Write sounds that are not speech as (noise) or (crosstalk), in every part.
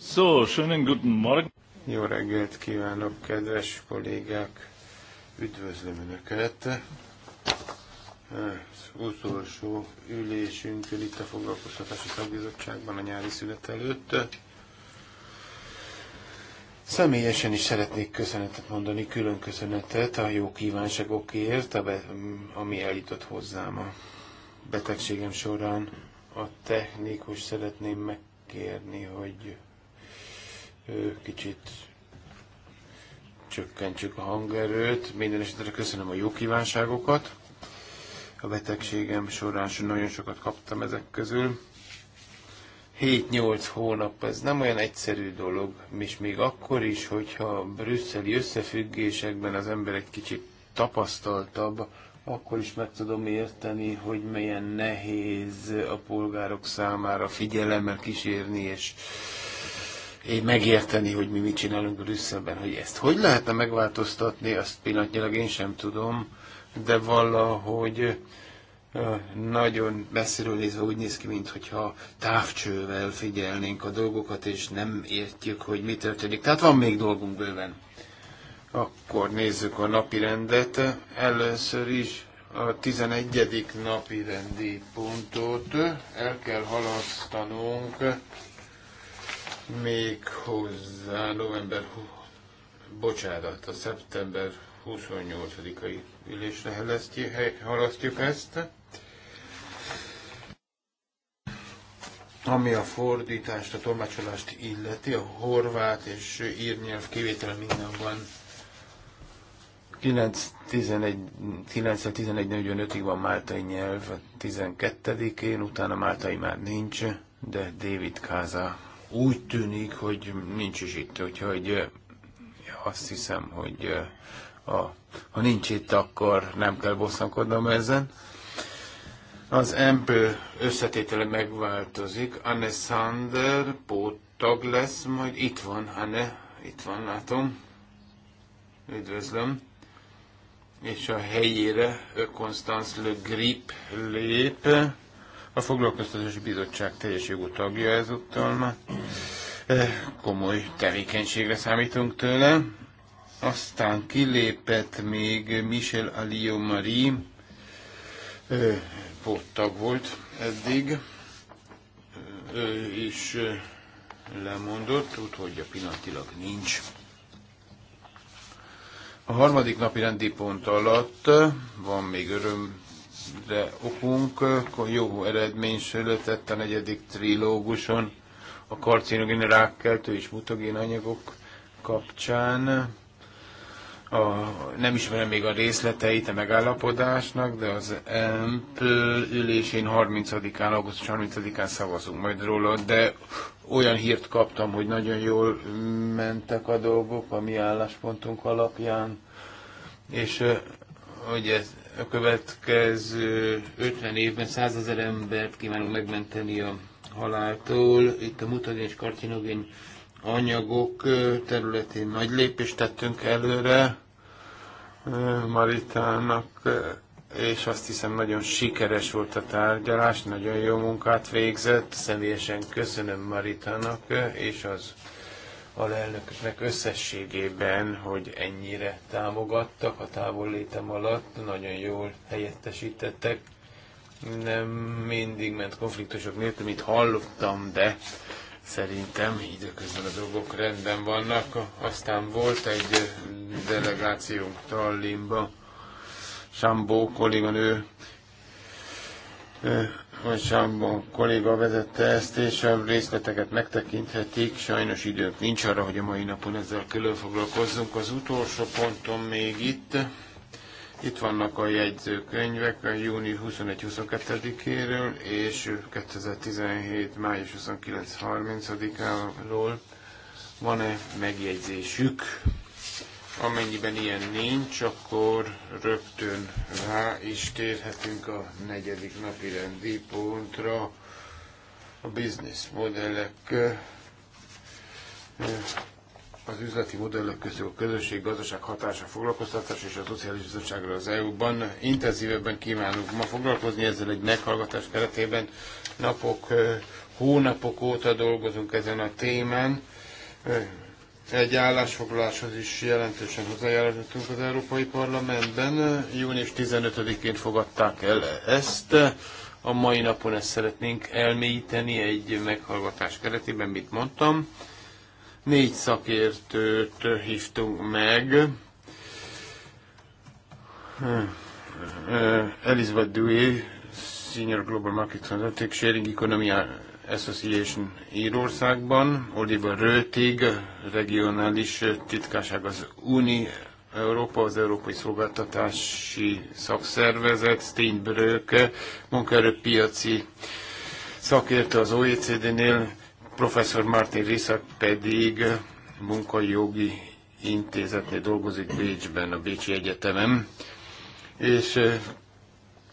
So, schönen guten Morgen. Jó reggelt kívánok, kedves kollégák! Üdvözlöm Önöket! Az utolsó ülésünkön itt a Foglalkoztatási Szakbizottságban a nyári szünet előtt. Személyesen is szeretnék köszönetet mondani, külön köszönetet a jó kívánságokért, ami eljutott hozzám a betegségem során. A technikus szeretném megkérni, hogy kicsit csökkentsük a hangerőt. Minden esetre köszönöm a jó kívánságokat. A betegségem során nagyon sokat kaptam ezek közül. 7-8 hónap, ez nem olyan egyszerű dolog, és még akkor is, hogyha brüsszeli összefüggésekben az ember egy kicsit tapasztaltabb, akkor is meg tudom érteni, hogy milyen nehéz a polgárok számára figyelemmel kísérni és én megérteni, hogy mi mit csinálunk Brüsszelben, hogy ezt hogy lehetne megváltoztatni, azt pillanatnyilag én sem tudom, de valahogy nagyon messziről nézve úgy néz ki, mintha távcsővel figyelnénk a dolgokat, és nem értjük, hogy mi történik. Tehát van még dolgunk bőven. Akkor nézzük a napi rendet. Először is a 11. napi rendi pontot el kell halasztanunk még hozzá november, bocsánat, a szeptember 28-ai ülésre halasztjuk ezt. Ami a fordítást, a tolmácsolást illeti, a horvát és írnyelv kivétel minden van. 9-11-45-ig van máltai nyelv, 12-én, utána máltai már nincs, de David Káza úgy tűnik, hogy nincs is itt, úgyhogy azt hiszem, hogy a, ha nincs itt, akkor nem kell bosszankodnom ezen. Az MP összetétele megváltozik. Anne Sander póttag lesz, majd itt van, Anne, itt van, látom. Üdvözlöm. És a helyére Constance Le Grip lép. A Foglalkoztatási Bizottság teljes jogú tagja ezúttal már. Eh, komoly tevékenységre számítunk tőle. Aztán kilépett még Michel Alio Marie, eh, volt eddig, ő eh, is lemondott, úgyhogy a pillanatilag nincs. A harmadik napi rendi pont alatt van még öröm Elégedésre okunk, jó eredmény született a negyedik trilóguson a karcinogén rákkeltő és mutogén anyagok kapcsán. A, nem ismerem még a részleteit a megállapodásnak, de az EMP ülésén 30-án, augusztus 30-án szavazunk majd róla, de olyan hírt kaptam, hogy nagyon jól mentek a dolgok a mi álláspontunk alapján, és hogy ez a következő 50 évben 100 ezer embert kívánunk megmenteni a haláltól. Itt a mutagén és karcinogén anyagok területén nagy lépést tettünk előre Maritának, és azt hiszem nagyon sikeres volt a tárgyalás, nagyon jó munkát végzett. Személyesen köszönöm Maritának és az alelnöknek összességében, hogy ennyire támogattak a távollétem alatt, nagyon jól helyettesítettek. Nem mindig ment konfliktusok nélkül, mint hallottam, de szerintem időközben a dolgok rendben vannak. Aztán volt egy delegációnk Tallinnba, Sambó kolléganő hogy Sambon kolléga vezette ezt, és a részleteket megtekinthetik. Sajnos időnk nincs arra, hogy a mai napon ezzel külön foglalkozzunk. Az utolsó ponton még itt. Itt vannak a jegyzőkönyvek a júni 21-22-éről és 2017. május 29-30-áról. Van-e megjegyzésük? Amennyiben ilyen nincs, akkor rögtön rá is térhetünk a negyedik napi rendi pontra, a business modellek, az üzleti modellek közül a közösség, gazdaság hatása, foglalkoztatás és a szociális bizottságra az EU-ban. Intenzívebben kívánunk ma foglalkozni ezzel egy meghallgatás keretében. Napok, hónapok óta dolgozunk ezen a témán egy állásfoglaláshoz is jelentősen hozzájárultunk az Európai Parlamentben. Június 15-én fogadták el ezt. A mai napon ezt szeretnénk elmélyíteni egy meghallgatás keretében, mit mondtam. Négy szakértőt hívtunk meg. Elizabeth Dewey, Senior Global Market Consulting Sharing Economy Association Írországban, Oliver Rötig, regionális titkárság az Uni Európa, az Európai Szolgáltatási Szakszervezet, Steinbrück, munkaerőpiaci szakértő az OECD-nél, professzor Martin Riszak pedig munkajogi intézetnél dolgozik Bécsben, a Bécsi Egyetemen, és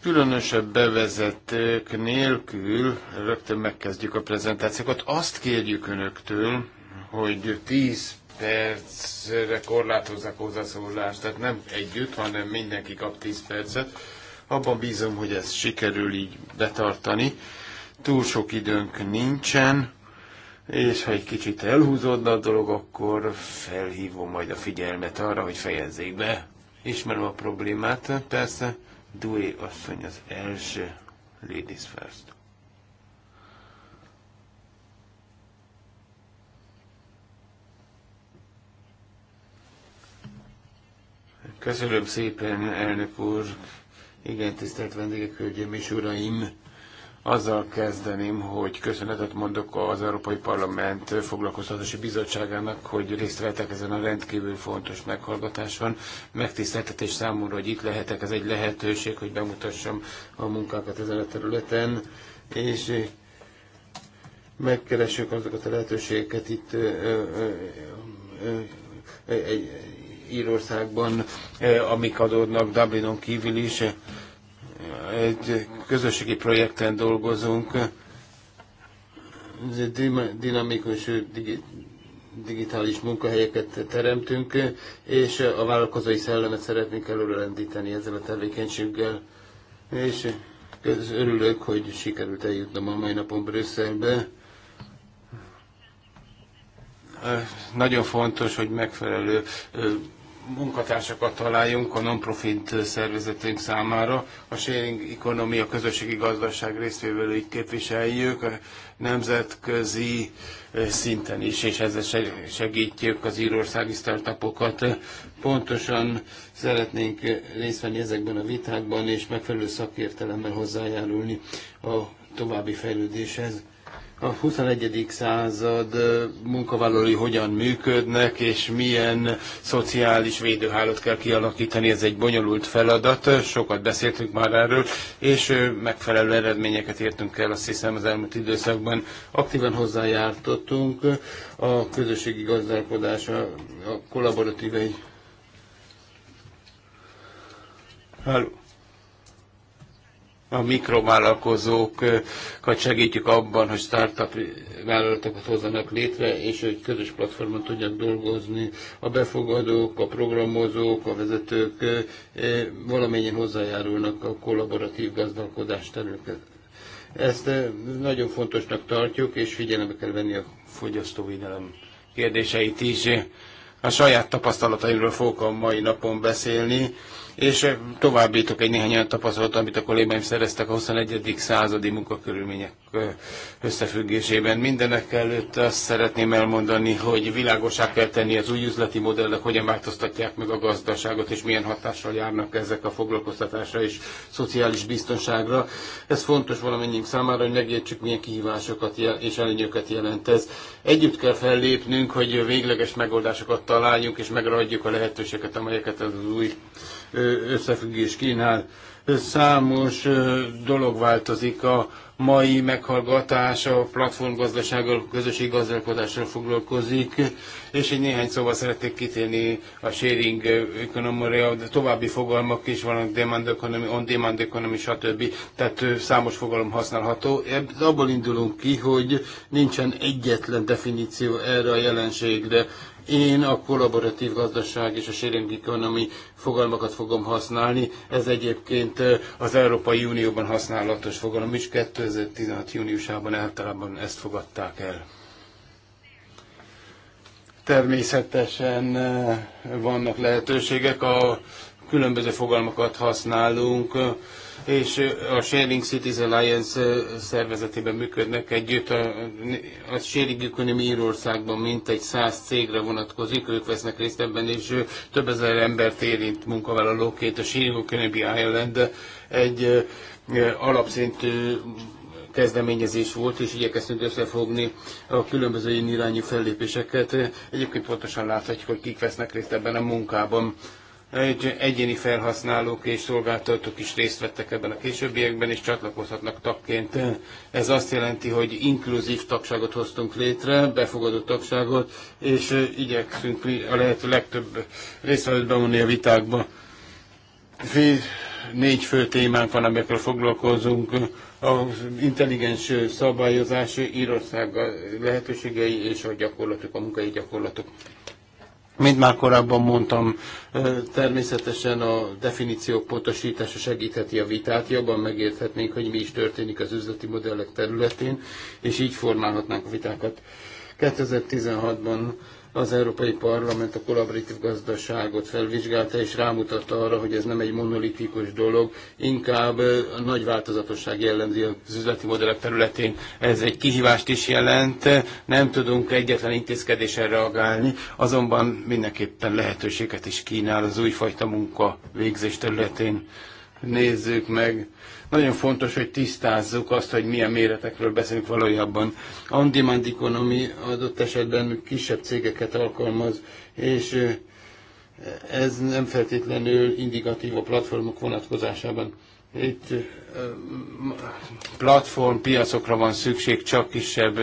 Különösebb bevezetők nélkül rögtön megkezdjük a prezentációkat. Azt kérjük Önöktől, hogy 10 percre korlátozzák hozzászólást, tehát nem együtt, hanem mindenki kap 10 percet. Abban bízom, hogy ez sikerül így betartani. Túl sok időnk nincsen, és ha egy kicsit elhúzódna a dolog, akkor felhívom majd a figyelmet arra, hogy fejezzék be. Ismerem a problémát, persze Dué asszony az első, Ladies First. Köszönöm szépen, elnök úr. Igen, tisztelt vendégek, hölgyeim és uraim. Azzal kezdeném, hogy köszönetet mondok az Európai Parlament foglalkoztatási bizottságának, hogy részt vettek ezen a rendkívül fontos meghallgatáson. Megtiszteltetés számomra, hogy itt lehetek, ez egy lehetőség, hogy bemutassam a munkákat ezen a területen, és megkeressük azokat a lehetőségeket itt ö, ö, ö, Írországban, amik adódnak Dublinon kívül is egy közösségi projekten dolgozunk, egy dinamikus digitális munkahelyeket teremtünk, és a vállalkozói szellemet szeretnénk előrelendíteni ezzel a tevékenységgel. És örülök, hogy sikerült eljutnom a mai napon Brüsszelbe. Nagyon fontos, hogy megfelelő munkatársakat találjunk a non-profit szervezetünk számára. A sharing economy, a közösségi gazdaság részvévelőit képviseljük a nemzetközi eh, szinten is, és ezzel segítjük az írországi startupokat. Pontosan szeretnénk részt venni ezekben a vitákban, és megfelelő szakértelemmel hozzájárulni a további fejlődéshez a 21. század munkavállalói hogyan működnek, és milyen szociális védőhálót kell kialakítani. Ez egy bonyolult feladat, sokat beszéltünk már erről, és megfelelő eredményeket értünk el, azt hiszem az elmúlt időszakban aktívan hozzájártottunk a közösségi gazdálkodás, a kollaboratív egy... Halló a mikrovállalkozókat segítjük abban, hogy startup vállalatokat hozzanak létre, és hogy közös platformon tudjanak dolgozni a befogadók, a programozók, a vezetők valamennyien hozzájárulnak a kollaboratív gazdálkodás területet. Ezt nagyon fontosnak tartjuk, és figyelembe kell venni a fogyasztóvédelem kérdéseit is. A saját tapasztalataimról fogok a mai napon beszélni és eh, továbbítok egy néhány olyan tapasztalatot, amit a kollégáim szereztek a 21. századi munkakörülmények eh, összefüggésében. Mindenek előtt azt szeretném elmondani, hogy világosá kell tenni az új üzleti modellek, hogyan változtatják meg a gazdaságot, és milyen hatással járnak ezek a foglalkoztatásra és szociális biztonságra. Ez fontos valamennyiünk számára, hogy megértsük, milyen kihívásokat és előnyöket jelent ez. Együtt kell fellépnünk, hogy végleges megoldásokat találjunk, és megragadjuk a lehetőséget, amelyeket az új összefüggés kínál. Számos dolog változik a mai meghallgatás a platformgazdasággal, a közösségi gazdálkodással foglalkozik, és egy néhány szóval szeretnék kitérni a sharing economy de további fogalmak is vannak, demand economy, on demand economy, stb. Tehát számos fogalom használható. Abból indulunk ki, hogy nincsen egyetlen definíció erre a jelenségre, én a kollaboratív gazdaság és a sharing economy fogalmakat fogom használni. Ez egyébként az Európai Unióban használatos fogalom is. 2016. júniusában általában ezt fogadták el. Természetesen vannak lehetőségek, a különböző fogalmakat használunk és a Sharing Cities Alliance szervezetében működnek együtt. A, a Sharing Economy Írországban mintegy száz cégre vonatkozik, ők vesznek részt ebben, és több ezer embert érint munkavállalóként. A Sharing Economy Island egy alapszintű kezdeményezés volt, és igyekeztünk összefogni a különböző irányú fellépéseket. Egyébként pontosan láthatjuk, hogy kik vesznek részt ebben a munkában egy egyéni felhasználók és szolgáltatók is részt vettek ebben a későbbiekben, és csatlakozhatnak tagként. Ez azt jelenti, hogy inkluzív tagságot hoztunk létre, befogadó tagságot, és igyekszünk a lehető legtöbb résztvevőt bevonni a vitákba. Négy fő témánk van, amikről foglalkozunk. Az intelligens szabályozás Írország lehetőségei és a gyakorlatok, a munkai gyakorlatok. Mint már korábban mondtam, természetesen a definíciók pontosítása segítheti a vitát, jobban megérthetnénk, hogy mi is történik az üzleti modellek területén, és így formálhatnánk a vitákat. 2016-ban az Európai Parlament a kollaboratív gazdaságot felvizsgálta, és rámutatta arra, hogy ez nem egy monolitikus dolog, inkább a nagy változatosság jellemzi az üzleti modellek területén. Ez egy kihívást is jelent, nem tudunk egyetlen intézkedéssel reagálni, azonban mindenképpen lehetőséget is kínál az újfajta munka végzés területén. Nézzük meg nagyon fontos, hogy tisztázzuk azt, hogy milyen méretekről beszélünk valójában. Andimand demand economy adott esetben kisebb cégeket alkalmaz, és ez nem feltétlenül indikatív a platformok vonatkozásában. Itt platform piacokra van szükség, csak kisebb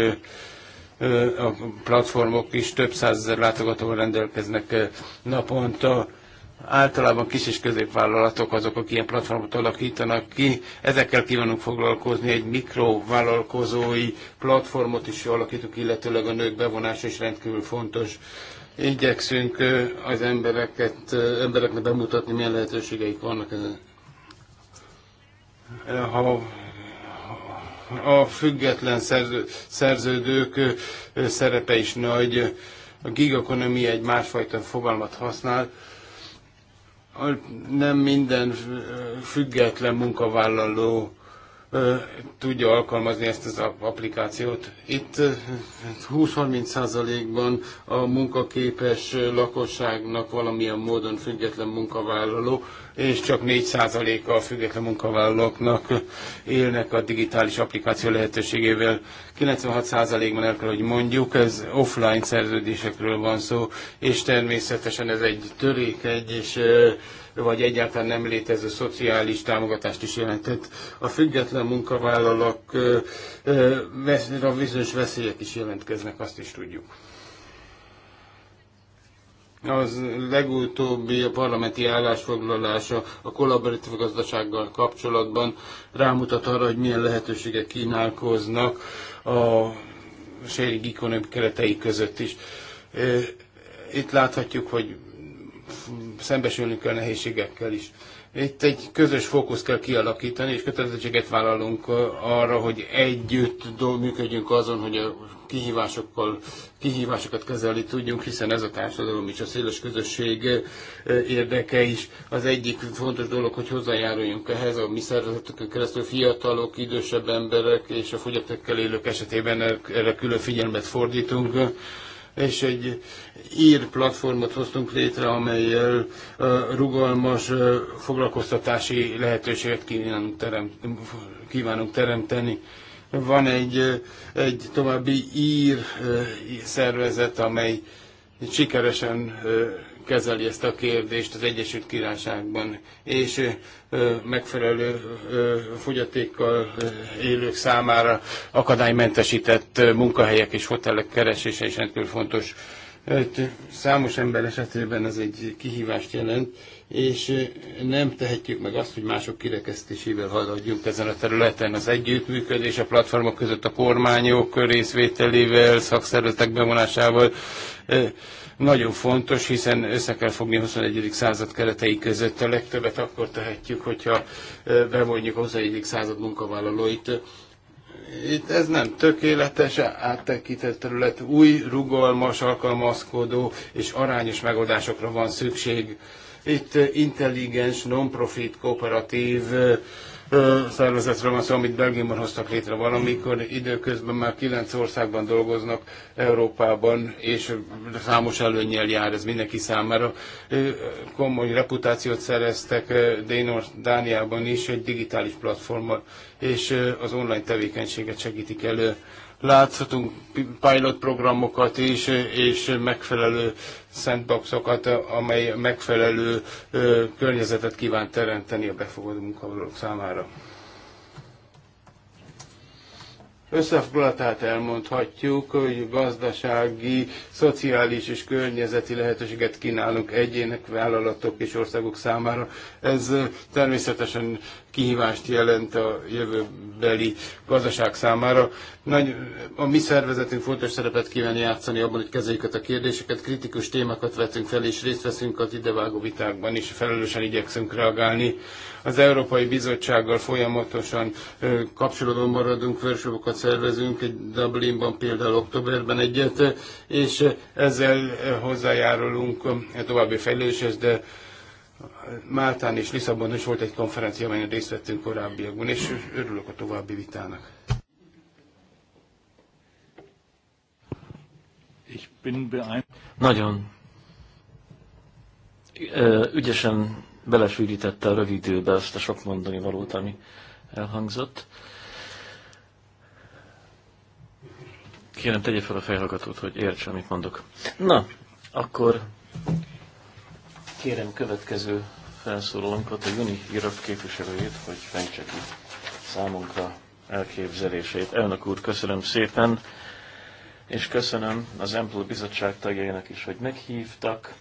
a platformok is több százezer látogatóval rendelkeznek naponta. Általában kis és középvállalatok azok, akik ilyen platformot alakítanak ki. Ezekkel kívánunk foglalkozni, egy mikrovállalkozói platformot is alakítunk, illetőleg a nők bevonása is rendkívül fontos. Igyekszünk az embereket, embereknek bemutatni, milyen lehetőségeik vannak. Ha a független szerződők szerepe is nagy. A gig economy egy másfajta fogalmat használ nem minden független munkavállaló tudja alkalmazni ezt az applikációt. Itt 20-30%-ban a munkaképes lakosságnak valamilyen módon független munkavállaló, és csak 4%-a a független munkavállalóknak élnek a digitális applikáció lehetőségével. 96%-ban el kell, hogy mondjuk, ez offline szerződésekről van szó, és természetesen ez egy törékeny és vagy egyáltalán nem létező szociális támogatást is jelentett. A független munkavállalók a bizonyos veszélyek is jelentkeznek, azt is tudjuk. Az legutóbbi a parlamenti állásfoglalása a kollaboratív gazdasággal kapcsolatban rámutat arra, hogy milyen lehetőségek kínálkoznak a sharing economy keretei között is. Itt láthatjuk, hogy szembesülnünk kell nehézségekkel is. Itt egy közös fókusz kell kialakítani, és kötelezettséget vállalunk arra, hogy együtt működjünk azon, hogy a kihívásokkal, kihívásokat kezelni tudjunk, hiszen ez a társadalom is a széles közösség érdeke is. Az egyik fontos dolog, hogy hozzájáruljunk ehhez a mi szervezetükön keresztül fiatalok, idősebb emberek és a fogyatékkel élők esetében er-, erre külön figyelmet fordítunk és egy ír platformot hoztunk létre, amelyel rugalmas foglalkoztatási lehetőséget kívánunk, teremt, kívánunk teremteni. Van egy, egy további ír szervezet, amely sikeresen kezeli ezt a kérdést az Egyesült Királyságban, és megfelelő fogyatékkal élők számára akadálymentesített munkahelyek és hotelek keresése is rendkívül fontos. Számos ember esetében ez egy kihívást jelent, és nem tehetjük meg azt, hogy mások kirekesztésével haladjunk ezen a területen. Az együttműködés a platformok között a kormányok részvételével, szakszervezetek bevonásával nagyon fontos, hiszen össze kell fogni a 21. század keretei között. A legtöbbet akkor tehetjük, hogyha bevonjuk a 21. század munkavállalóit. Itt ez nem tökéletes, áttekintett terület, új, rugalmas, alkalmazkodó és arányos megoldásokra van szükség. Itt intelligens, non-profit, kooperatív szervezetről van szó, amit Belgiumban hoztak létre valamikor, időközben már kilenc országban dolgoznak Európában, és számos előnyel jár ez mindenki számára. Komoly reputációt szereztek Dénor, Dániában is egy digitális platformmal, és az online tevékenységet segítik elő láthatunk pilot programokat is, és megfelelő sandboxokat, amely megfelelő környezetet kíván teremteni a befogadó munkavállalók számára. Összefoglaltát elmondhatjuk, hogy gazdasági, szociális és környezeti lehetőséget kínálunk egyének, vállalatok és országok számára. Ez természetesen kihívást jelent a jövőbeli gazdaság számára. Nagy, a mi szervezetünk fontos szerepet kíván játszani abban, hogy kezeljük a kérdéseket, kritikus témákat vetünk fel, és részt veszünk az idevágó vitákban, és felelősen igyekszünk reagálni. Az Európai Bizottsággal folyamatosan kapcsolatban maradunk, workshopokat szervezünk, egy Dublinban például októberben egyet, és ezzel hozzájárulunk további fejlődéshez, de Máltán és lisszabon is volt egy konferencia, amelyen részt vettünk korábbiakban, és örülök a további vitának. Nagyon ügyesen belesűrítette a rövid időbe azt a sok mondani valót, ami elhangzott. Kérem, tegye fel a fejhallgatót, hogy értse, amit mondok. Na, akkor kérem következő felszólalónkat, a Juni Irak képviselőjét, hogy fejtse ki számunkra elképzelését. Elnök úr, köszönöm szépen, és köszönöm az Ample Bizottság tagjainak is, hogy meghívtak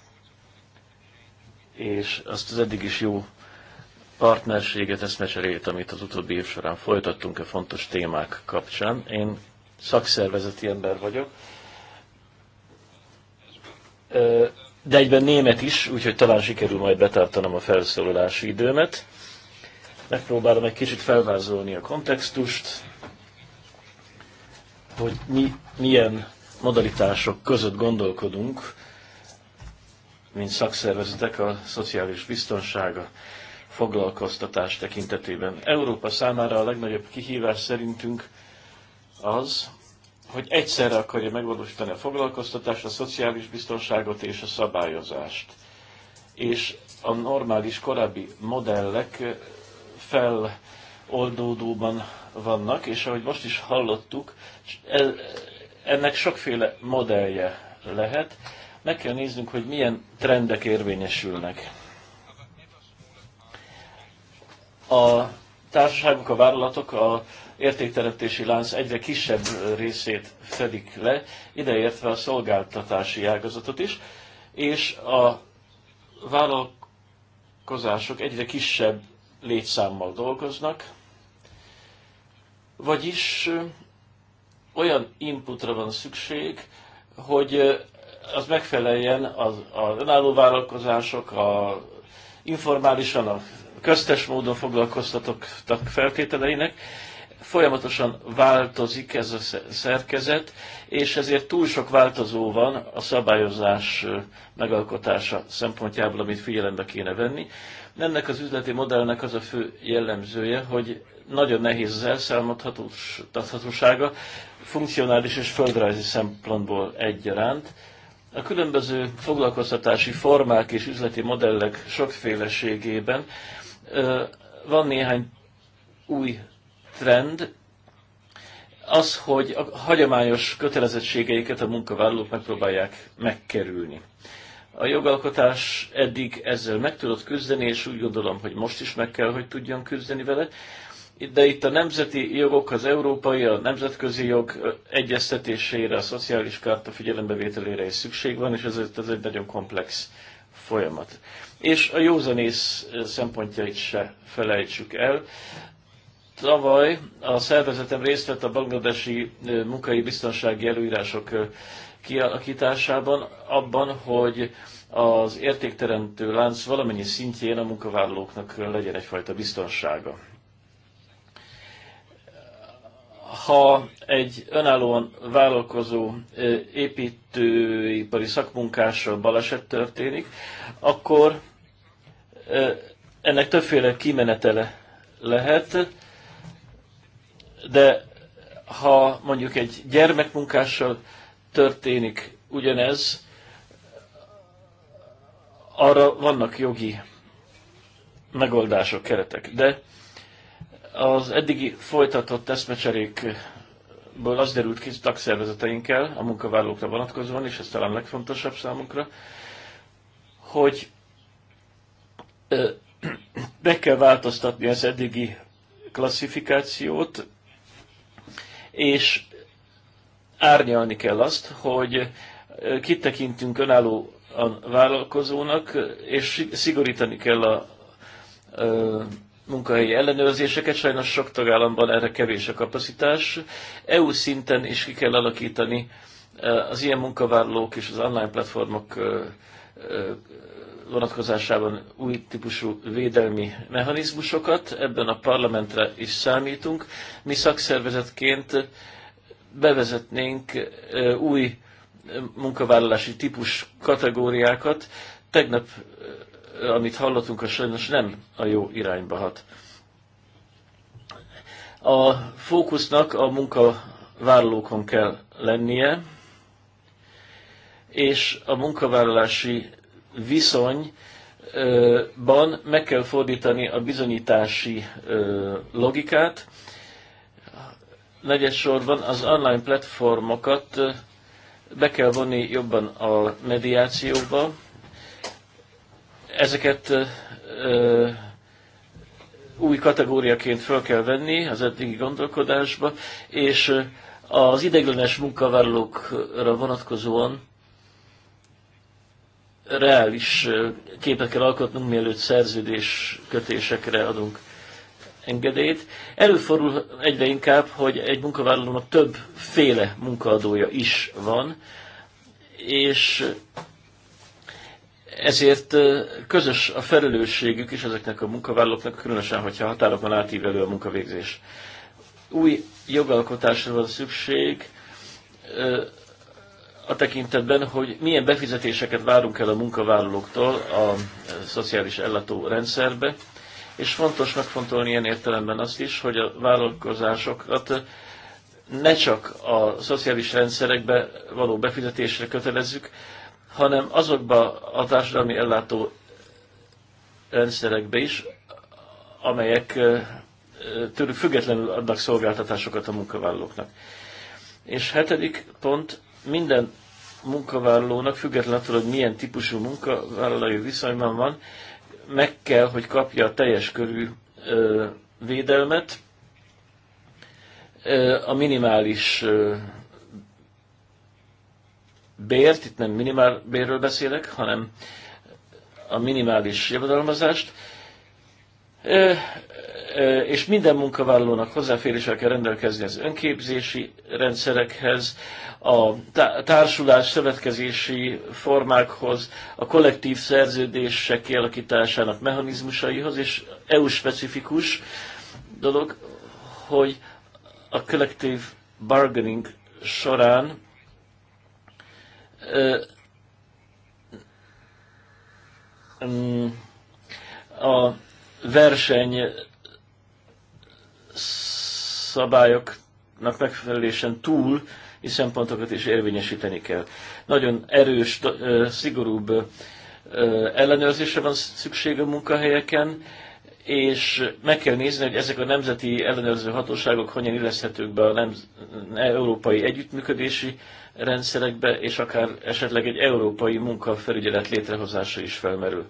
és azt az eddig is jó partnerséget, eszmecserét, amit az utóbbi év során folytattunk a fontos témák kapcsán. Én szakszervezeti ember vagyok, de egyben német is, úgyhogy talán sikerül majd betartanom a felszólalási időmet. Megpróbálom egy kicsit felvázolni a kontextust, hogy mi, milyen modalitások között gondolkodunk mint szakszervezetek a szociális biztonsága foglalkoztatás tekintetében. Európa számára a legnagyobb kihívás szerintünk az, hogy egyszerre akarja megvalósítani a foglalkoztatást, a szociális biztonságot és a szabályozást. És a normális korábbi modellek feloldódóban vannak, és ahogy most is hallottuk, ennek sokféle modellje lehet, meg kell néznünk, hogy milyen trendek érvényesülnek. A társaságok, a vállalatok a értékteremtési lánc egyre kisebb részét fedik le, ideértve a szolgáltatási ágazatot is, és a vállalkozások egyre kisebb létszámmal dolgoznak, vagyis olyan inputra van szükség, hogy az megfeleljen az, az önálló vállalkozások, a, informálisan a köztes módon foglalkoztatottak feltételeinek. Folyamatosan változik ez a szerkezet, és ezért túl sok változó van a szabályozás megalkotása szempontjából, amit figyelembe kéne venni. Ennek az üzleti modellnek az a fő jellemzője, hogy nagyon nehéz az elszámoltathatósága, funkcionális és földrajzi szempontból egyaránt, a különböző foglalkoztatási formák és üzleti modellek sokféleségében van néhány új trend, az, hogy a hagyományos kötelezettségeiket a munkavállalók megpróbálják megkerülni. A jogalkotás eddig ezzel meg tudott küzdeni, és úgy gondolom, hogy most is meg kell, hogy tudjon küzdeni vele de itt a nemzeti jogok, az európai, a nemzetközi jog egyeztetésére, a szociális kárta figyelembevételére is szükség van, és ez, ez egy nagyon komplex folyamat. És a józanész szempontjait se felejtsük el. Tavaly a szervezetem részt vett a bangladesi munkai biztonsági előírások kialakításában, abban, hogy az értékteremtő lánc valamennyi szintjén a munkavállalóknak legyen egyfajta biztonsága ha egy önállóan vállalkozó építőipari szakmunkással baleset történik, akkor ennek többféle kimenetele lehet, de ha mondjuk egy gyermekmunkással történik ugyanez, arra vannak jogi megoldások, keretek. De az eddigi folytatott eszmecserékből az derült ki tagszervezeteinkkel, a munkavállalókra vonatkozóan, és ez talán legfontosabb számunkra, hogy (clears throat) meg kell változtatni az eddigi klasszifikációt, és árnyalni kell azt, hogy kitekintünk önálló a vállalkozónak, és szigorítani kell a, munkahelyi ellenőrzéseket, sajnos sok tagállamban erre kevés a kapacitás. EU szinten is ki kell alakítani e, az ilyen munkavállalók és az online platformok e, e, vonatkozásában új típusú védelmi mechanizmusokat, ebben a parlamentre is számítunk. Mi szakszervezetként bevezetnénk új munkavállalási típus kategóriákat. Tegnap amit hallottunk, a sajnos nem a jó irányba hat. A fókusznak a munkavállalókon kell lennie, és a munkavállalási viszonyban meg kell fordítani a bizonyítási logikát. Negyes sorban az online platformokat be kell vonni jobban a mediációba, Ezeket ö, új kategóriaként föl kell venni az eddigi gondolkodásba, és az ideiglenes munkavállalókra vonatkozóan reális képet kell alkotnunk, mielőtt szerződés kötésekre adunk engedélyt. Előfordul egyre inkább, hogy egy munkavállalónak többféle munkaadója is van, és ezért közös a felelősségük is ezeknek a munkavállalóknak, különösen, hogyha határokon átívelő a munkavégzés. Új jogalkotásra van szükség a tekintetben, hogy milyen befizetéseket várunk el a munkavállalóktól a szociális ellátó rendszerbe, és fontos megfontolni ilyen értelemben azt is, hogy a vállalkozásokat ne csak a szociális rendszerekbe való befizetésre kötelezzük, hanem azokba a társadalmi ellátó rendszerekbe is, amelyek tőlük függetlenül adnak szolgáltatásokat a munkavállalóknak. És hetedik pont, minden munkavállalónak, függetlenül attól, hogy milyen típusú munkavállalói viszonyban van, meg kell, hogy kapja a teljes körű védelmet, a minimális bért, itt nem minimál bérről beszélek, hanem a minimális javadalmazást, és minden munkavállalónak hozzáférésre kell rendelkezni az önképzési rendszerekhez, a társulás szövetkezési formákhoz, a kollektív szerződések kialakításának mechanizmusaihoz, és EU-specifikus dolog, hogy a kollektív bargaining során Mm, a verseny szabályoknak megfelelésen túl és szempontokat is érvényesíteni kell. Nagyon erős, szigorúbb ellenőrzésre van szükség a munkahelyeken, és meg kell nézni, hogy ezek a nemzeti ellenőrző hatóságok hogyan illeszthetők be a nem, európai együttműködési rendszerekbe, és akár esetleg egy európai munkafelügyelet létrehozása is felmerül.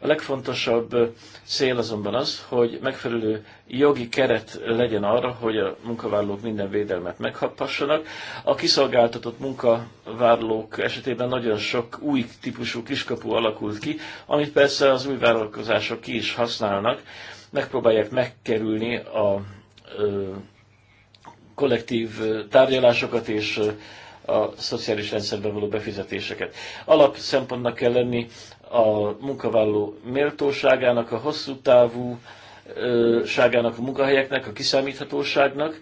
A legfontosabb cél azonban az, hogy megfelelő jogi keret legyen arra, hogy a munkavállalók minden védelmet meghaphassanak. A kiszolgáltatott munkavállalók esetében nagyon sok új típusú kiskapu alakult ki, amit persze az új vállalkozások ki is használnak, megpróbálják megkerülni a ö, kollektív tárgyalásokat és a szociális rendszerbe való befizetéseket. Alap szempontnak kell lenni a munkavállaló méltóságának, a hosszú távú ságának, a munkahelyeknek, a kiszámíthatóságnak.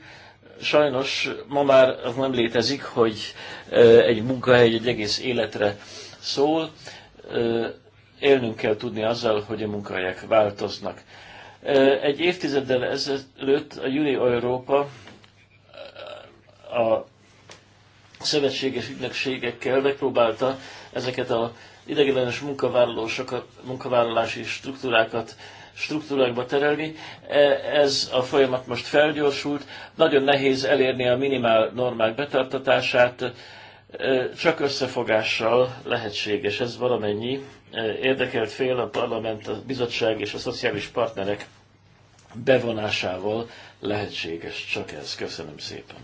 Sajnos ma már az nem létezik, hogy egy munkahely egy egész életre szól. Élnünk kell tudni azzal, hogy a munkahelyek változnak. Egy évtizeddel ezelőtt a Juni Európa a szövetséges ügynökségekkel megpróbálta ezeket a ideiglenes munkavállalási struktúrákat struktúrákba terelni. E, ez a folyamat most felgyorsult, nagyon nehéz elérni a minimál normák betartatását, e, csak összefogással lehetséges. Ez valamennyi e, érdekelt fél a parlament, a bizottság és a szociális partnerek bevonásával lehetséges. Csak ez. Köszönöm szépen.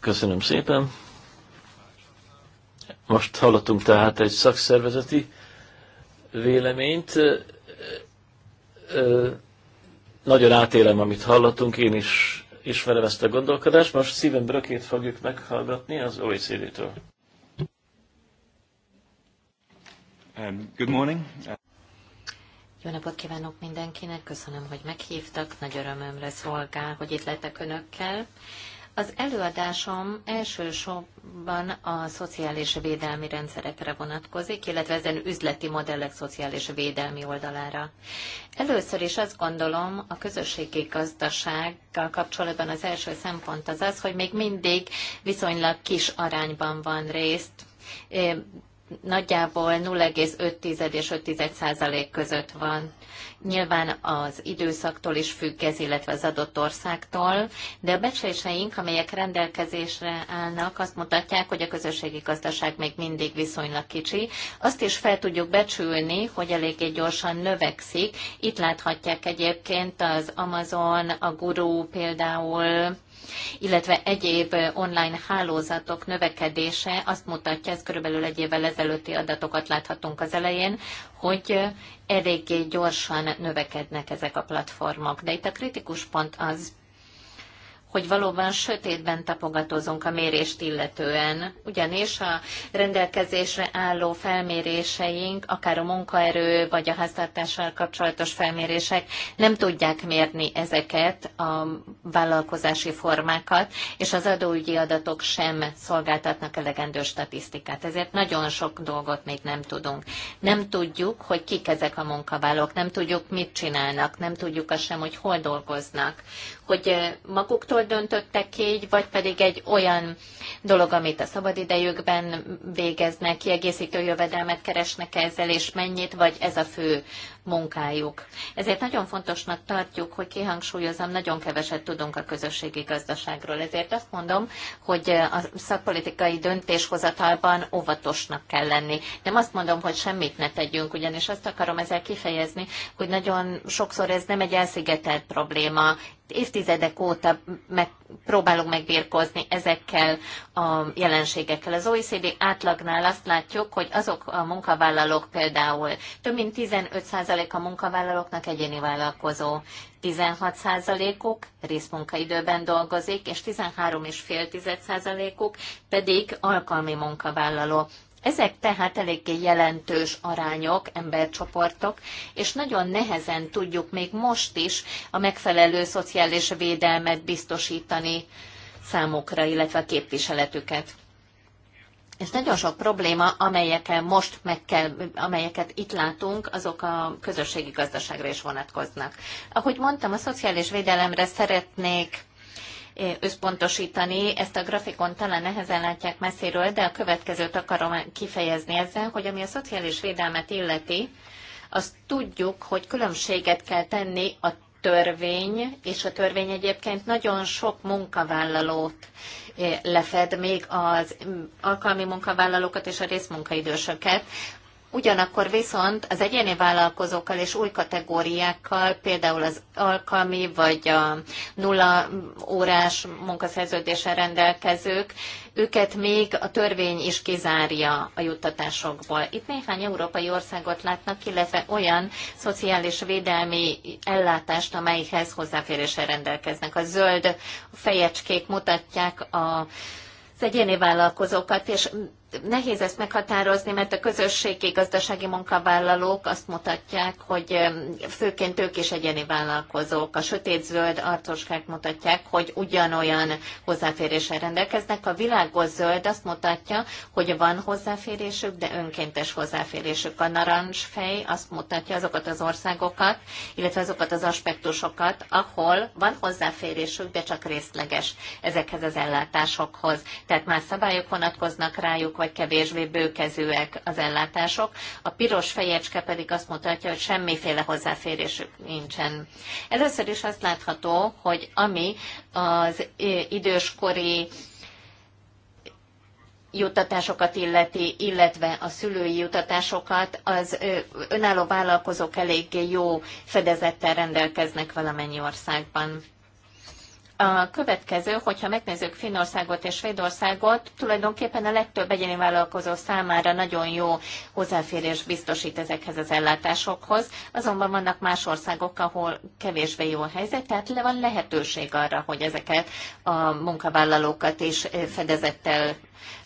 Köszönöm szépen. Most hallottunk tehát egy szakszervezeti véleményt. Nagyon átélem, amit hallottunk, én is ismerem ezt a gondolkodást. Most szívem Brökét fogjuk meghallgatni az OECD-től. Um, good morning. Jó napot kívánok mindenkinek, köszönöm, hogy meghívtak, nagy örömömre szolgál, hogy itt lettek önökkel. Az előadásom elsősorban a szociális védelmi rendszerekre vonatkozik, illetve ezen üzleti modellek szociális védelmi oldalára. Először is azt gondolom, a közösségi gazdasággal kapcsolatban az első szempont az az, hogy még mindig viszonylag kis arányban van részt nagyjából 0,5 és 5 százalék között van. Nyilván az időszaktól is függ ez, illetve az adott országtól, de a becsléseink, amelyek rendelkezésre állnak, azt mutatják, hogy a közösségi gazdaság még mindig viszonylag kicsi. Azt is fel tudjuk becsülni, hogy eléggé gyorsan növekszik. Itt láthatják egyébként az Amazon, a Guru például, illetve egyéb online hálózatok növekedése azt mutatja, ez körülbelül egy évvel ezelőtti adatokat láthatunk az elején, hogy eléggé gyorsan növekednek ezek a platformok. De itt a kritikus pont az, hogy valóban sötétben tapogatózunk a mérést illetően. Ugyanis a rendelkezésre álló felméréseink, akár a munkaerő vagy a háztartással kapcsolatos felmérések nem tudják mérni ezeket a vállalkozási formákat, és az adóügyi adatok sem szolgáltatnak elegendő statisztikát. Ezért nagyon sok dolgot még nem tudunk. Nem tudjuk, hogy kik ezek a munkavállalók, nem tudjuk, mit csinálnak, nem tudjuk azt sem, hogy hol dolgoznak hogy eh, maguktól döntöttek így, vagy pedig egy olyan dolog, amit a szabadidejükben végeznek, kiegészítő jövedelmet keresnek ezzel, és mennyit, vagy ez a fő munkájuk. Ezért nagyon fontosnak tartjuk, hogy kihangsúlyozom, nagyon keveset tudunk a közösségi gazdaságról. Ezért azt mondom, hogy a szakpolitikai döntéshozatalban óvatosnak kell lenni. Nem azt mondom, hogy semmit ne tegyünk, ugyanis azt akarom ezzel kifejezni, hogy nagyon sokszor ez nem egy elszigetelt probléma, évtizedek óta meg, próbálunk megbírkozni ezekkel a jelenségekkel. Az OECD átlagnál azt látjuk, hogy azok a munkavállalók például több mint 15 a munkavállalóknak egyéni vállalkozó, 16%-uk részmunkaidőben dolgozik, és 13,5%-uk pedig alkalmi munkavállaló. Ezek tehát eléggé jelentős arányok, embercsoportok, és nagyon nehezen tudjuk még most is a megfelelő szociális védelmet biztosítani számukra, illetve a képviseletüket és nagyon sok probléma, amelyeket most meg kell, amelyeket itt látunk, azok a közösségi gazdaságra is vonatkoznak. Ahogy mondtam, a szociális védelemre szeretnék eh, összpontosítani. Ezt a grafikon talán nehezen látják messziről, de a következőt akarom kifejezni ezzel, hogy ami a szociális védelmet illeti, azt tudjuk, hogy különbséget kell tenni a törvény, és a törvény egyébként nagyon sok munkavállalót lefed még az alkalmi munkavállalókat és a részmunkaidősöket. Ugyanakkor viszont az egyéni vállalkozókkal és új kategóriákkal, például az alkalmi vagy a nulla órás munkaszerződéssel rendelkezők, őket még a törvény is kizárja a juttatásokból. Itt néhány európai országot látnak, illetve olyan szociális védelmi ellátást, amelyhez hozzáféréssel rendelkeznek. A zöld fejecskék mutatják a az egyéni vállalkozókat, és nehéz ezt meghatározni, mert a közösségi gazdasági munkavállalók azt mutatják, hogy főként ők is egyéni vállalkozók. A sötét-zöld arcoskák mutatják, hogy ugyanolyan hozzáféréssel rendelkeznek. A világos zöld azt mutatja, hogy van hozzáférésük, de önkéntes hozzáférésük. A narancsfej azt mutatja azokat az országokat, illetve azokat az aspektusokat, ahol van hozzáférésük, de csak részleges ezekhez az ellátásokhoz. Tehát már szabályok vonatkoznak rájuk, vagy kevésbé bőkezőek az ellátások. A piros fejecske pedig azt mutatja, hogy semmiféle hozzáférésük nincsen. Először is azt látható, hogy ami az időskori jutatásokat illeti, illetve a szülői jutatásokat, az önálló vállalkozók eléggé jó fedezettel rendelkeznek valamennyi országban. A következő, hogyha megnézzük Finnországot és Svédországot, tulajdonképpen a legtöbb egyéni vállalkozó számára nagyon jó hozzáférés biztosít ezekhez az ellátásokhoz, azonban vannak más országok, ahol kevésbé jó a helyzet, tehát le van lehetőség arra, hogy ezeket a munkavállalókat is fedezettel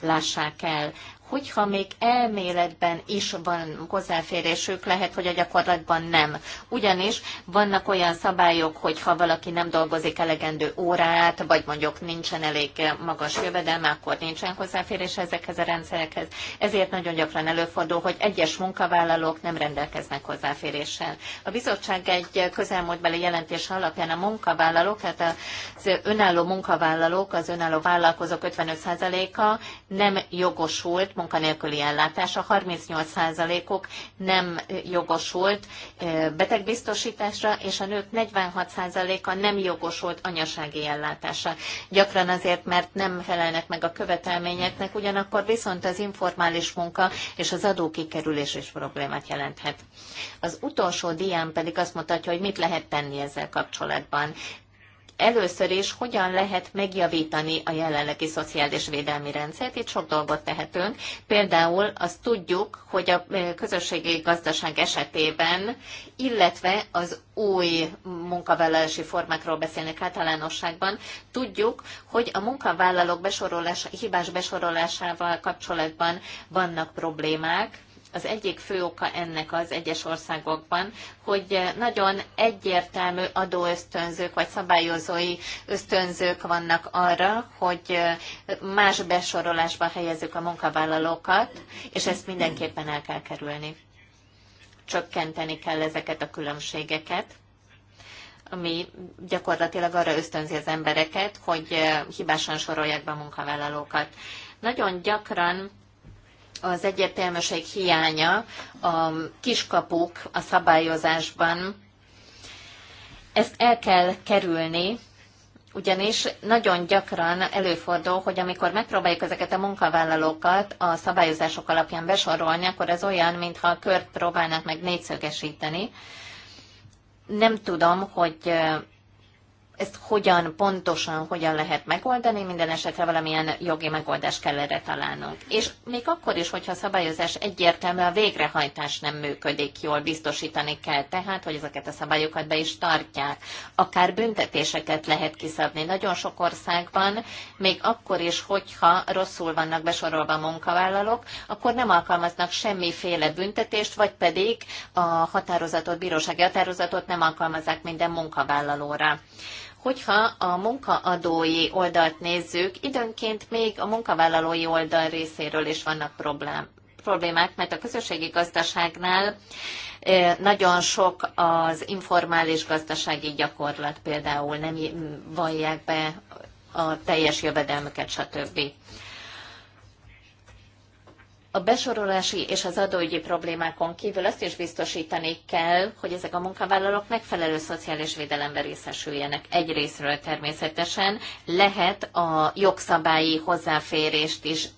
lássák el hogyha még elméletben is van hozzáférésük, lehet, hogy a gyakorlatban nem. Ugyanis vannak olyan szabályok, hogy ha valaki nem dolgozik elegendő órát, vagy mondjuk nincsen elég magas jövedelme, akkor nincsen hozzáférés ezekhez a rendszerekhez. Ezért nagyon gyakran előfordul, hogy egyes munkavállalók nem rendelkeznek hozzáféréssel. A bizottság egy közelmúltbeli jelentés alapján a munkavállalók, tehát az önálló munkavállalók, az önálló vállalkozók 55%-a nem jogosult munkanélküli ellátása, 38 ok nem jogosult betegbiztosításra, és a nők 46%-a nem jogosult anyasági ellátásra. Gyakran azért, mert nem felelnek meg a követelményeknek, ugyanakkor viszont az informális munka és az adókikerülés is problémát jelenthet. Az utolsó dián pedig azt mutatja, hogy mit lehet tenni ezzel kapcsolatban először is hogyan lehet megjavítani a jelenlegi szociális védelmi rendszert. Itt sok dolgot tehetünk. Például azt tudjuk, hogy a közösségi gazdaság esetében, illetve az új munkavállalási formákról beszélnek általánosságban, tudjuk, hogy a munkavállalók besorolása, hibás besorolásával kapcsolatban vannak problémák, az egyik fő oka ennek az egyes országokban, hogy nagyon egyértelmű adóösztönzők vagy szabályozói ösztönzők vannak arra, hogy más besorolásba helyezzük a munkavállalókat, és ezt mindenképpen el kell kerülni. Csökkenteni kell ezeket a különbségeket ami gyakorlatilag arra ösztönzi az embereket, hogy hibásan sorolják be a munkavállalókat. Nagyon gyakran az egyértelműség hiánya a kiskapuk a szabályozásban. Ezt el kell kerülni, ugyanis nagyon gyakran előfordul, hogy amikor megpróbáljuk ezeket a munkavállalókat a szabályozások alapján besorolni, akkor ez olyan, mintha a kört próbálnak meg négyszögesíteni. Nem tudom, hogy ezt hogyan, pontosan hogyan lehet megoldani, minden esetre valamilyen jogi megoldást kell erre találnunk. És még akkor is, hogyha a szabályozás egyértelmű, a végrehajtás nem működik jól, biztosítani kell tehát, hogy ezeket a szabályokat be is tartják. Akár büntetéseket lehet kiszabni. Nagyon sok országban, még akkor is, hogyha rosszul vannak besorolva a munkavállalók, akkor nem alkalmaznak semmiféle büntetést, vagy pedig a határozatot, bírósági határozatot nem alkalmazzák minden munkavállalóra. Hogyha a munkaadói oldalt nézzük, időnként még a munkavállalói oldal részéről is vannak problém, problémák, mert a közösségi gazdaságnál nagyon sok az informális gazdasági gyakorlat például nem vallják be a teljes jövedelmüket, stb a besorolási és az adóügyi problémákon kívül azt is biztosítani kell, hogy ezek a munkavállalók megfelelő szociális védelemben részesüljenek. Egyrésztről természetesen lehet a jogszabályi hozzáférést is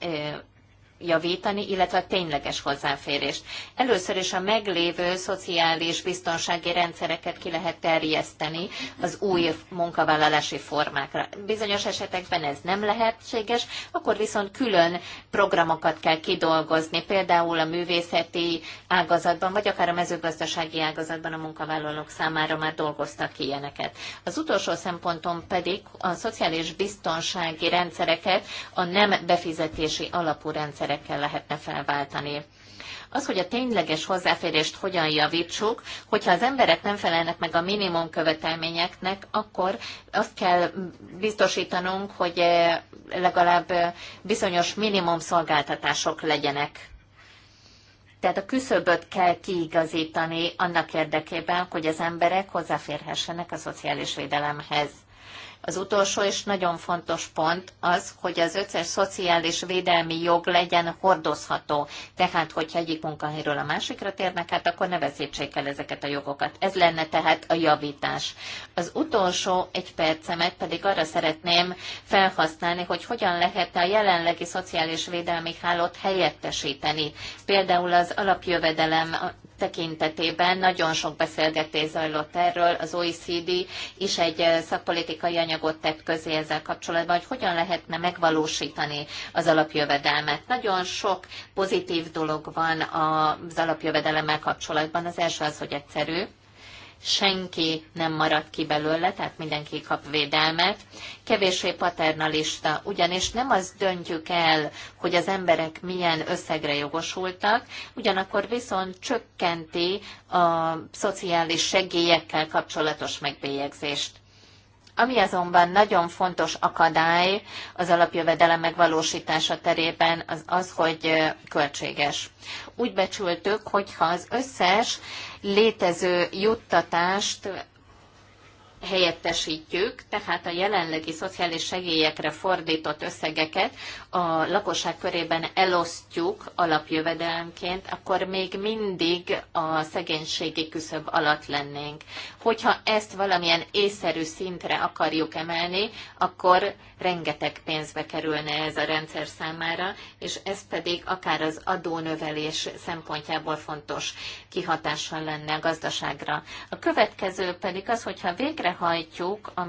javítani, illetve a tényleges hozzáférést. Először is a meglévő szociális biztonsági rendszereket ki lehet terjeszteni az új munkavállalási formákra. Bizonyos esetekben ez nem lehetséges, akkor viszont külön programokat kell kidolgozni, például a művészeti ágazatban, vagy akár a mezőgazdasági ágazatban a munkavállalók számára már dolgoztak ilyeneket. Az utolsó szempontom pedig a szociális biztonsági rendszereket a nem befizetési alapú rendszerek módszerekkel lehetne felváltani. Az, hogy a tényleges hozzáférést hogyan javítsuk, hogyha az emberek nem felelnek meg a minimum követelményeknek, akkor azt kell biztosítanunk, hogy eh, legalább eh, bizonyos minimum szolgáltatások legyenek. Tehát a küszöböt kell kiigazítani annak érdekében, hogy az emberek hozzáférhessenek a szociális védelemhez. Az utolsó és nagyon fontos pont az, hogy az összes szociális védelmi jog legyen hordozható. Tehát, hogyha egyik munkahelyről a másikra térnek át, akkor ne veszítsék el ezeket a jogokat. Ez lenne tehát a javítás. Az utolsó egy percemet pedig arra szeretném felhasználni, hogy hogyan lehet a jelenlegi szociális védelmi hálót helyettesíteni. Például az alapjövedelem tekintetében nagyon sok beszélgetés zajlott erről, az OECD is egy eh, szakpolitikai anyagot tett közé ezzel kapcsolatban, hogy hogyan lehetne megvalósítani az alapjövedelmet. Nagyon sok pozitív dolog van az alapjövedelemmel kapcsolatban. Az első az, hogy egyszerű, senki nem marad ki belőle, tehát mindenki kap védelmet. Kevésbé paternalista, ugyanis nem az döntjük el, hogy az emberek milyen összegre jogosultak, ugyanakkor viszont csökkenti a szociális segélyekkel kapcsolatos megbélyegzést. Ami azonban nagyon fontos akadály az alapjövedelem megvalósítása terében, az az, hogy költséges. Úgy becsültük, hogy ha az összes létező juttatást helyettesítjük, tehát a jelenlegi szociális segélyekre fordított összegeket a lakosság körében elosztjuk alapjövedelemként, akkor még mindig a szegénységi küszöb alatt lennénk. Hogyha ezt valamilyen észszerű szintre akarjuk emelni, akkor rengeteg pénzbe kerülne ez a rendszer számára, és ez pedig akár az adónövelés szempontjából fontos kihatással lenne a gazdaságra. A következő pedig az, hogyha végrehajtjuk a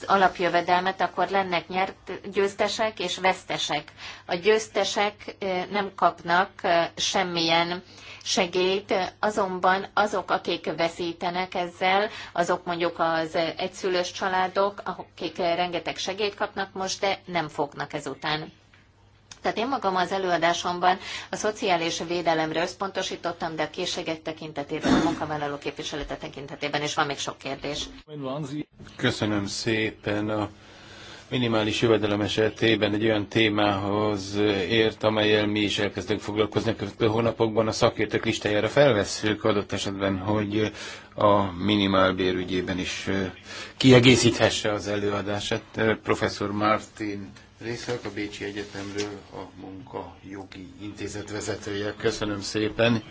az alapjövedelmet, akkor lennek nyert győztesek és vesztesek. A győztesek nem kapnak semmilyen segélyt, azonban azok, akik veszítenek ezzel, azok mondjuk az egyszülős családok, akik rengeteg segélyt kapnak most, de nem fognak ezután. Tehát én magam az előadásomban a szociális védelemre összpontosítottam, de a készségek tekintetében, a munkavállaló képviselete tekintetében is van még sok kérdés. Köszönöm szépen a minimális jövedelem esetében egy olyan témához ért, amelyel mi is elkezdünk foglalkozni a következő hónapokban. A szakértők listájára felvesszük adott esetben, hogy a minimálbérügyében is kiegészíthesse az előadását. Professzor Martin Részek a Bécsi Egyetemről a munka jogi intézet vezetője. Köszönöm szépen.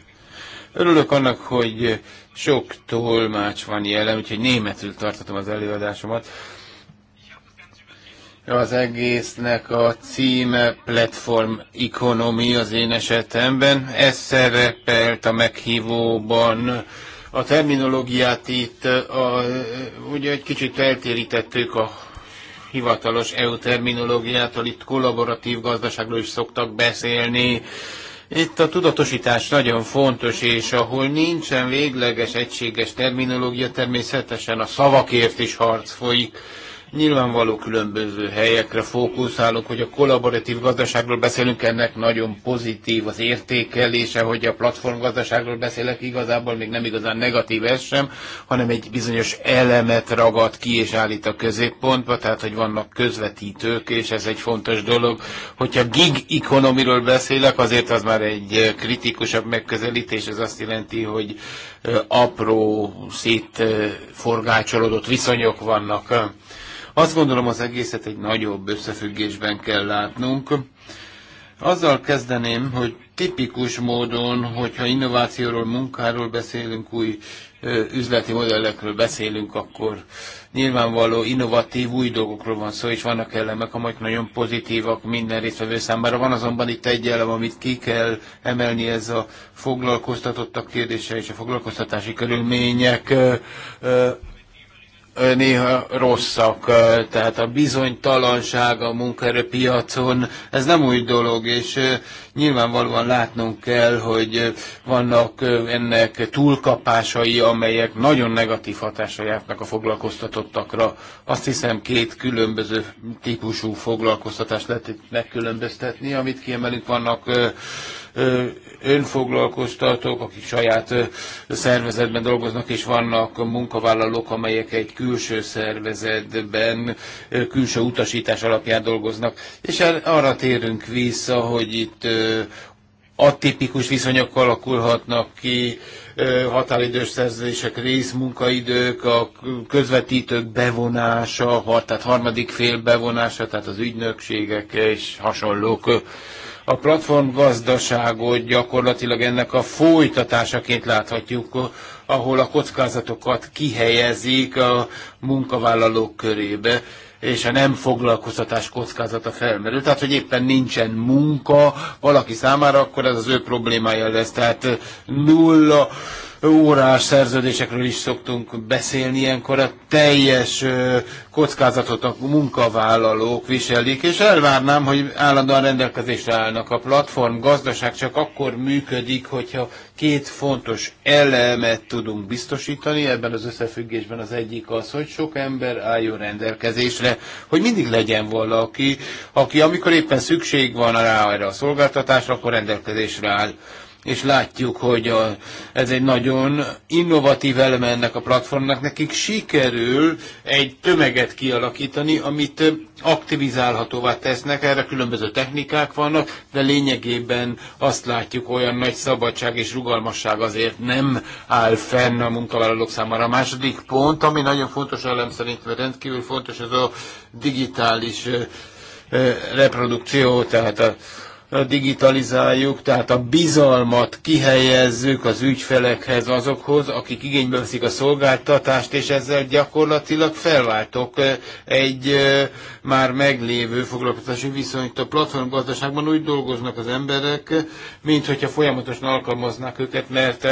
Örülök annak, hogy sok tolmács van jelen, úgyhogy németül tartatom az előadásomat. Az egésznek a címe Platform Economy az én esetemben. Ez szerepelt a meghívóban. A terminológiát itt a, ugye egy kicsit eltérítettük a hivatalos EU terminológiától, itt kollaboratív gazdaságról is szoktak beszélni, itt a tudatosítás nagyon fontos, és ahol nincsen végleges, egységes terminológia, természetesen a szavakért is harc folyik. Nyilvánvaló különböző helyekre fókuszálok, hogy a kollaboratív gazdaságról beszélünk, ennek nagyon pozitív az értékelése, hogy a platformgazdaságról beszélek, igazából még nem igazán negatív ez sem, hanem egy bizonyos elemet ragad ki és állít a középpontba, tehát hogy vannak közvetítők, és ez egy fontos dolog. Hogyha gig ekonomiról beszélek, azért az már egy kritikusabb megközelítés, ez azt jelenti, hogy apró, szétforgácsolódott viszonyok vannak azt gondolom az egészet egy nagyobb összefüggésben kell látnunk. Azzal kezdeném, hogy tipikus módon, hogyha innovációról, munkáról beszélünk, új üzleti modellekről beszélünk, akkor nyilvánvaló innovatív új dolgokról van szó, és vannak elemek, amelyek nagyon pozitívak minden résztvevő számára. Van azonban itt egy elem, amit ki kell emelni, ez a foglalkoztatottak kérdése és a foglalkoztatási körülmények néha rosszak, tehát a bizonytalanság a munkaerőpiacon, ez nem új dolog, és nyilvánvalóan látnunk kell, hogy vannak ennek túlkapásai, amelyek nagyon negatív hatásra járnak a foglalkoztatottakra. Azt hiszem két különböző típusú foglalkoztatást lehet megkülönböztetni, amit kiemelünk vannak önfoglalkoztatók, akik saját szervezetben dolgoznak, és vannak munkavállalók, amelyek egy külső szervezetben külső utasítás alapján dolgoznak. És hát arra térünk vissza, hogy itt atipikus viszonyok alakulhatnak ki, határidős szerződések, részmunkaidők, a közvetítők bevonása, tehát harmadik fél bevonása, tehát az ügynökségek és hasonlók. A platform gyakorlatilag ennek a folytatásaként láthatjuk, ahol a kockázatokat kihelyezik a munkavállalók körébe és a nem foglalkoztatás kockázata felmerül. Tehát, hogy éppen nincsen munka valaki számára, akkor ez az ő problémája lesz. Tehát nulla órás szerződésekről is szoktunk beszélni ilyenkor, a teljes kockázatot a munkavállalók viselik, és elvárnám, hogy állandóan rendelkezésre állnak a platform. Gazdaság csak akkor működik, hogyha két fontos elemet tudunk biztosítani, ebben az összefüggésben az egyik az, hogy sok ember álljon rendelkezésre, hogy mindig legyen valaki, aki amikor éppen szükség van rá erre a szolgáltatásra, akkor rendelkezésre áll és látjuk, hogy a, ez egy nagyon innovatív eleme ennek a platformnak. Nekik sikerül egy tömeget kialakítani, amit aktivizálhatóvá tesznek, erre különböző technikák vannak, de lényegében azt látjuk, olyan nagy szabadság és rugalmasság azért nem áll fenn a munkavállalók számára. A második pont, ami nagyon fontos elem szerint, mert rendkívül fontos, ez a digitális reprodukció, tehát a digitalizáljuk, tehát a bizalmat kihelyezzük az ügyfelekhez, azokhoz, akik igénybe veszik a szolgáltatást, és ezzel gyakorlatilag felváltok egy már meglévő foglalkoztatási viszonyt. A platformgazdaságban úgy dolgoznak az emberek, mint hogyha folyamatosan alkalmaznák őket, mert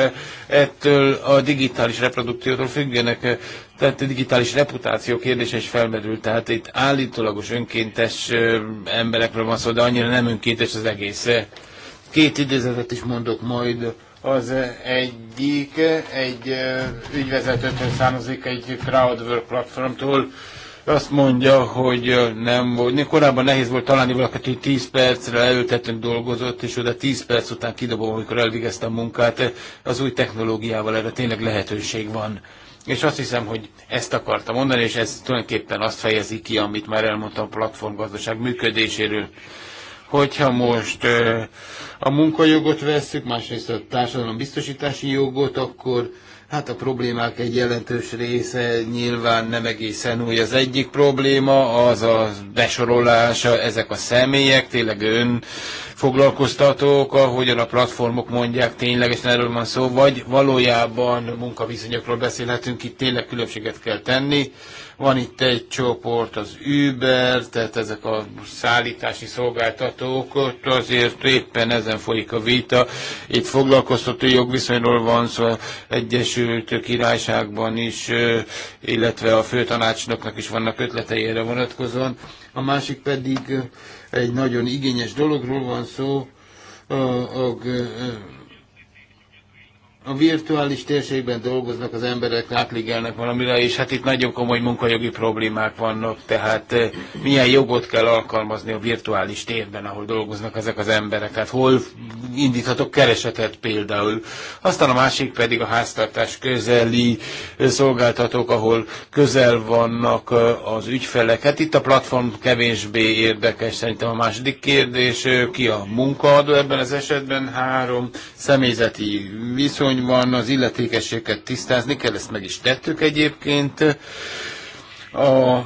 ettől a digitális reprodukciótól függenek. Tehát a digitális reputáció kérdése is felmerült. tehát itt állítólagos önkéntes emberekről van szó, de annyira nem önkéntes az egész. Két idézetet is mondok majd. Az egyik egy ügyvezetőtől származik egy crowdwork platformtól, azt mondja, hogy nem volt. Korábban nehéz volt találni valakit, hogy 10 percre leültetünk, dolgozott, és oda 10 perc után kidobom, amikor elvégezte a munkát. Az új technológiával erre tényleg lehetőség van. És azt hiszem, hogy ezt akartam mondani, és ez tulajdonképpen azt fejezi ki, amit már elmondtam a platformgazdaság működéséről. Hogyha most a munkajogot vesszük, másrészt a társadalombiztosítási jogot, akkor Hát a problémák egy jelentős része nyilván nem egészen új. Az egyik probléma az a besorolása, ezek a személyek, tényleg ön foglalkoztatók, ahogyan a platformok mondják, ténylegesen erről van szó, vagy valójában munkaviszonyokról beszélhetünk, itt tényleg különbséget kell tenni van itt egy csoport, az Uber, tehát ezek a szállítási szolgáltatók, ott azért éppen ezen folyik a vita. Itt foglalkoztató jogviszonyról van szó, szóval Egyesült Királyságban is, illetve a főtanácsnoknak is vannak ötletei erre vonatkozóan. A másik pedig egy nagyon igényes dologról van szó, a, a, a virtuális térségben dolgoznak az emberek, átligelnek valamire, és hát itt nagyon komoly munkajogi problémák vannak, tehát eh, milyen jogot kell alkalmazni a virtuális térben, ahol dolgoznak ezek az emberek, tehát hol indíthatok keresetet például. Aztán a másik pedig a háztartás közeli eh, szolgáltatók, ahol közel vannak eh, az ügyfelek. Hát itt a platform kevésbé érdekes, szerintem a második kérdés, ki a munkaadó ebben az esetben, három személyzeti viszony, asszony van, az illetékességet tisztázni kell, ezt meg is tettük egyébként. A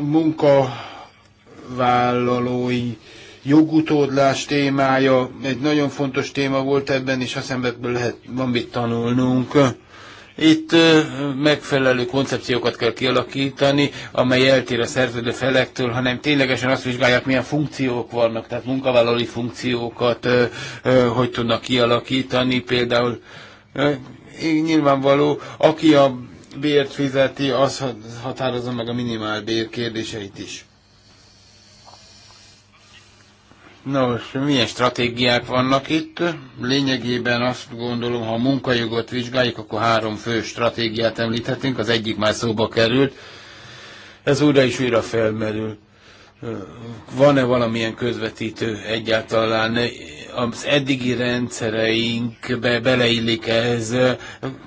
munkavállalói jogutódlás témája egy nagyon fontos téma volt ebben, és azt szemekből lehet, van mit tanulnunk. Itt megfelelő koncepciókat kell kialakítani, amely eltér a szerződő felektől, hanem ténylegesen azt vizsgálják, milyen funkciók vannak, tehát munkavállalói funkciókat hogy tudnak kialakítani, például Nyilvánvaló, aki a bért fizeti, az határozza meg a minimál bér kérdéseit is. Nos, milyen stratégiák vannak itt? Lényegében azt gondolom, ha a munkajogot vizsgáljuk, akkor három fő stratégiát említhetünk, az egyik már szóba került, ez újra is újra felmerül van-e valamilyen közvetítő egyáltalán az eddigi rendszereinkbe beleillik ez,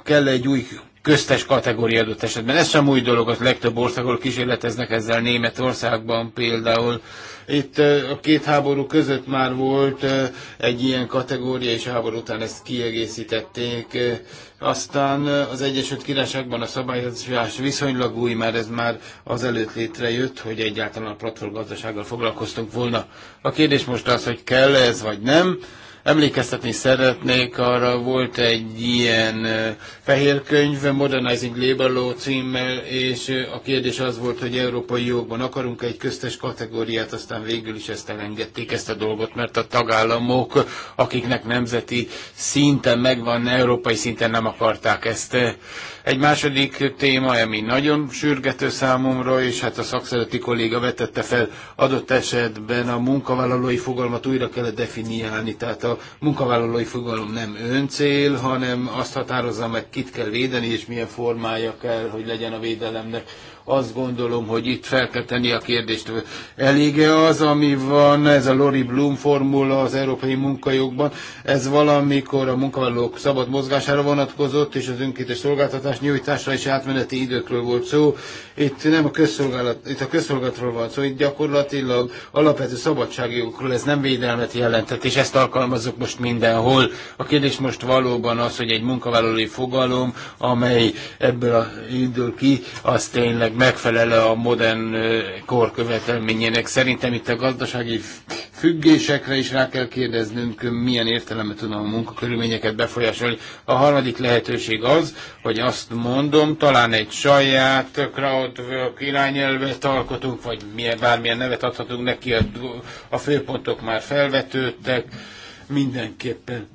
kell egy új köztes kategória adott esetben. Ez sem új dolog, az legtöbb országok kísérleteznek ezzel Németországban például. Itt a két háború között már volt egy ilyen kategória, és a háború után ezt kiegészítették, aztán az Egyesült Királyságban a szabályozás viszonylag új, mert ez már azelőtt létrejött, hogy egyáltalán a platform gazdasággal foglalkoztunk volna. A kérdés most az, hogy kell ez vagy nem Emlékeztetni szeretnék arra, volt egy ilyen fehér könyv, Modernizing Labor Law címmel, és a kérdés az volt, hogy európai jogban akarunk egy köztes kategóriát, aztán végül is ezt elengedték, ezt a dolgot, mert a tagállamok, akiknek nemzeti szinten megvan, európai szinten nem akarták ezt. Egy második téma, ami nagyon sürgető számomra, és hát a szakszereti kolléga vetette fel, adott esetben a munkavállalói fogalmat újra kellett definiálni, tehát a a munkavállalói fogalom nem öncél, hanem azt határozza meg, kit kell védeni, és milyen formája kell, hogy legyen a védelemnek. Azt gondolom, hogy itt fel kell tenni a kérdést. Elége az, ami van, ez a Lori Bloom formula az európai munkajogban, ez valamikor a munkavállalók szabad mozgására vonatkozott, és az önkéntes szolgáltatás nyújtásra és átmeneti időkről volt szó. Itt nem a közszolgálat, itt a közszolgálatról van szó, itt gyakorlatilag alapvető szabadságjogokról ez nem védelmet jelentett, és ezt alkalmazok most mindenhol. A kérdés most valóban az, hogy egy munkavállalói fogalom, amely ebből a indul ki, az tényleg bizottság megfelele a modern kor követelményének. Szerintem itt a gazdasági függésekre is rá kell kérdeznünk, milyen értelemben tudom a munkakörülményeket befolyásolni. A harmadik lehetőség az, hogy azt mondom, talán egy saját crowdwork irányelvet alkotunk, vagy milyen, bármilyen nevet adhatunk neki, a, a főpontok már felvetődtek, mindenképpen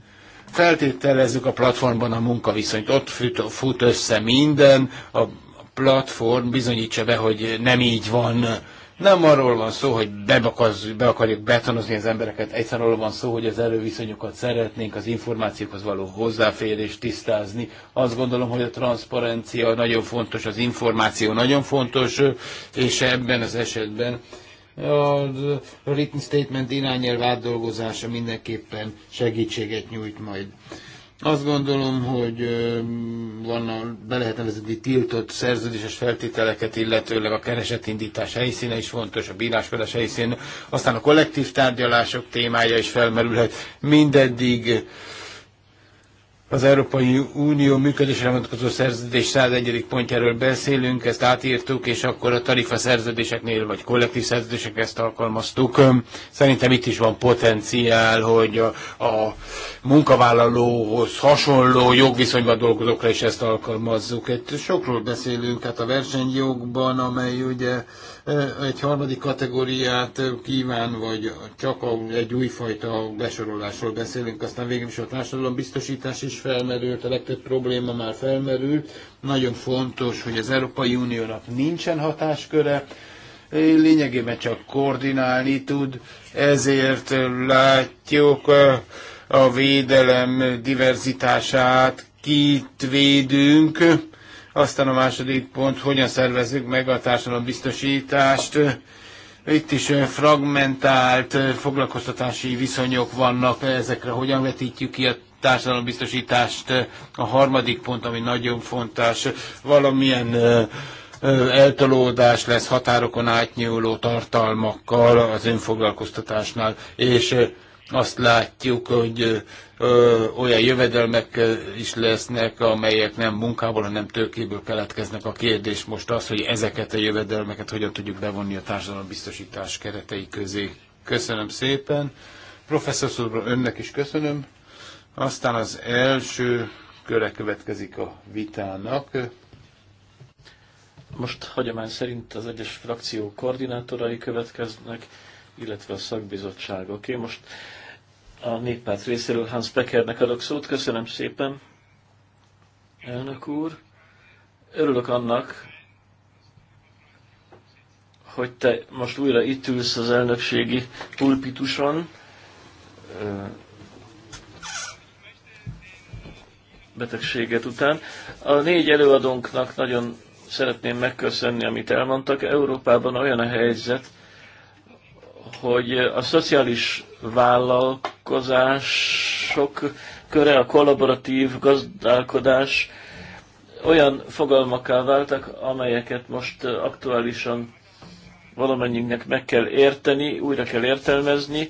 feltételezzük a platformban a munkaviszonyt, ott fut, fut össze minden, a platform bizonyítsa be, hogy nem így van. Nem arról van szó, hogy bebakaz, be akarjuk betonozni az embereket, egyszerűen arról van szó, hogy az előviszonyokat szeretnénk, az információkhoz való hozzáférést tisztázni. Azt gondolom, hogy a transzparencia nagyon fontos, az információ nagyon fontos, és ebben az esetben a written statement irányelv átdolgozása mindenképpen segítséget nyújt majd. Azt gondolom, hogy van, be lehet nevezni tiltott szerződéses feltételeket, illetőleg a keresetindítás helyszíne is fontos, a bíráskodás helyszíne, aztán a kollektív tárgyalások témája is felmerülhet. Mindeddig az Európai Unió működésre vonatkozó szerződés 101. pontjáról beszélünk, ezt átírtuk, és akkor a tarifa szerződéseknél, vagy kollektív szerződések ezt alkalmaztuk. Szerintem itt is van potenciál, hogy a, a munkavállalóhoz hasonló jogviszonyban dolgozókra is ezt alkalmazzuk. Itt sokról beszélünk, hát a versenyjogban, amely ugye egy harmadik kategóriát kíván, vagy csak egy újfajta besorolásról beszélünk, aztán végül is a biztosítás is felmerült, a legtöbb probléma már felmerült. Nagyon fontos, hogy az Európai Uniónak nincsen hatásköre, lényegében csak koordinálni tud, ezért látjuk a védelem diverzitását, kit védünk, aztán a második pont, hogyan szervezzük meg a társadalombiztosítást. Itt is fragmentált foglalkoztatási viszonyok vannak, ezekre hogyan vetítjük ki a társadalombiztosítást. A harmadik pont, ami nagyon fontos, valamilyen eltolódás lesz határokon átnyúló tartalmakkal az önfoglalkoztatásnál, és azt látjuk, hogy ö, olyan jövedelmek is lesznek, amelyek nem munkából, hanem tőkéből keletkeznek. A kérdés most az, hogy ezeket a jövedelmeket hogyan tudjuk bevonni a társadalombiztosítás keretei közé. Köszönöm szépen. Professzor Szobra, önnek is köszönöm. Aztán az első köre következik a vitának. Most hagyomány szerint az egyes frakció koordinátorai következnek, illetve a szakbizottságok. Én most a néppárt részéről Hans Beckernek adok szót. Köszönöm szépen, elnök úr. Örülök annak, hogy te most újra itt ülsz az elnökségi pulpituson. betegséget után. A négy előadónknak nagyon szeretném megköszönni, amit elmondtak. Európában olyan a helyzet, hogy a szociális vállal, vállalkozások köre, a kollaboratív gazdálkodás olyan fogalmaká váltak, amelyeket most aktuálisan valamennyinek meg kell érteni, újra kell értelmezni.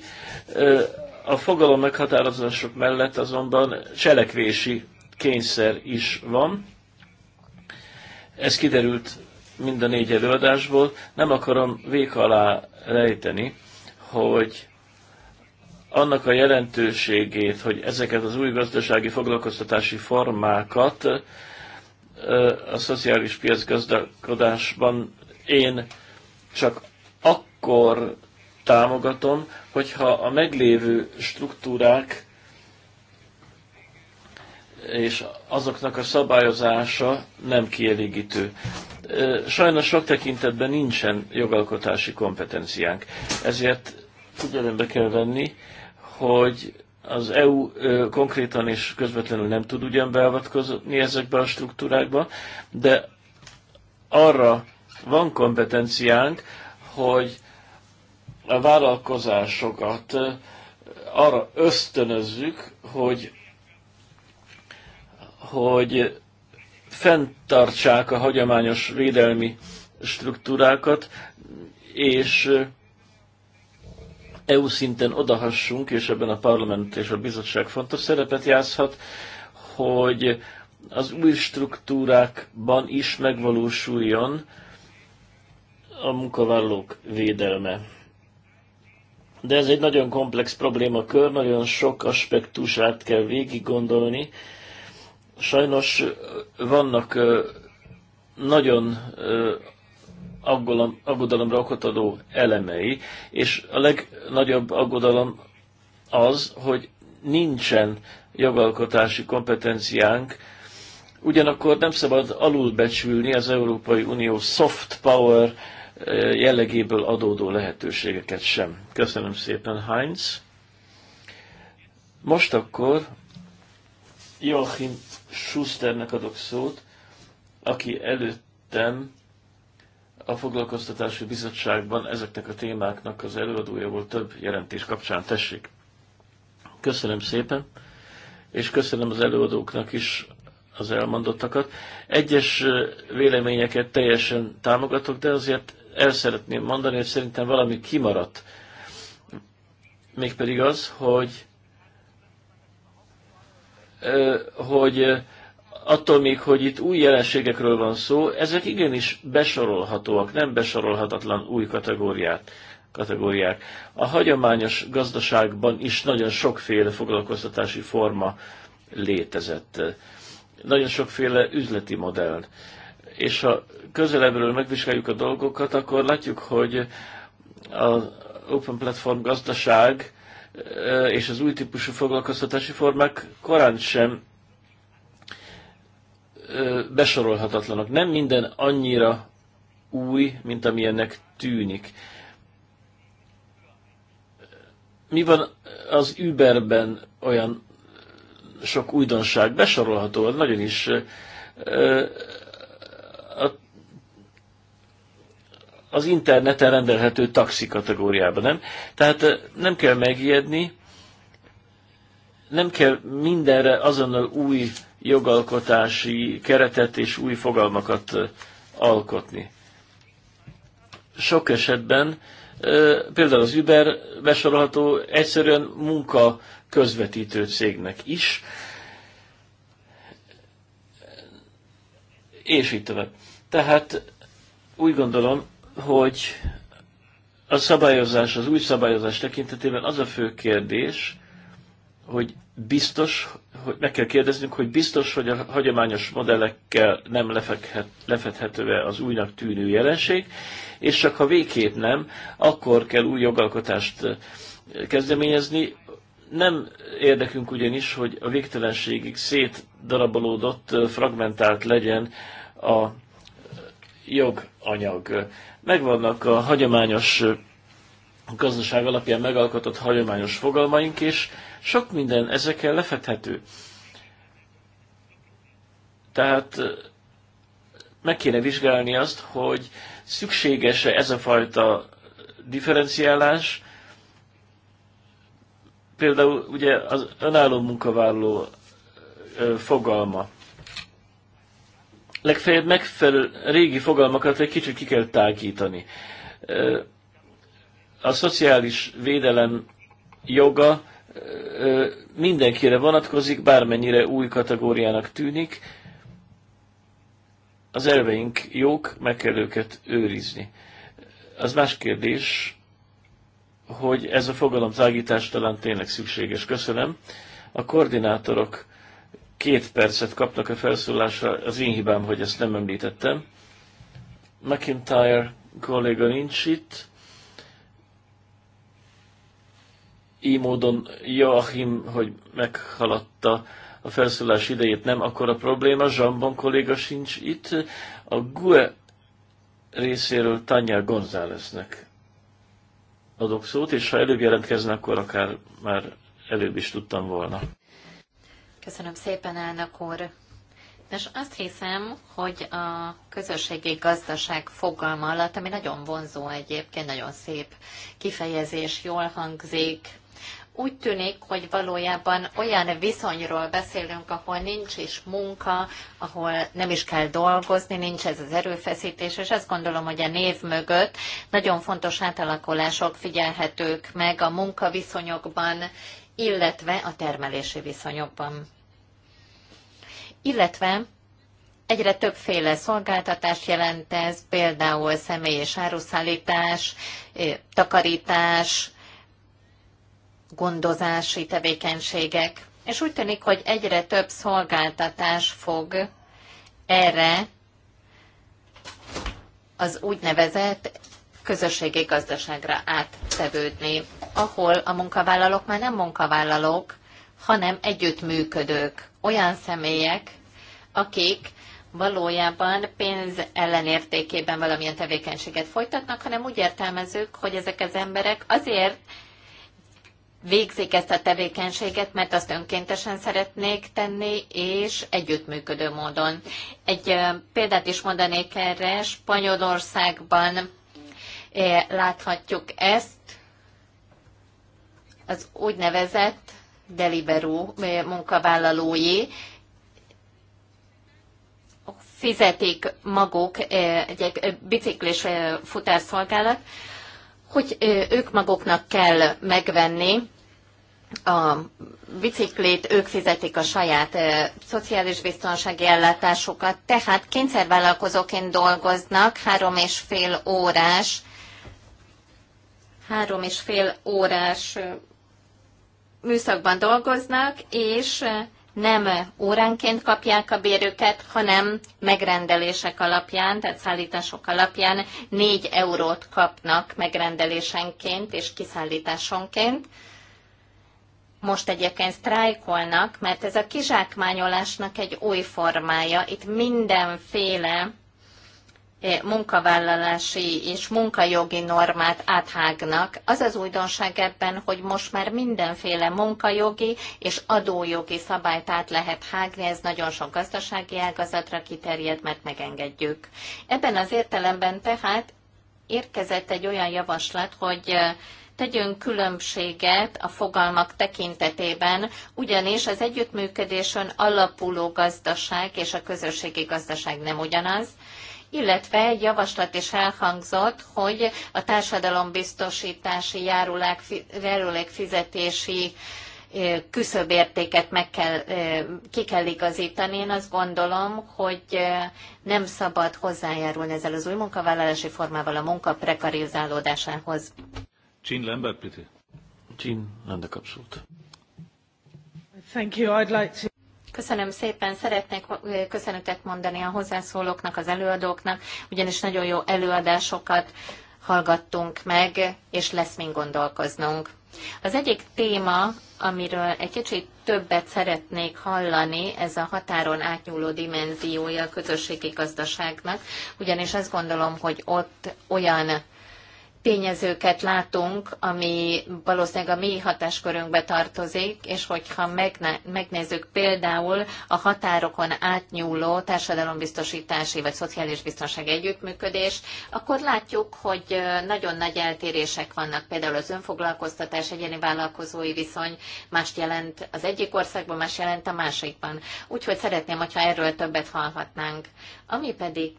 A fogalom meghatározások mellett azonban cselekvési kényszer is van. Ez kiderült mind a négy előadásból. Nem akarom vék alá rejteni, hogy annak a jelentőségét, hogy ezeket az új gazdasági foglalkoztatási formákat a szociális piacgazdálkodásban én csak akkor támogatom, hogyha a meglévő struktúrák és azoknak a szabályozása nem kielégítő. Sajnos sok tekintetben nincsen jogalkotási kompetenciánk, ezért figyelembe kell venni, hogy az EU konkrétan és közvetlenül nem tud ugyan beavatkozni ezekbe a struktúrákba, de arra van kompetenciánk, hogy a vállalkozásokat arra ösztönözzük, hogy, hogy fenntartsák a hagyományos védelmi struktúrákat, és EU szinten odahassunk, és ebben a parlament és a bizottság fontos szerepet játszhat, hogy az új struktúrákban is megvalósuljon a munkavállalók védelme. De ez egy nagyon komplex problémakör, nagyon sok aspektusát kell végig gondolni. Sajnos vannak nagyon aggodalom, aggodalomra okot adó elemei, és a legnagyobb aggodalom az, hogy nincsen jogalkotási kompetenciánk, ugyanakkor nem szabad alulbecsülni az Európai Unió soft power eh, jellegéből adódó lehetőségeket sem. Köszönöm szépen, Heinz. Most akkor Joachim Schusternek adok szót, aki előttem a Foglalkoztatási Bizottságban ezeknek a témáknak az előadója volt több jelentés kapcsán. Tessék! Köszönöm szépen, és köszönöm az előadóknak is az elmondottakat. Egyes véleményeket teljesen támogatok, de azért el szeretném mondani, hogy szerintem valami kimaradt. Mégpedig az, hogy hogy attól még, hogy itt új jelenségekről van szó, ezek igenis besorolhatóak, nem besorolhatatlan új kategóriát, kategóriák. A hagyományos gazdaságban is nagyon sokféle foglalkoztatási forma létezett, nagyon sokféle üzleti modell. És ha közelebbről megvizsgáljuk a dolgokat, akkor látjuk, hogy az Open Platform gazdaság eh, és az új típusú foglalkoztatási formák korán sem Besorolhatatlanok Nem minden annyira új, mint amilyennek tűnik. Mi van az Uberben olyan sok újdonság? Besorolható, az nagyon is az interneten rendelhető taxi kategóriában, nem? Tehát nem kell megijedni, nem kell mindenre azonnal új jogalkotási keretet és új fogalmakat alkotni. Sok esetben például az Uber besorolható egyszerűen munka közvetítő cégnek is, és így tovább. Tehát úgy gondolom, hogy a szabályozás, az új szabályozás tekintetében az a fő kérdés, hogy biztos, hogy meg kell kérdeznünk, hogy biztos, hogy a hagyományos modellekkel nem lefekhet, lefedhető-e az újnak tűnő jelenség, és csak ha végképp nem, akkor kell új jogalkotást kezdeményezni. Nem érdekünk ugyanis, hogy a végtelenségig szétdarabolódott, fragmentált legyen a joganyag. Megvannak a hagyományos a gazdaság alapján megalkotott hagyományos fogalmaink, és sok minden ezekkel lefethető. Tehát meg kéne vizsgálni azt, hogy szükséges-e ez a fajta differenciálás, például ugye az önálló munkavállaló fogalma. Legfeljebb megfelelő régi fogalmakat egy kicsit ki kell tágítani a szociális védelem joga mindenkire vonatkozik, bármennyire új kategóriának tűnik. Az elveink jók, meg kell őket őrizni. Az más kérdés, hogy ez a fogalom tágítás talán tényleg szükséges. Köszönöm. A koordinátorok két percet kapnak a felszólásra. Az én hibám, hogy ezt nem említettem. McIntyre kolléga nincs itt. így módon Joachim, hogy meghaladta a felszólás idejét, nem akkor a probléma, Zsambon kolléga sincs itt, a GUE részéről Tanya Gonzáleznek adok szót, és ha előbb jelentkezne, akkor akár már előbb is tudtam volna. Köszönöm szépen, elnök úr. És azt hiszem, hogy a közösségi gazdaság fogalma alatt, ami nagyon vonzó egyébként, nagyon szép kifejezés, jól hangzik, úgy tűnik, hogy valójában olyan viszonyról beszélünk, ahol nincs is munka, ahol nem is kell dolgozni, nincs ez az erőfeszítés, és azt gondolom, hogy a név mögött nagyon fontos átalakulások figyelhetők meg a munkaviszonyokban, illetve a termelési viszonyokban. Illetve Egyre többféle szolgáltatást jelent ez, például személy és áruszállítás, eh, takarítás, gondozási tevékenységek. És úgy tűnik, hogy egyre több szolgáltatás fog erre az úgynevezett közösségi gazdaságra áttevődni, ahol a munkavállalók már nem munkavállalók, hanem együttműködők, olyan személyek, akik valójában pénz ellenértékében valamilyen tevékenységet folytatnak, hanem úgy értelmezők, hogy ezek az emberek azért végzik ezt a tevékenységet, mert azt önkéntesen szeretnék tenni, és együttműködő módon. Egy példát is mondanék erre, Spanyolországban láthatjuk ezt, az úgynevezett deliberú munkavállalói fizetik maguk egy biciklis futárszolgálat, hogy ők maguknak kell megvenni a biciklét, ők fizetik a saját e, szociális biztonsági ellátásukat, tehát kényszervállalkozóként dolgoznak három és fél órás, három és fél órás műszakban dolgoznak, és nem óránként kapják a bérüket, hanem megrendelések alapján, tehát szállítások alapján 4 eurót kapnak megrendelésenként és kiszállításonként. Most egyébként sztrájkolnak, mert ez a kizsákmányolásnak egy új formája. Itt mindenféle E, munkavállalási és munkajogi normát áthágnak. Az az újdonság ebben, hogy most már mindenféle munkajogi és adójogi szabályt át lehet hágni, ez nagyon sok gazdasági ágazatra kiterjed, mert megengedjük. Ebben az értelemben tehát érkezett egy olyan javaslat, hogy e, tegyünk különbséget a fogalmak tekintetében, ugyanis az együttműködésön alapuló gazdaság és a közösségi gazdaság nem ugyanaz, illetve egy javaslat is elhangzott, hogy a társadalombiztosítási járulák, járulék fizetési küszöbértéket meg kell, ki kell igazítani. Én azt gondolom, hogy nem szabad hozzájárulni ezzel az új munkavállalási formával a munka prekarizálódásához. Jean Lambert, bitte. Jean Lambert, Thank you. I'd like to... Köszönöm szépen, szeretnék köszönetet mondani a hozzászólóknak, az előadóknak, ugyanis nagyon jó előadásokat hallgattunk meg, és lesz mind gondolkoznunk. Az egyik téma, amiről egy kicsit többet szeretnék hallani, ez a határon átnyúló dimenziója a közösségi gazdaságnak, ugyanis azt gondolom, hogy ott olyan tényezőket látunk, ami valószínűleg a mi hatáskörünkbe tartozik, és hogyha megnézzük például a határokon átnyúló társadalombiztosítási vagy szociális biztonság együttműködés, akkor látjuk, hogy nagyon nagy eltérések vannak. Például az önfoglalkoztatás, egyéni vállalkozói viszony mást jelent az egyik országban, más jelent a másikban. Úgyhogy szeretném, hogyha erről többet hallhatnánk. Ami pedig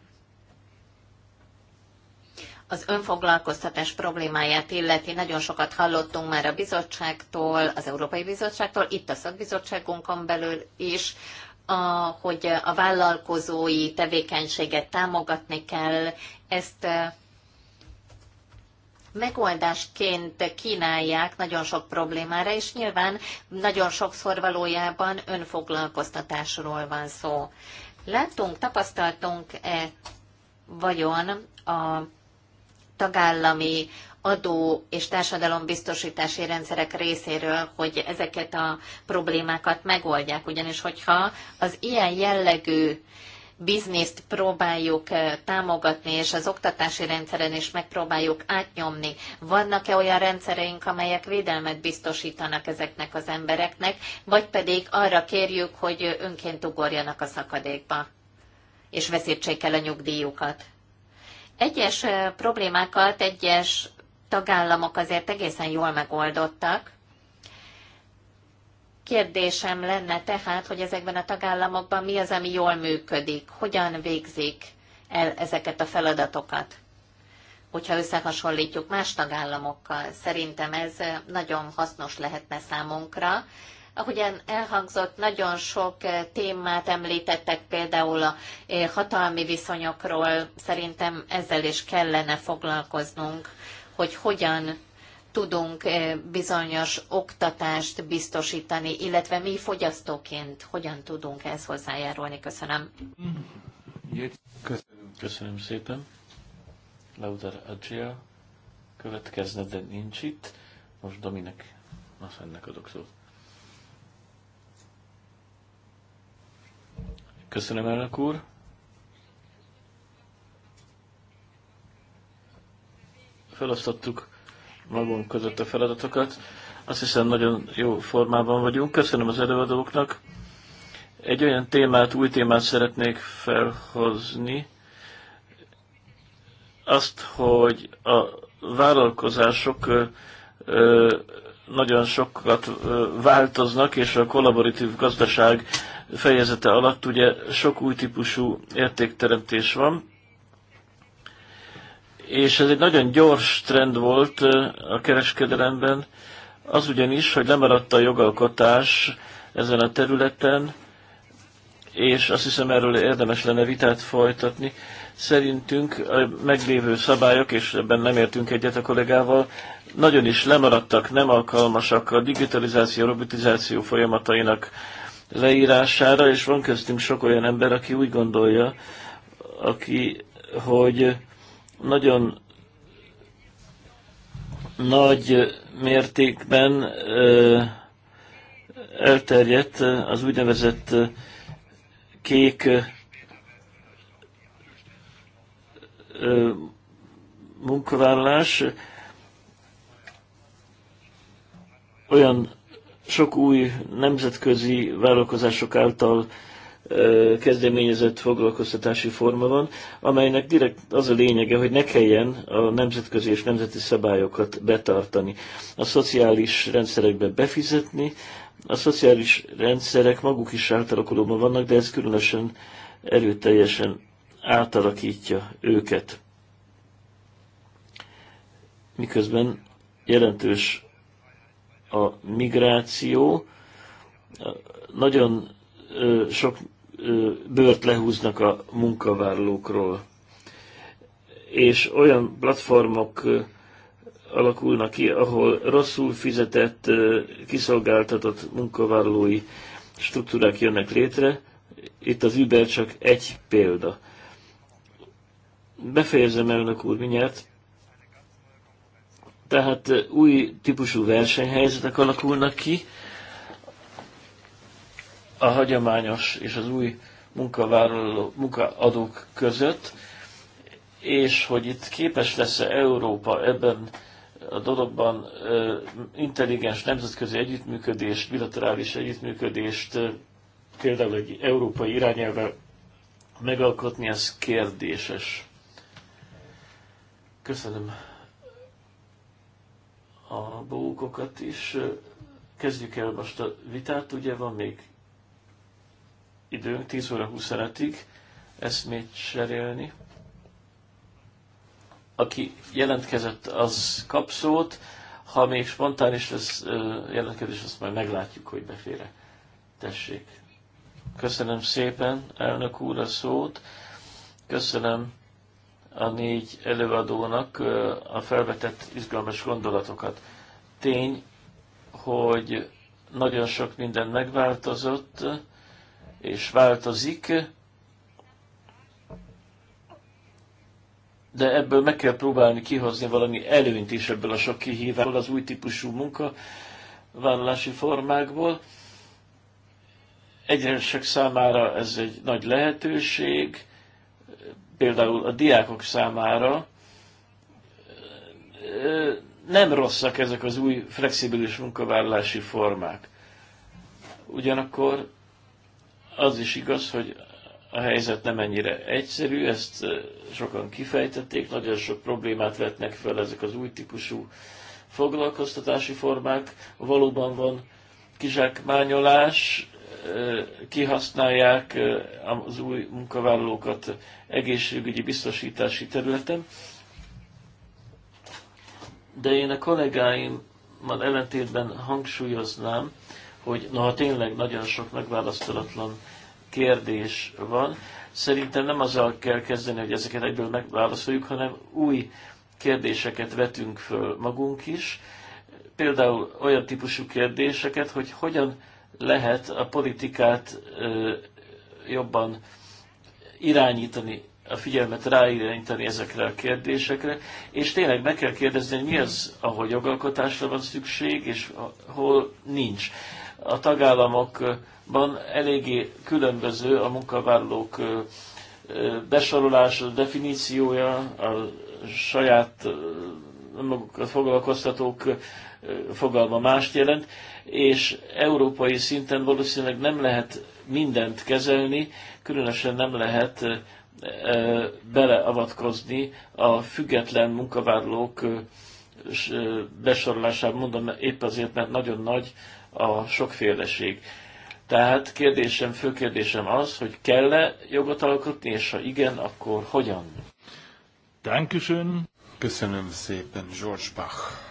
az önfoglalkoztatás problémáját illeti, nagyon sokat hallottunk már a bizottságtól, az Európai Bizottságtól, itt a szakbizottságunkon belül is, a, hogy a vállalkozói tevékenységet támogatni kell, ezt e, megoldásként kínálják nagyon sok problémára, és nyilván nagyon sokszor valójában önfoglalkoztatásról van szó. Láttunk, tapasztaltunk-e vajon a tagállami adó és társadalombiztosítási rendszerek részéről, hogy ezeket a problémákat megoldják. Ugyanis, hogyha az ilyen jellegű bizniszt próbáljuk eh, támogatni, és az oktatási rendszeren is megpróbáljuk átnyomni. Vannak-e olyan rendszereink, amelyek védelmet biztosítanak ezeknek az embereknek, vagy pedig arra kérjük, hogy önként ugorjanak a szakadékba, és veszítsék el a nyugdíjukat? Egyes problémákat egyes tagállamok azért egészen jól megoldottak. Kérdésem lenne tehát, hogy ezekben a tagállamokban mi az, ami jól működik, hogyan végzik el ezeket a feladatokat hogyha összehasonlítjuk más tagállamokkal. Szerintem ez nagyon hasznos lehetne számunkra, Ahogyan elhangzott, nagyon sok eh, témát említettek, például a eh, hatalmi viszonyokról, szerintem ezzel is kellene foglalkoznunk, hogy hogyan tudunk eh, bizonyos oktatást biztosítani, illetve mi fogyasztóként hogyan tudunk ehhez hozzájárulni. Köszönöm. Köszönöm, szépen. Lauder Adjia következne, de nincs itt. Most Dominek ennek adok szót. Köszönöm, elnök úr. Felosztottuk magunk között a feladatokat. Azt hiszem, nagyon jó formában vagyunk. Köszönöm az előadóknak. Egy olyan témát, új témát szeretnék felhozni, azt, hogy a vállalkozások nagyon sokat változnak, és a kollaboratív gazdaság fejezete alatt ugye sok új típusú értékteremtés van, és ez egy nagyon gyors trend volt a kereskedelemben, az ugyanis, hogy lemaradt a jogalkotás ezen a területen, és azt hiszem erről érdemes lenne vitát folytatni. Szerintünk a meglévő szabályok, és ebben nem értünk egyet a kollégával, nagyon is lemaradtak, nem alkalmasak a digitalizáció, robotizáció folyamatainak leírására, és van köztünk sok olyan ember, aki úgy gondolja, aki, hogy nagyon nagy mértékben ö, elterjedt az úgynevezett kék ö, munkavállalás olyan sok új nemzetközi vállalkozások által kezdeményezett foglalkoztatási forma van, amelynek direkt az a lényege, hogy ne kelljen a nemzetközi és nemzeti szabályokat betartani, a szociális rendszerekbe befizetni, a szociális rendszerek maguk is átalakulóban vannak, de ez különösen erőteljesen átalakítja őket. Miközben jelentős a migráció. Nagyon sok bőrt lehúznak a munkavállalókról, és olyan platformok alakulnak ki, ahol rosszul fizetett, kiszolgáltatott munkavállalói struktúrák jönnek létre. Itt az Uber csak egy példa. Befejezem, elnök úr, mindjárt. Tehát új típusú versenyhelyzetek alakulnak ki, a hagyományos és az új munkavállaló, munkaadók között, és hogy itt képes lesz-e Európa ebben a dologban intelligens nemzetközi együttműködést, bilaterális együttműködést, például egy európai irányelvvel megalkotni, ez kérdéses. Köszönöm a bókokat is. Kezdjük el most a vitát, ugye van még időnk, 10 óra 25-ig eszmét cserélni. Aki jelentkezett, az kap szót. Ha még spontán is lesz jelentkezés, azt majd meglátjuk, hogy befére. Tessék. Köszönöm szépen, elnök úr, a szót. Köszönöm a négy előadónak a felvetett izgalmas gondolatokat. Tény, hogy nagyon sok minden megváltozott, és változik, de ebből meg kell próbálni kihozni valami előnyt is ebből a sok kihívásból, az új típusú munkavállalási formákból. Egyesek számára ez egy nagy lehetőség, például a diákok számára nem rosszak ezek az új flexibilis munkavállalási formák. Ugyanakkor az is igaz, hogy a helyzet nem ennyire egyszerű, ezt sokan kifejtették, nagyon sok problémát vetnek fel ezek az új típusú foglalkoztatási formák. Valóban van kizsákmányolás, kihasználják az új munkavállalókat egészségügyi biztosítási területen. De én a kollégáimmal ellentétben hangsúlyoznám, hogy noha tényleg nagyon sok megválasztalatlan kérdés van, szerintem nem azzal kell kezdeni, hogy ezeket egyből megválaszoljuk, hanem új kérdéseket vetünk föl magunk is, például olyan típusú kérdéseket, hogy hogyan lehet a politikát jobban irányítani, a figyelmet ráirányítani ezekre a kérdésekre, és tényleg meg kell kérdezni, hogy mi az, ahol jogalkotásra van szükség, és hol nincs. A tagállamokban eléggé különböző a munkavállalók besorolása, definíciója, a saját magukat foglalkoztatók fogalma mást jelent, és európai szinten valószínűleg nem lehet mindent kezelni, különösen nem lehet beleavatkozni a független munkavállalók besorolásában, mondom épp azért, mert nagyon nagy a sokféleség. Tehát kérdésem, fő kérdésem az, hogy kell-e jogot alkotni, és ha igen, akkor hogyan? Köszönöm szépen, George Bach.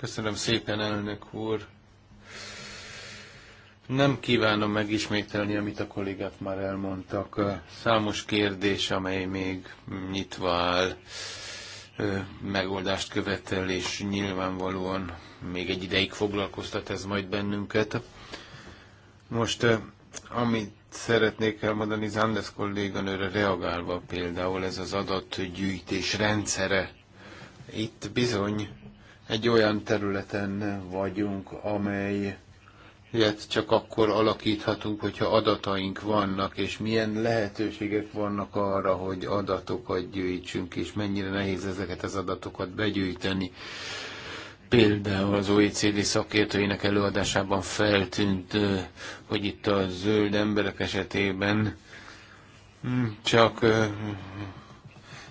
Köszönöm szépen, elnök úr. Nem kívánom megismételni, amit a kollégák már elmondtak. Számos kérdés, amely még nyitva áll, megoldást követel, és nyilvánvalóan még egy ideig foglalkoztat ez majd bennünket. Most, amit szeretnék elmondani, Zandes kolléganőre reagálva például ez az adatgyűjtés rendszere. Itt bizony egy olyan területen vagyunk, amely ilyet csak akkor alakíthatunk, hogyha adataink vannak, és milyen lehetőségek vannak arra, hogy adatokat gyűjtsünk, és mennyire nehéz ezeket az adatokat begyűjteni. Például az OECD szakértőinek előadásában feltűnt, hogy itt a zöld emberek esetében mm, csak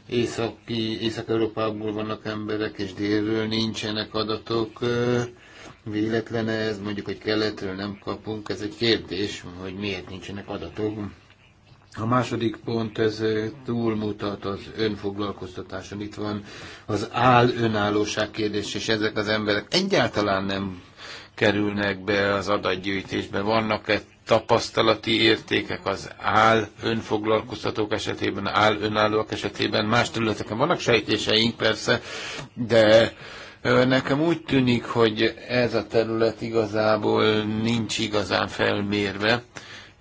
északi, Észak-Európából vannak emberek, és délről nincsenek adatok. Véletlen ez, mondjuk, hogy keletről nem kapunk, ez egy kérdés, hogy miért nincsenek adatok. A második pont, ez túlmutat az önfoglalkoztatáson. Itt van az áll önállóság kérdés, és ezek az emberek egyáltalán nem kerülnek be az adatgyűjtésbe. Vannak tapasztalati értékek az áll önfoglalkoztatók esetében, áll önállóak esetében, más területeken vannak sejtéseink persze, de nekem úgy tűnik, hogy ez a terület igazából nincs igazán felmérve,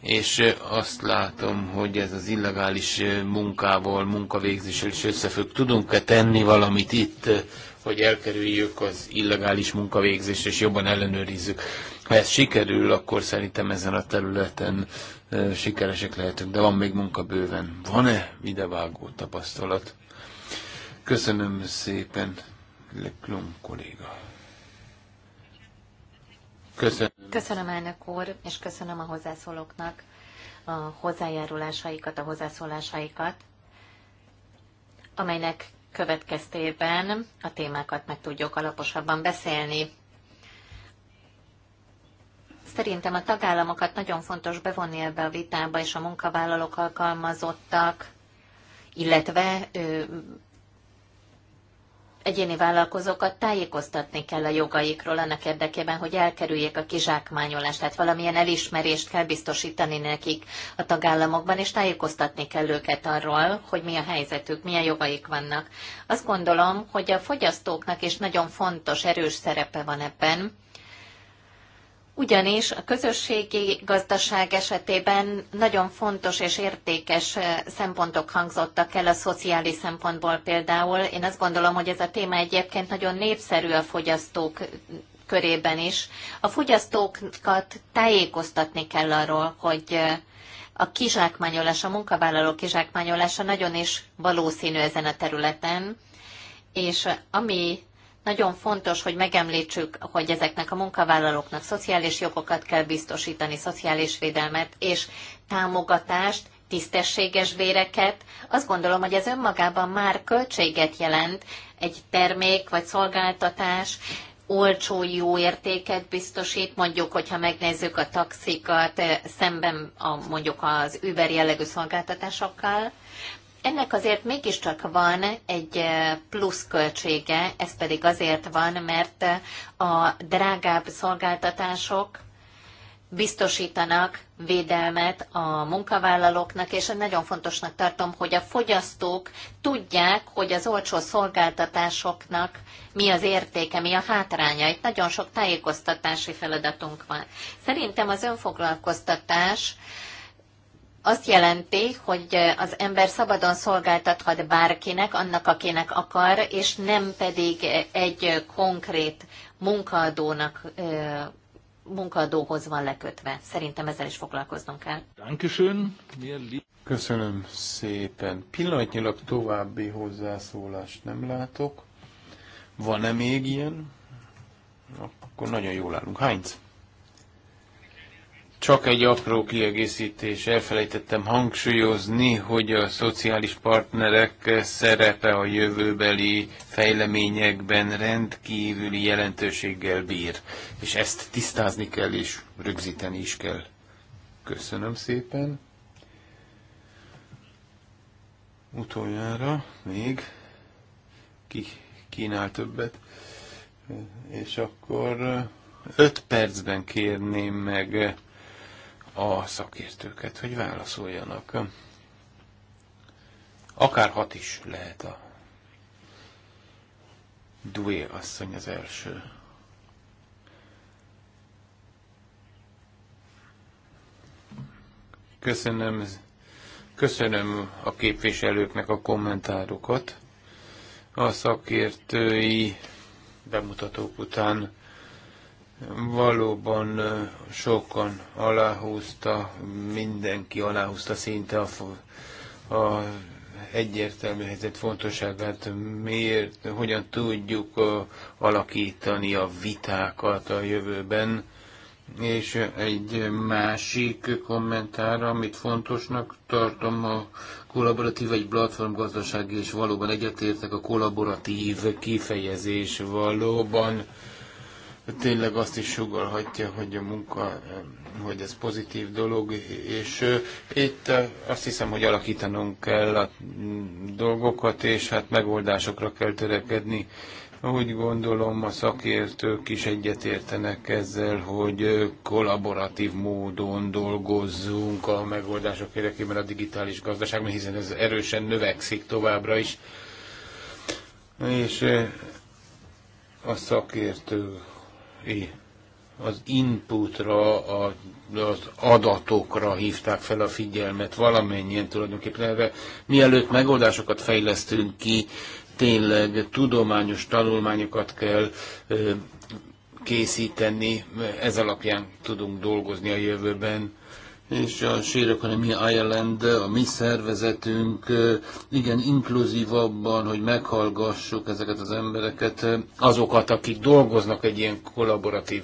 és azt látom, hogy ez az illegális munkával, munkavégzéssel is összefügg. Tudunk-e tenni valamit itt, hogy elkerüljük az illegális munkavégzést, és jobban ellenőrizzük ha ez sikerül, akkor szerintem ezen a területen sikeresek lehetünk, de van még munka bőven. Van-e idevágó tapasztalat? Köszönöm szépen, Leklum kolléga. Köszönöm. Köszönöm elnök úr, és köszönöm a hozzászólóknak a hozzájárulásaikat, a hozzászólásaikat, amelynek következtében a témákat meg tudjuk alaposabban beszélni. Szerintem a tagállamokat nagyon fontos bevonni ebbe a vitába, és a munkavállalók alkalmazottak, illetve ö, egyéni vállalkozókat tájékoztatni kell a jogaikról annak érdekében, hogy elkerüljék a kizsákmányolást, tehát valamilyen elismerést kell biztosítani nekik a tagállamokban, és tájékoztatni kell őket arról, hogy mi a helyzetük, milyen jogaik vannak. Azt gondolom, hogy a fogyasztóknak is nagyon fontos, erős szerepe van ebben, ugyanis a közösségi gazdaság esetében nagyon fontos és értékes szempontok hangzottak el a szociális szempontból például. Én azt gondolom, hogy ez a téma egyébként nagyon népszerű a fogyasztók körében is. A fogyasztókat tájékoztatni kell arról, hogy a kizsákmányolás, a munkavállaló kizsákmányolása nagyon is valószínű ezen a területen, és ami nagyon fontos, hogy megemlítsük, hogy ezeknek a munkavállalóknak szociális jogokat kell biztosítani, szociális védelmet és támogatást, tisztességes béreket. Azt gondolom, hogy ez önmagában már költséget jelent egy termék vagy szolgáltatás, olcsó jó értéket biztosít, mondjuk, hogyha megnézzük a taxikat eh, szemben a, mondjuk az Uber jellegű szolgáltatásokkal, ennek azért mégiscsak van egy plusz költsége, ez pedig azért van, mert a drágább szolgáltatások biztosítanak védelmet a munkavállalóknak, és nagyon fontosnak tartom, hogy a fogyasztók tudják, hogy az olcsó szolgáltatásoknak mi az értéke, mi a hátránya. Itt nagyon sok tájékoztatási feladatunk van. Szerintem az önfoglalkoztatás azt jelenti, hogy az ember szabadon szolgáltathat bárkinek, annak, akinek akar, és nem pedig egy konkrét munkaadónak munkadóhoz van lekötve. Szerintem ezzel is foglalkoznunk kell. Köszönöm szépen. Pillanatnyilag további hozzászólást nem látok. Van-e még ilyen? Akkor nagyon jól állunk. Heinz? Csak egy apró kiegészítés, elfelejtettem hangsúlyozni, hogy a szociális partnerek szerepe a jövőbeli fejleményekben rendkívüli jelentőséggel bír, és ezt tisztázni kell és rögzíteni is kell. Köszönöm szépen. Utoljára még ki kínál többet, és akkor öt percben kérném meg a szakértőket, hogy válaszoljanak. Akár hat is lehet a Dué asszony az első. Köszönöm, köszönöm a képviselőknek a kommentárokat. A szakértői bemutatók után Valóban sokan aláhúzta, mindenki aláhúzta szinte a, a egyértelmű helyzet fontosságát, miért, hogyan tudjuk alakítani a vitákat a jövőben. És egy másik kommentár, amit fontosnak tartom, a kollaboratív egy platform gazdaság, és valóban egyetértek a kollaboratív kifejezés valóban tényleg azt is sugalhatja, hogy a munka, hogy ez pozitív dolog, és itt azt hiszem, hogy alakítanunk kell a mm, dolgokat, és hát megoldásokra kell törekedni. Úgy gondolom, a szakértők is egyetértenek ezzel, hogy kollaboratív módon dolgozzunk a megoldások érdekében a digitális gazdaságban, hiszen ez erősen növekszik továbbra is. És a szakértők az inputra, a, az adatokra hívták fel a figyelmet valamennyien tulajdonképpen erre. Mielőtt megoldásokat fejlesztünk ki, tényleg tudományos tanulmányokat kell készíteni, ez alapján tudunk dolgozni a jövőben és a sérök, mi a mi szervezetünk, igen, inkluzív abban, hogy meghallgassuk ezeket az embereket, azokat, akik dolgoznak egy ilyen kollaboratív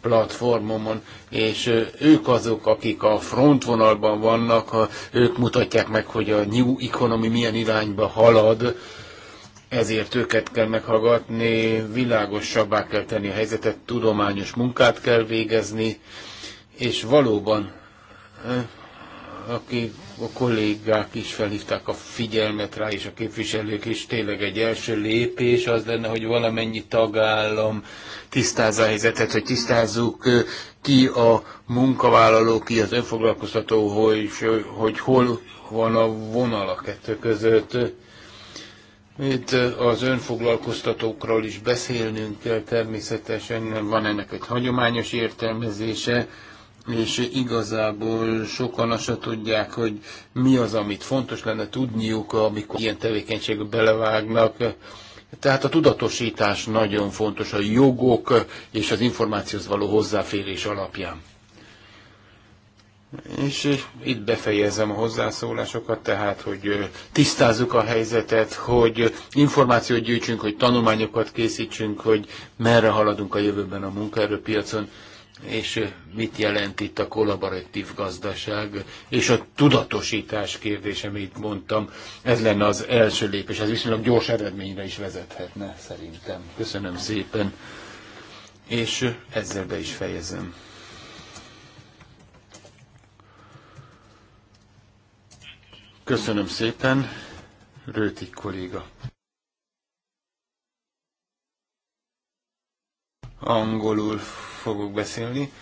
platformomon, és ők azok, akik a frontvonalban vannak, ők mutatják meg, hogy a New Economy milyen irányba halad, ezért őket kell meghallgatni, világosabbá kell tenni a helyzetet, tudományos munkát kell végezni, és valóban aki a kollégák is felhívták a figyelmet rá, és a képviselők is tényleg egy első lépés az lenne, hogy valamennyi tagállam tisztázza a helyzetet, hogy tisztázzuk ki a munkavállaló, ki az önfoglalkoztató, hogy, hogy hol van a vonal a kettő között. Itt az önfoglalkoztatókról is beszélnünk kell természetesen, van ennek egy hagyományos értelmezése, és igazából sokan azt se tudják, hogy mi az, amit fontos lenne tudniuk, amikor ilyen tevékenységbe belevágnak. Tehát a tudatosítás nagyon fontos a jogok és az információhoz való hozzáférés alapján. És itt befejezem a hozzászólásokat, tehát, hogy tisztázzuk a helyzetet, hogy információt gyűjtsünk, hogy tanulmányokat készítsünk, hogy merre haladunk a jövőben a munkaerőpiacon és mit jelent itt a kollaboratív gazdaság, és a tudatosítás kérdése, amit mondtam, ez lenne az első lépés, ez viszonylag gyors eredményre is vezethetne, szerintem. Köszönöm szépen, és ezzel be is fejezem. Köszönöm szépen, Rőtik kolléga. Angolul fogok beszélni.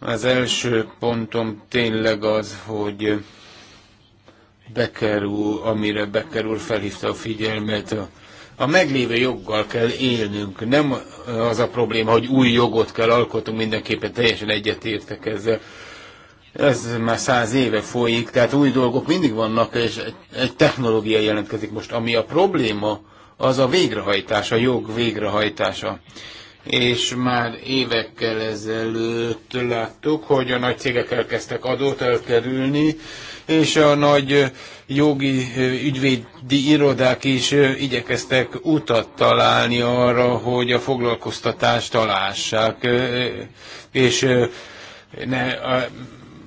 Az első pontom tényleg az, hogy bekerül, amire bekerül felhívta a figyelmet, a, a meglévő joggal kell élnünk. Nem az a probléma, hogy új jogot kell alkotunk, mindenképpen teljesen egyetértek ezzel. Ez már száz éve folyik, tehát új dolgok mindig vannak, és egy technológia jelentkezik most. Ami a probléma, az a végrehajtása, a jog végrehajtása és már évekkel ezelőtt láttuk, hogy a nagy cégek elkezdtek adót elkerülni, és a nagy jogi ügyvédi irodák is igyekeztek utat találni arra, hogy a foglalkoztatást találsák, és ne, a,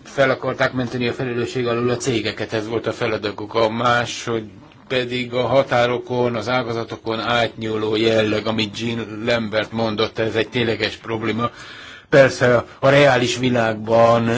fel akarták menteni a felelősség alól a cégeket, ez volt a feladatuk. A másod, pedig a határokon, az ágazatokon átnyúló jelleg, amit Jean Lambert mondott, ez egy tényleges probléma. Persze a reális világban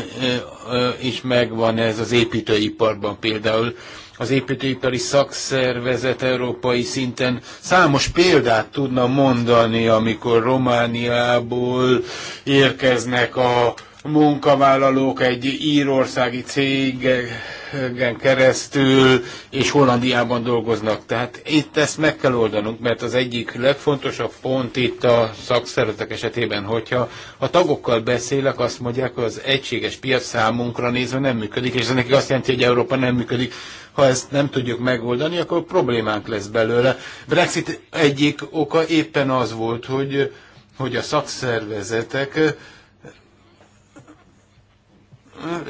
is megvan ez az építőiparban például. Az építőipari szakszervezet európai szinten számos példát tudna mondani, amikor Romániából érkeznek a munkavállalók egy írországi cégen keresztül és Hollandiában dolgoznak. Tehát itt ezt meg kell oldanunk, mert az egyik legfontosabb pont itt a szakszervezetek esetében, hogyha a tagokkal beszélek, azt mondják, hogy az egységes piac számunkra nézve nem működik, és ez neki azt jelenti, hogy Európa nem működik. Ha ezt nem tudjuk megoldani, akkor problémánk lesz belőle. Brexit egyik oka éppen az volt, hogy, hogy a szakszervezetek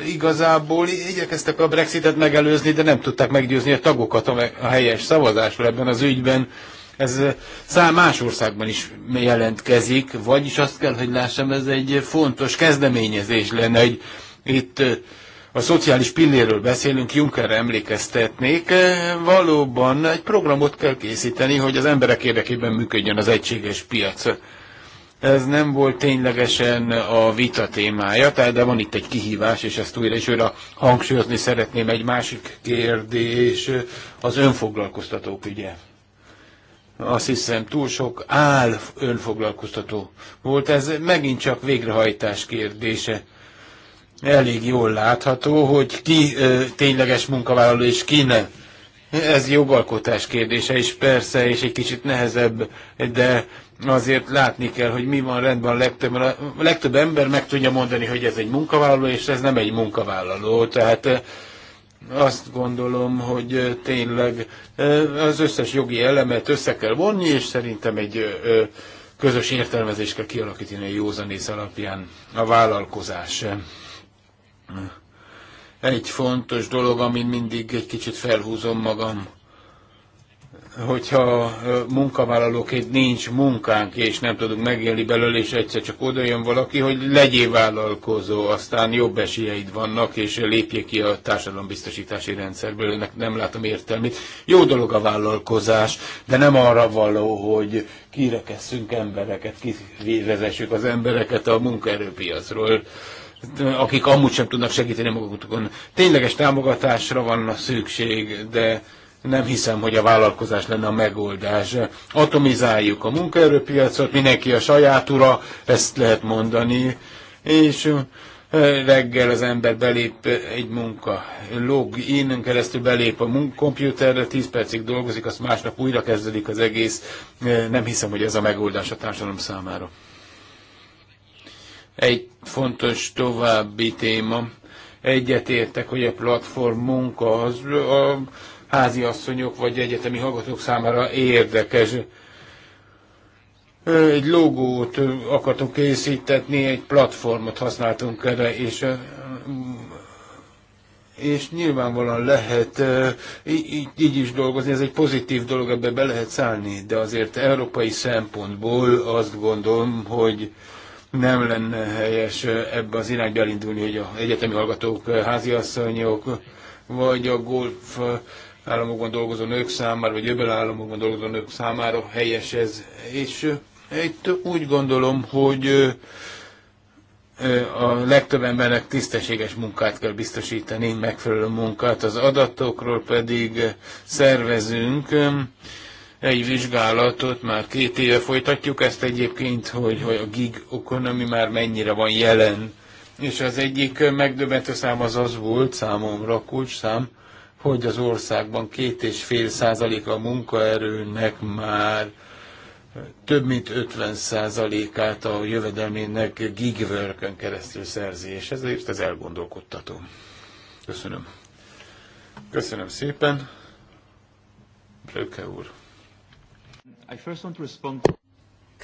igazából igyekeztek a Brexitet megelőzni, de nem tudták meggyőzni a tagokat a helyes szavazásról ebben az ügyben. Ez szám más országban is jelentkezik, vagyis azt kell, hogy lássam, ez egy fontos kezdeményezés lenne, hogy itt a szociális pilléről beszélünk, Juncker emlékeztetnék, valóban egy programot kell készíteni, hogy az emberek érdekében működjön az egységes piac. Ez nem volt ténylegesen a vita témája, tehát de van itt egy kihívás, és ezt újra és újra hangsúlyozni szeretném. Egy másik kérdés az önfoglalkoztatók ügye. Azt hiszem túl sok áll önfoglalkoztató volt. Ez megint csak végrehajtás kérdése elég jól látható, hogy ki ö, tényleges munkavállaló és ki nem. Ez jogalkotás kérdése is persze, és egy kicsit nehezebb, de azért látni kell, hogy mi van rendben a legtöbb, a legtöbb ember meg tudja mondani, hogy ez egy munkavállaló, és ez nem egy munkavállaló. Tehát eh, azt gondolom, hogy eh, tényleg eh, az összes jogi elemet össze kell vonni, és szerintem egy közös értelmezést kell kialakítani a józanész alapján a vállalkozás. Egy fontos dolog, amin mindig egy kicsit felhúzom magam, hogyha munkavállalóként nincs munkánk, és nem tudunk megélni belőle, és egyszer csak oda jön valaki, hogy legyél vállalkozó, aztán jobb esélyeid vannak, és lépjél ki a társadalombiztosítási rendszerből, ennek nem látom értelmét. Jó dolog a vállalkozás, de nem arra való, hogy kirekesszünk embereket, kivezessük az embereket a munkaerőpiacról akik amúgy sem tudnak segíteni magukon. Tényleges támogatásra van a szükség, de nem hiszem, hogy a vállalkozás lenne a megoldás. Atomizáljuk a munkaerőpiacot, mindenki a saját ura, ezt lehet mondani, és reggel az ember belép egy munka log in keresztül belép a munk- kompjúterre, 10 percig dolgozik, azt másnap újra kezdődik az egész. Nem hiszem, hogy ez a megoldás a társadalom számára. Egy fontos további téma. Egyetértek, hogy a platform munka az a háziasszonyok vagy egyetemi hallgatók számára érdekes. Egy logót akartunk készítetni, egy platformot használtunk erre, és és nyilvánvalóan lehet így, így is dolgozni, ez egy pozitív dolog, ebbe be lehet szállni, de azért európai szempontból azt gondolom, hogy nem lenne helyes ebbe az irányba elindulni, hogy a egyetemi hallgatók, háziasszonyok, vagy a golf államokban dolgozó nők számára, vagy jövőben államokban dolgozó nők számára helyes ez. És itt úgy gondolom, hogy a legtöbb embernek tisztességes munkát kell biztosítani, megfelelő munkát. Az adatokról pedig szervezünk egy vizsgálatot, már két éve folytatjuk ezt egyébként, hogy, hogy a gig economy már mennyire van jelen. És az egyik megdöbbentő szám az az volt számomra, szám hogy az országban két és fél százalék a munkaerőnek már több mint 50 százalékát a jövedelmének gigworkön keresztül szerzi, és ezért ez elgondolkodtató. Köszönöm. Köszönöm szépen. Röke úr. I first want to respond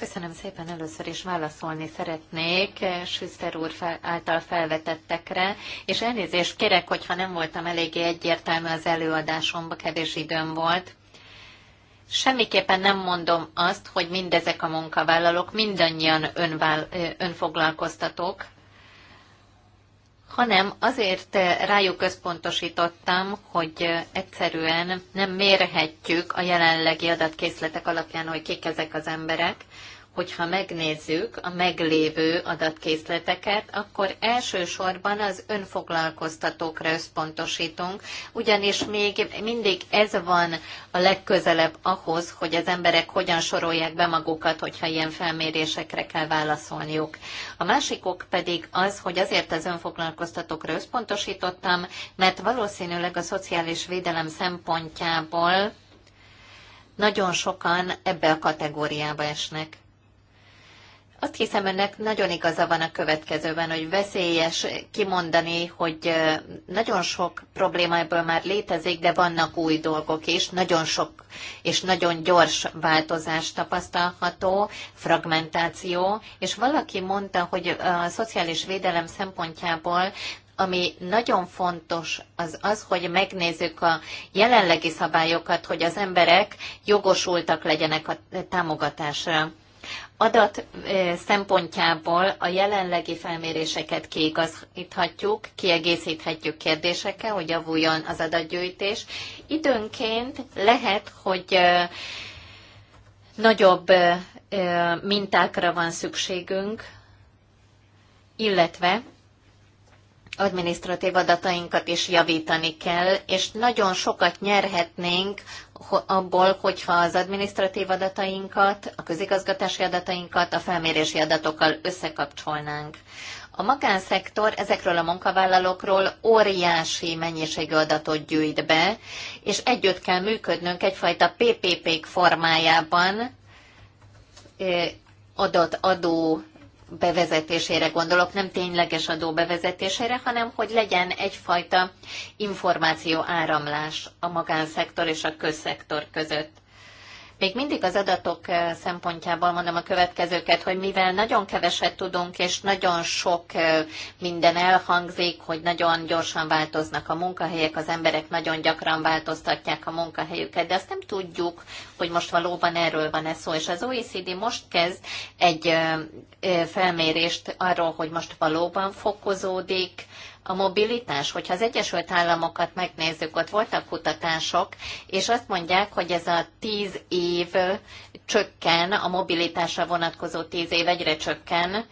Köszönöm szépen. Először is válaszolni szeretnék eh, Süszter úr fel, által felvetettekre, és elnézést kérek, hogyha nem voltam eléggé egyértelmű az előadásomban, kevés időm volt. Semmiképpen nem mondom azt, hogy mindezek a munkavállalók mindannyian önvál, eh, önfoglalkoztatók, hanem azért eh, rájuk összpontosítottam, hogy eh, egyszerűen nem mérhetjük a jelenlegi adatkészletek alapján, hogy kik ezek az emberek, hogyha megnézzük a meglévő adatkészleteket, akkor elsősorban az önfoglalkoztatókra összpontosítunk, ugyanis még mindig ez van a legközelebb ahhoz, hogy az emberek hogyan sorolják be magukat, hogyha ilyen felmérésekre kell válaszolniuk. A másik ok pedig az, hogy azért az önfoglalkoztatókra összpontosítottam, mert valószínűleg a szociális védelem szempontjából nagyon sokan ebbe a kategóriába esnek. Azt hiszem, önnek nagyon igaza van a következőben, hogy veszélyes kimondani, hogy nagyon sok probléma ebből már létezik, de vannak új dolgok is, nagyon sok és nagyon gyors változás tapasztalható, fragmentáció, és valaki mondta, hogy a szociális védelem szempontjából ami nagyon fontos, az az, hogy megnézzük a jelenlegi szabályokat, hogy az emberek jogosultak legyenek a támogatásra adat szempontjából a jelenlegi felméréseket kiigazíthatjuk, kiegészíthetjük kérdésekkel, hogy javuljon az adatgyűjtés. Időnként lehet, hogy nagyobb mintákra van szükségünk, illetve adminisztratív adatainkat is javítani kell, és nagyon sokat nyerhetnénk abból, hogyha az adminisztratív adatainkat, a közigazgatási adatainkat a felmérési adatokkal összekapcsolnánk. A magánszektor ezekről a munkavállalókról óriási mennyiségű adatot gyűjt be, és együtt kell működnünk egyfajta PPP-k formájában eh, adott adó bevezetésére gondolok, nem tényleges adó bevezetésére, hanem hogy legyen egyfajta információ áramlás a magánszektor és a közszektor között. Még mindig az adatok eh, szempontjából mondom a következőket, hogy mivel nagyon keveset tudunk, és nagyon sok eh, minden elhangzik, hogy nagyon gyorsan változnak a munkahelyek, az emberek nagyon gyakran változtatják a munkahelyüket, de azt nem tudjuk, hogy most valóban erről van ez, szó. És az OECD most kezd egy eh, felmérést arról, hogy most valóban fokozódik a mobilitás, hogyha az Egyesült Államokat megnézzük, ott voltak kutatások, és azt mondják, hogy ez a tíz év csökken, a mobilitásra vonatkozó tíz év egyre csökken,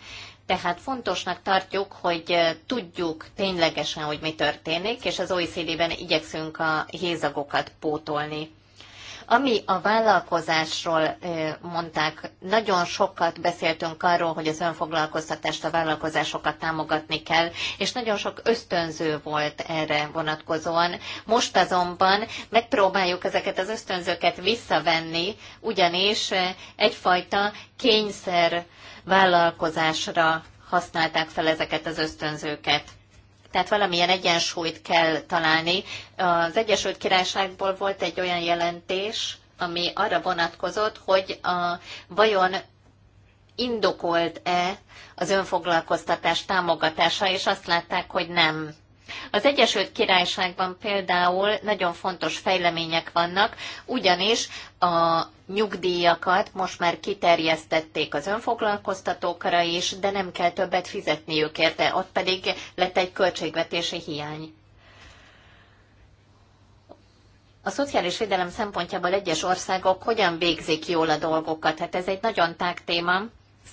tehát fontosnak tartjuk, hogy tudjuk ténylegesen, hogy mi történik, és az OECD-ben igyekszünk a hézagokat pótolni. Ami a vállalkozásról mondták, nagyon sokat beszéltünk arról, hogy az önfoglalkoztatást a vállalkozásokat támogatni kell, és nagyon sok ösztönző volt erre vonatkozóan. Most azonban megpróbáljuk ezeket az ösztönzőket visszavenni, ugyanis egyfajta kényszer vállalkozásra használták fel ezeket az ösztönzőket. Tehát valamilyen egyensúlyt kell találni. Az Egyesült Királyságból volt egy olyan jelentés, ami arra vonatkozott, hogy a, vajon indokolt-e az önfoglalkoztatás támogatása, és azt látták, hogy nem. Az Egyesült Királyságban például nagyon fontos fejlemények vannak, ugyanis a nyugdíjakat most már kiterjesztették az önfoglalkoztatókra is, de nem kell többet fizetniük érte, ott pedig lett egy költségvetési hiány. A szociális védelem szempontjából egyes országok hogyan végzik jól a dolgokat? Hát ez egy nagyon tág téma,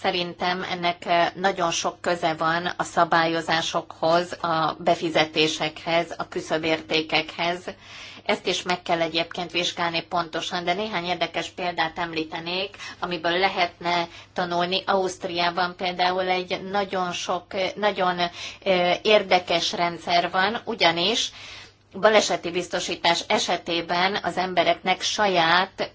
Szerintem ennek eh, nagyon sok köze van a szabályozásokhoz, a befizetésekhez, a küszöbértékekhez. Ezt is meg kell egyébként vizsgálni pontosan, de néhány érdekes példát említenék, amiből lehetne tanulni. Ausztriában például egy nagyon sok, eh, nagyon eh, érdekes rendszer van, ugyanis baleseti biztosítás esetében az embereknek saját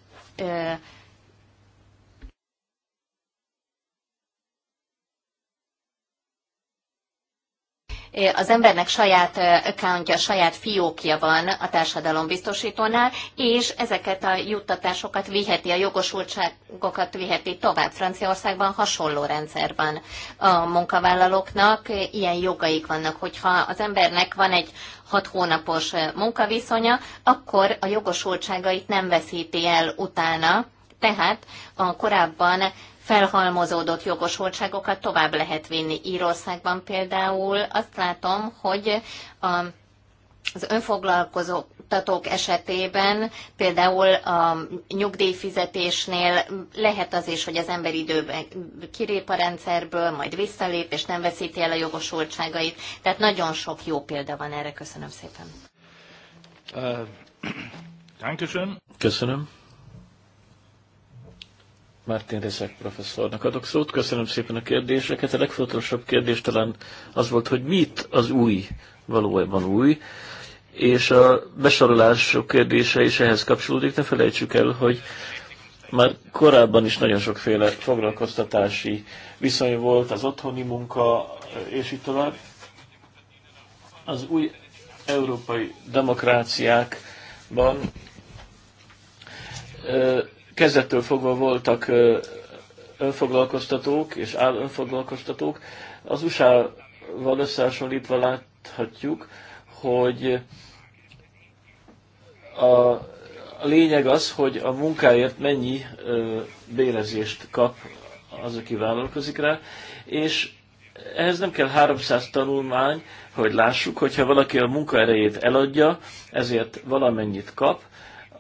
az embernek saját accountja, saját fiókja van a biztosítónál, és ezeket a juttatásokat viheti, a jogosultságokat viheti tovább. Franciaországban hasonló rendszer van a munkavállalóknak, ilyen jogaik vannak, hogyha az embernek van egy hat hónapos munkaviszonya, akkor a jogosultságait nem veszíti el utána, tehát a korábban felhalmozódott jogosultságokat tovább lehet vinni. Írországban például azt látom, hogy a az önfoglalkoztatók esetében például a nyugdíjfizetésnél lehet az is, hogy az ember időben kirép a rendszerből, majd visszalép, és nem veszíti el a jogosultságait. Tehát nagyon sok jó példa van erre. Köszönöm szépen. Uh, (clears throat) Köszönöm. Martin Rezek professzornak adok szót. Köszönöm szépen a kérdéseket. A legfontosabb kérdés talán az volt, hogy mit az új, valójában új, és a besorolások kérdése is ehhez kapcsolódik. Ne felejtsük el, hogy már korábban is nagyon sokféle foglalkoztatási viszony volt, az otthoni munka, és így tovább. Az új európai demokráciákban kezdettől fogva voltak önfoglalkoztatók és önfoglalkoztatók. Az USA-val összehasonlítva láthatjuk, hogy a, a lényeg az, hogy a munkáért mennyi ö, bérezést kap az, aki vállalkozik rá, és ehhez nem kell 300 tanulmány, hogy lássuk, hogyha valaki a munkaerejét eladja, ezért valamennyit kap,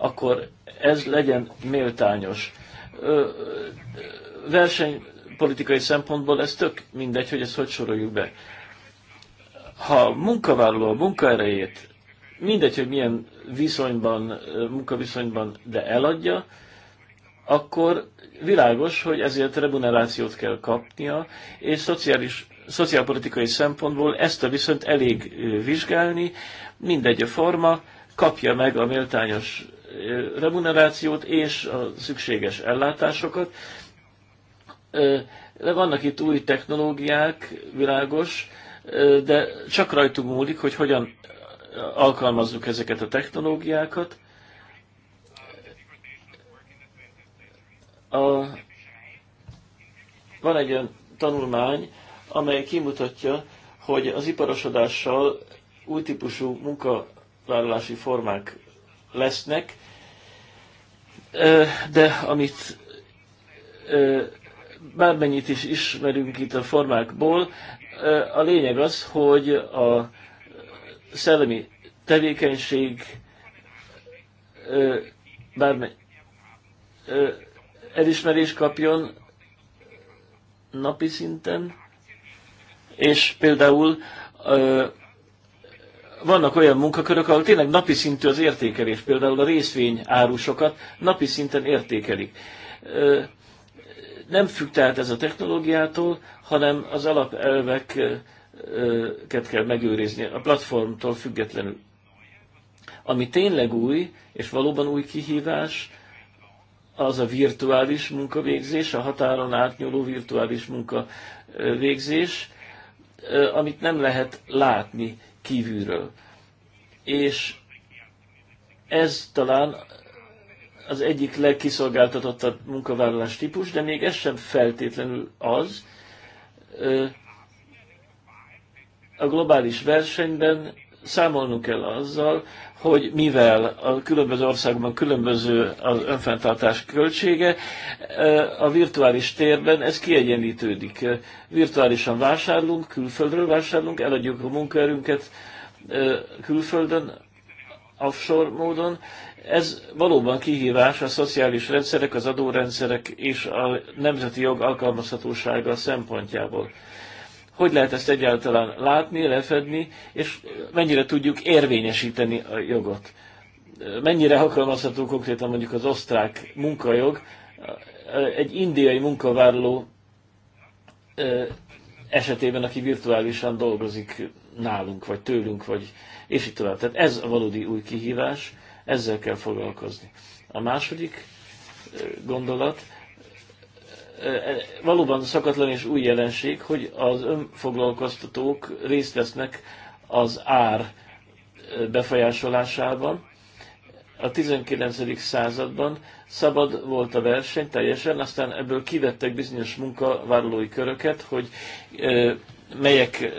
akkor ez legyen méltányos. Versenypolitikai szempontból ez tök mindegy, hogy ezt hogy soroljuk be. Ha a munkavállaló a munkaerejét, mindegy, hogy milyen viszonyban, munkaviszonyban, de eladja, akkor világos, hogy ezért remunerációt kell kapnia, és szociális, szociálpolitikai szempontból ezt a viszont elég vizsgálni, mindegy a forma, kapja meg a méltányos remunerációt és a szükséges ellátásokat. De vannak itt új technológiák, világos, de csak rajtuk múlik, hogy hogyan alkalmazzuk ezeket a technológiákat. A, van egy olyan tanulmány, amely kimutatja, hogy az iparosodással új típusú munkavállalási formák lesznek, de amit bármennyit is ismerünk itt a formákból, a lényeg az, hogy a szellemi tevékenység bármely elismerést kapjon napi szinten, és például vannak olyan munkakörök, ahol tényleg napi szintű az értékelés, például a részvény árusokat napi szinten értékelik. Nem függ tehát ez a technológiától, hanem az alapelveket kell megőrizni a platformtól függetlenül. Ami tényleg új, és valóban új kihívás, az a virtuális munkavégzés, a határon átnyúló virtuális munkavégzés, amit nem lehet látni kívülről. És ez talán az egyik legkiszolgáltatottabb munkavállalás típus, de még ez sem feltétlenül az. A globális versenyben számolnunk kell azzal, hogy mivel a különböző országban különböző az önfenntartás költsége, a virtuális térben ez kiegyenlítődik. Virtuálisan vásárlunk, külföldről vásárlunk, eladjuk a munkaerőnket külföldön, offshore módon. Ez valóban kihívás a szociális rendszerek, az adórendszerek és a nemzeti jog alkalmazhatósága szempontjából. Hogy lehet ezt egyáltalán látni, lefedni, és mennyire tudjuk érvényesíteni a jogot? Mennyire alkalmazható konkrétan mondjuk az osztrák munkajog egy indiai munkavárló esetében, aki virtuálisan dolgozik nálunk, vagy tőlünk, vagy és így tovább. Tehát ez a valódi új kihívás, ezzel kell foglalkozni. A második gondolat, valóban szakatlan és új jelenség, hogy az önfoglalkoztatók részt vesznek az ár befolyásolásában. A 19. században szabad volt a verseny teljesen, aztán ebből kivettek bizonyos munkavállalói köröket, hogy melyek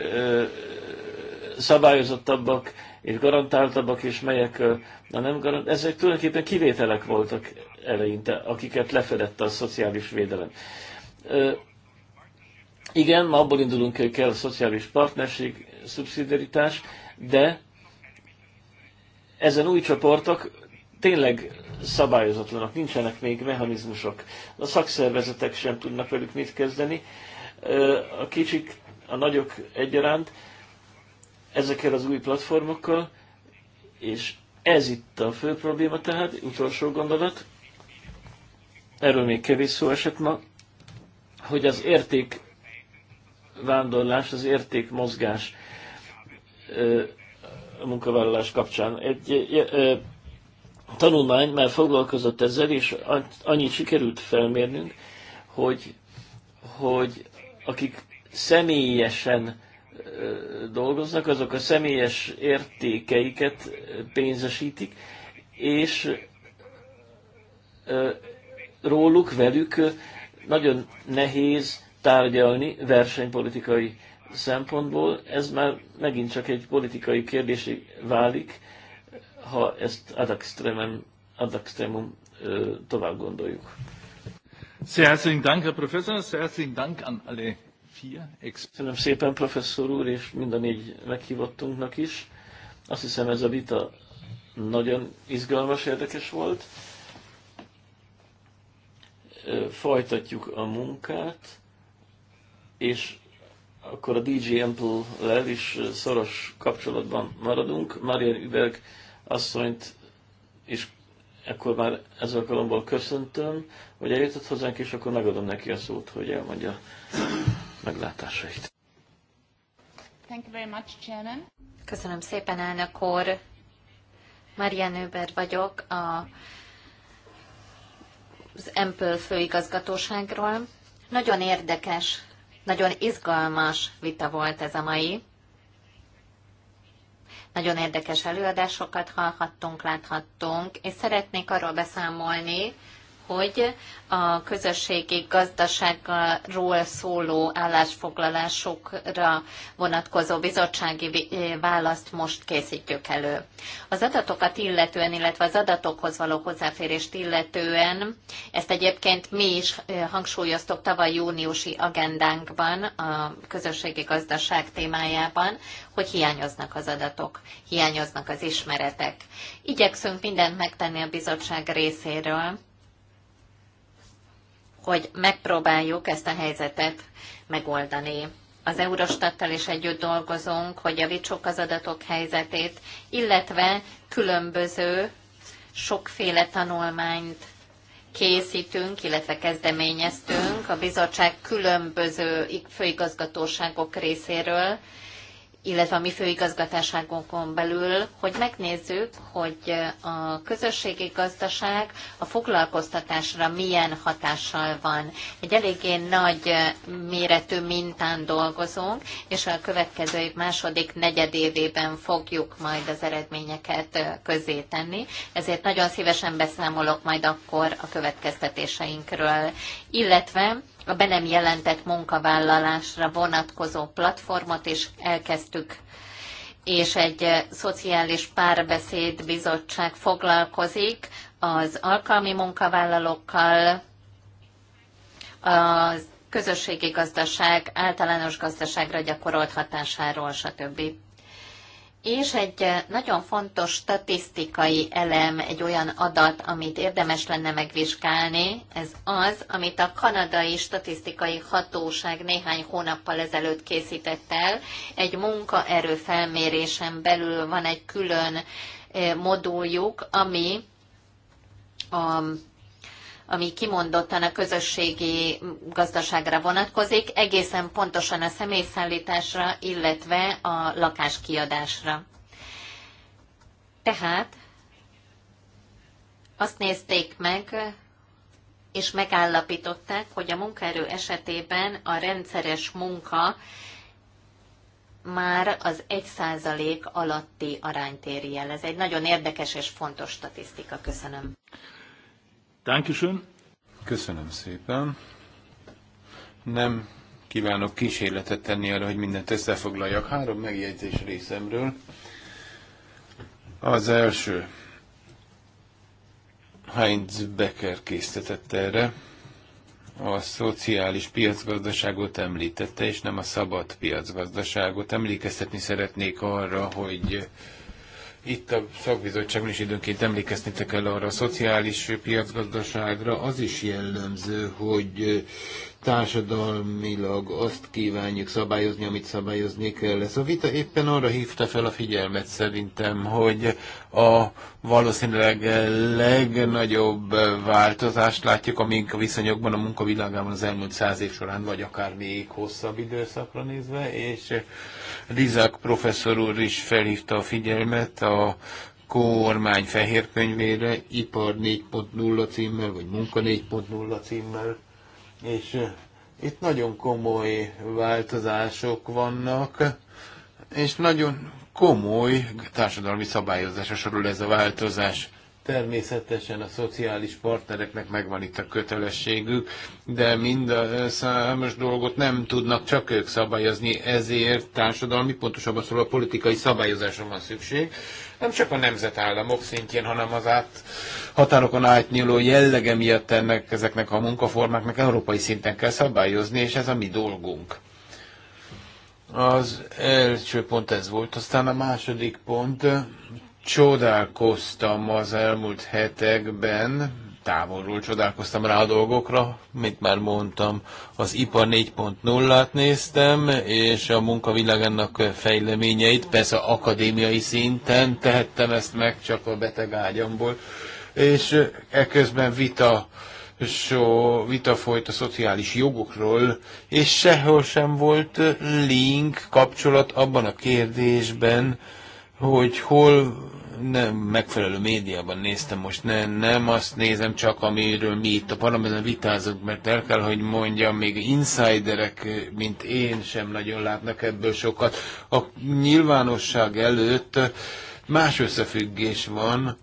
szabályozottabbak és garantáltabbak, és melyek a nem garantáltabbak. Ezek tulajdonképpen kivételek voltak eleinte, akiket lefedett a szociális védelem. Igen, ma abból indulunk, hogy kell a szociális partnerség, szubszidiaritás, de ezen új csoportok tényleg szabályozatlanak, nincsenek még mechanizmusok. A szakszervezetek sem tudnak velük mit kezdeni. A kicsik, a nagyok egyaránt ezekkel az új platformokkal, és ez itt a fő probléma tehát, utolsó gondolat, erről még kevés szó esett ma, hogy az érték vándorlás, az érték mozgás a munkavállalás kapcsán. Egy tanulmány már foglalkozott ezzel, és annyit sikerült felmérnünk, hogy, hogy akik személyesen dolgoznak, azok a személyes értékeiket pénzesítik, és róluk, velük nagyon nehéz tárgyalni versenypolitikai szempontból. Ez már megint csak egy politikai kérdésé válik, ha ezt ad extremum, ad extremum tovább gondoljuk. Sehr herzlichen Dank, Herr Professor, sehr herzlichen Dank an alle Köszönöm szépen, professzor úr, és mind a négy meghívottunknak is. Azt hiszem ez a vita nagyon izgalmas, érdekes volt folytatjuk a munkát, és akkor a DJ Ample-lel is szoros kapcsolatban maradunk. Marian Überg asszonyt is akkor már ez alkalomból köszöntöm, hogy eljutott hozzánk, és akkor megadom neki a szót, hogy elmondja meglátásait. Thank you very much, Chairman. Köszönöm szépen, elnök úr. Marian Über vagyok, a az Empel főigazgatóságról. Nagyon érdekes, nagyon izgalmas vita volt ez a mai. Nagyon érdekes előadásokat hallhattunk, láthattunk, és szeretnék arról beszámolni, hogy a közösségi gazdaságról szóló állásfoglalásokra vonatkozó bizottsági eh, választ most készítjük elő. Az adatokat illetően, illetve az adatokhoz való hozzáférést illetően, ezt egyébként mi is eh, hangsúlyoztuk tavaly júniusi agendánkban, a közösségi gazdaság témájában, hogy hiányoznak az adatok, hiányoznak az ismeretek. Igyekszünk mindent megtenni a bizottság részéről, hogy megpróbáljuk ezt a helyzetet megoldani. Az Eurostattal is együtt dolgozunk, hogy javítsuk az adatok helyzetét, illetve különböző, sokféle tanulmányt készítünk, illetve kezdeményeztünk a bizottság különböző főigazgatóságok részéről, illetve a mi főigazgatáságunkon belül, hogy megnézzük, hogy a közösségi gazdaság a foglalkoztatásra milyen hatással van. Egy eléggé nagy méretű mintán dolgozunk, és a következő év második negyedévében fogjuk majd az eredményeket tenni. Ezért nagyon szívesen beszámolok majd akkor a következtetéseinkről. Illetve a be nem jelentett munkavállalásra vonatkozó platformot is elkezdtük, és egy eh, szociális párbeszéd bizottság foglalkozik az alkalmi munkavállalókkal, a közösségi gazdaság általános gazdaságra gyakorolt hatásáról, stb. És egy nagyon fontos statisztikai elem, egy olyan adat, amit érdemes lenne megvizsgálni, ez az, amit a kanadai statisztikai hatóság néhány hónappal ezelőtt készített el. Egy munkaerő felmérésen belül van egy külön moduljuk, ami a ami kimondottan a közösségi gazdaságra vonatkozik, egészen pontosan a személyszállításra, illetve a lakáskiadásra. Tehát azt nézték meg, és megállapították, hogy a munkaerő esetében a rendszeres munka már az 1% alatti arányt éri el. Ez egy nagyon érdekes és fontos statisztika. Köszönöm. Dankeschön. Köszönöm szépen. Nem kívánok kísérletet tenni arra, hogy mindent összefoglaljak. Három megjegyzés részemről. Az első. Heinz Becker készített erre. A szociális piacgazdaságot említette, és nem a szabad piacgazdaságot. Emlékeztetni szeretnék arra, hogy itt a szakbizottságon is időnként emlékeztetek kell arra a szociális piacgazdaságra. Az is jellemző, hogy társadalmilag azt kívánjuk szabályozni, amit szabályozni kell. Ez a vita éppen arra hívta fel a figyelmet szerintem, hogy a valószínűleg legnagyobb változást látjuk a viszonyokban, a munkavilágában az elmúlt száz év során, vagy akár még hosszabb időszakra nézve, és Lizák professzor úr is felhívta a figyelmet a kormány fehér könyvére, Ipar 4.0 címmel, vagy Munka 4.0 címmel, és eh, itt nagyon komoly változások vannak, és nagyon komoly társadalmi szabályozásra sorul ez a változás. Természetesen a szociális partnereknek megvan itt a kötelességük, de mind a számos dolgot nem tudnak csak ők szabályozni, ezért társadalmi, pontosabban szólva politikai szabályozásra van szükség. Nem csak a nemzetállamok szintjén, hanem az át határokon átnyúló jellege miatt ennek, ezeknek a munkaformáknak európai szinten kell szabályozni, és ez a mi dolgunk. Az első pont ez volt, aztán a második pont csodálkoztam az elmúlt hetekben, távolról csodálkoztam rá a dolgokra, mint már mondtam, az IPA 4.0-át néztem, és a munkavilágának fejleményeit, persze akadémiai szinten tehettem ezt meg csak a beteg ágyamból, és ekközben vita so, vita folyt a szociális jogokról, és sehol sem volt link, kapcsolat abban a kérdésben, hogy hol nem megfelelő médiában néztem most, ne, nem azt nézem csak, amiről mi itt a parlamentben vitázunk, mert el kell, hogy mondjam, még insiderek, mint én sem nagyon látnak ebből sokat. A nyilvánosság előtt más összefüggés van,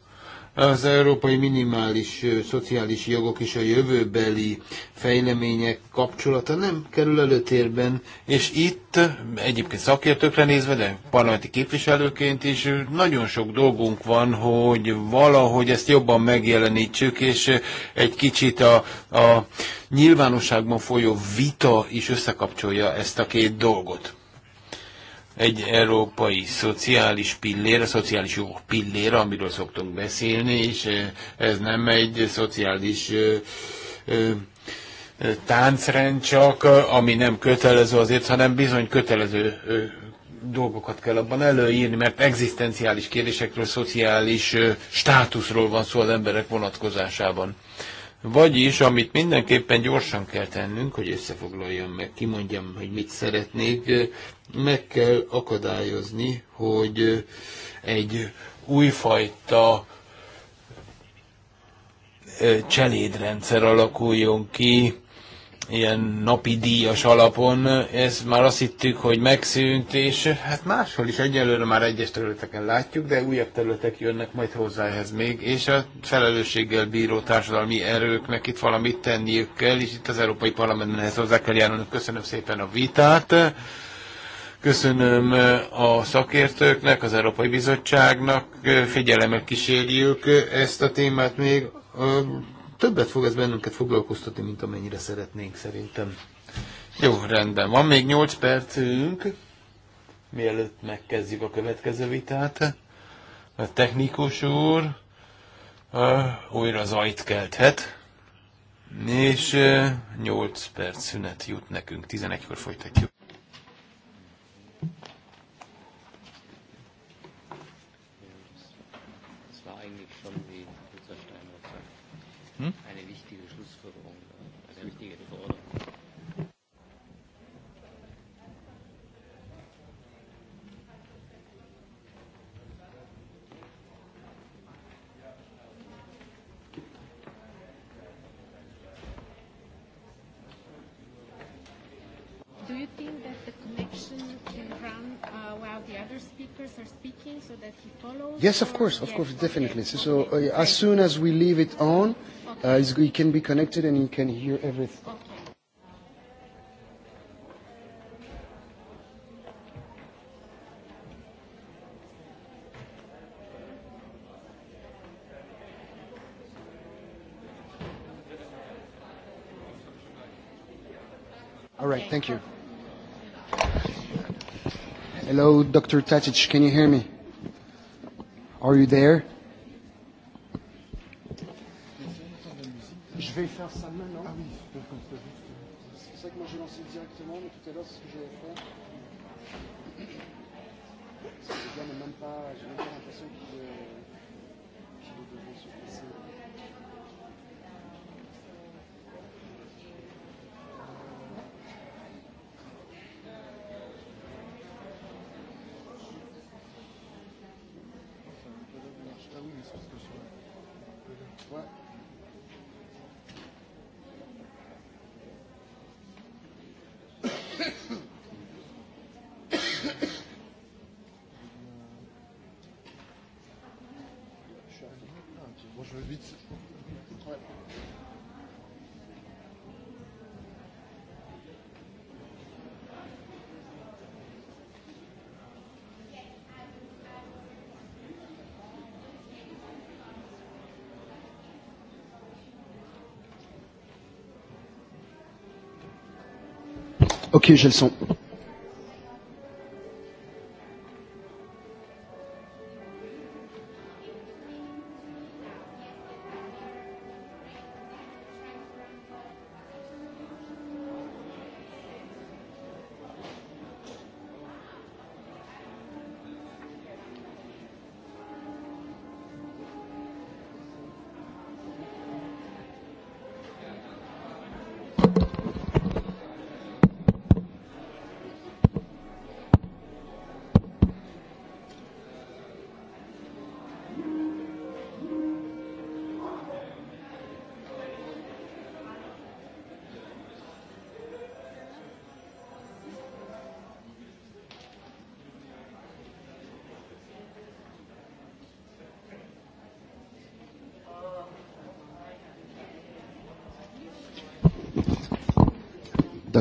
az európai minimális szociális jogok és a jövőbeli fejlemények kapcsolata nem kerül előtérben, és itt egyébként szakértőkre nézve, de parlamenti képviselőként is nagyon sok dolgunk van, hogy valahogy ezt jobban megjelenítsük, és egy kicsit a, a nyilvánosságban folyó vita is összekapcsolja ezt a két dolgot egy európai szociális pillér, a szociális jó pillér, amiről szoktunk beszélni, és eh, ez nem egy szociális eh, eh, táncrend csak, ami nem kötelező azért, hanem bizony kötelező dolgokat kell abban előírni, mert egzisztenciális kérdésekről, szociális státuszról van szó az emberek vonatkozásában. Vagyis, amit mindenképpen gyorsan kell tennünk, hogy összefoglaljam meg, kimondjam, hogy mit szeretnék, meg kell akadályozni, hogy egy újfajta cselédrendszer alakuljon ki, ilyen napi díjas alapon, ez már azt hittük, hogy megszűnt, és eh, hát máshol is egyelőre már egyes területeken látjuk, de újabb területek jönnek majd hozzá ehhez még, és a felelősséggel bíró társadalmi erőknek itt valamit tenniük kell, és itt az Európai Parlamentben ehhez hozzá kell járulnunk. Köszönöm szépen a vitát, köszönöm eh, a szakértőknek, az Európai Bizottságnak, eh, figyelemmel kísérjük ezt a témát még, többet fog ez bennünket foglalkoztatni, mint amennyire szeretnénk szerintem. Jó, rendben. Van még 8 percünk, mielőtt megkezdjük a következő vitát. A technikus úr uh, újra zajt kelthet, és uh, 8 perc szünet jut nekünk. 11-kor folytatjuk. how the other speakers are speaking so that he follows? Yes, of course, of yes. course, definitely. Okay. So so okay. Uh, as soon as we leave it on, okay. uh, it can be connected and you can hear everything. Okay. All right, thank you. Hello, Dr. Tatic, can you hear me? Are you there? Je vais faire ça maintenant. Ah oui, euh, c'est ça que moi j'ai lancé directement, mais tout à l'heure ce que j'avais fait. que même pas, l'impression qu'il est, devant je vais vite. Ouais. Ok, j'ai le son.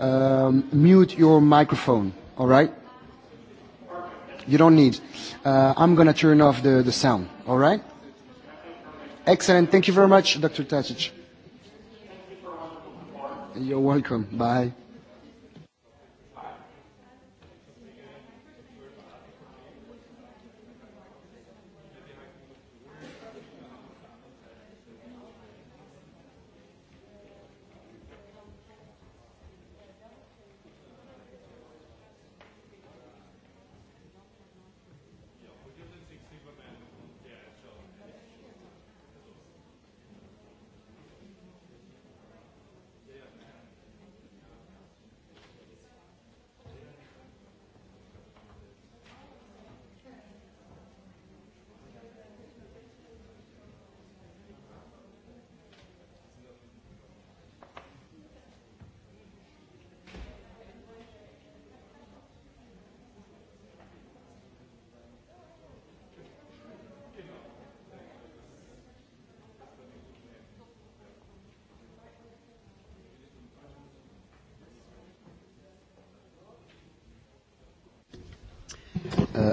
um, mute your microphone, all right? You don't need. Uh, I'm going to turn off the, the sound, all right? Excellent. Thank you very much, Dr. Tasic. You're welcome. Bye.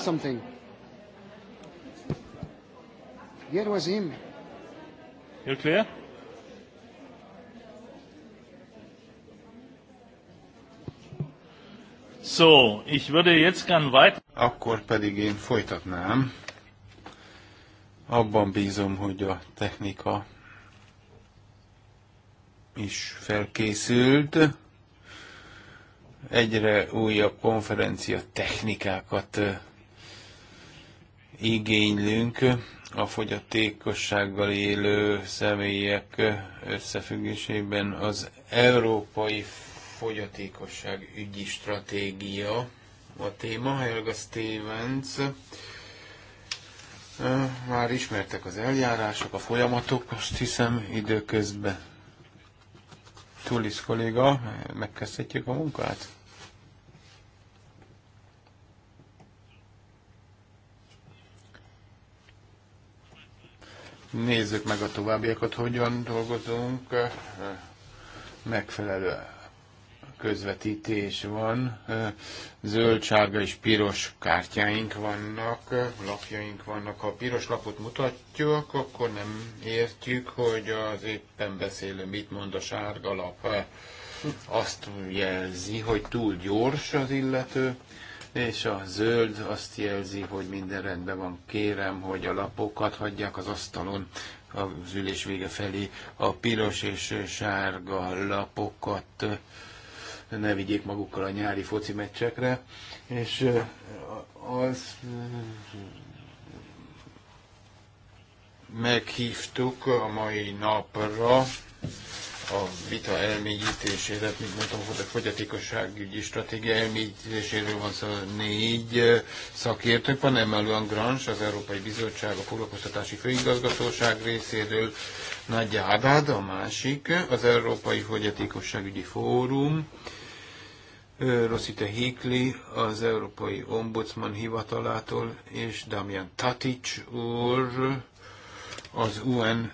something. Yeah, it was him. You're clear? So, ich würde jetzt gern weiter... Akkor pedig én folytatnám. Abban bízom, hogy a technika is felkészült. Egyre újabb konferencia technikákat eh, igénylünk a fogyatékossággal élő személyek összefüggésében az Európai Fogyatékosság ügyi stratégia a téma, Helga Stevens. Már ismertek az eljárások, a folyamatok, azt hiszem időközben. Tulis kolléga, megkezdhetjük a munkát? Nézzük meg a továbbiakat, hogyan dolgozunk. Megfelelő közvetítés van, zöld, sárga és piros kártyáink vannak, lapjaink vannak. Ha a piros lapot mutatjuk, akkor nem értjük, hogy az éppen beszélő mit mond a sárga lap. Azt jelzi, hogy túl gyors az illető, és a zöld azt jelzi, hogy minden rendben van. Kérem, hogy a lapokat hagyják az asztalon az ülés vége felé. A piros és sárga lapokat ne vigyék magukkal a nyári foci meccsekre, és az meghívtuk a mai napra a vita elmélyítésére, mint mondtam, hogy a fogyatékosságügyi stratégia elmélyítéséről van szó, négy eh, szakértők van, emelően Grans, az Európai Bizottság, a Foglalkoztatási Főigazgatóság részéről, nagy Ádád, a másik, az Európai Fogyatékosságügyi Fórum, eh, Rosita Hikli, az Európai Ombudsman Hivatalától, és Damian Tatic úr, az UN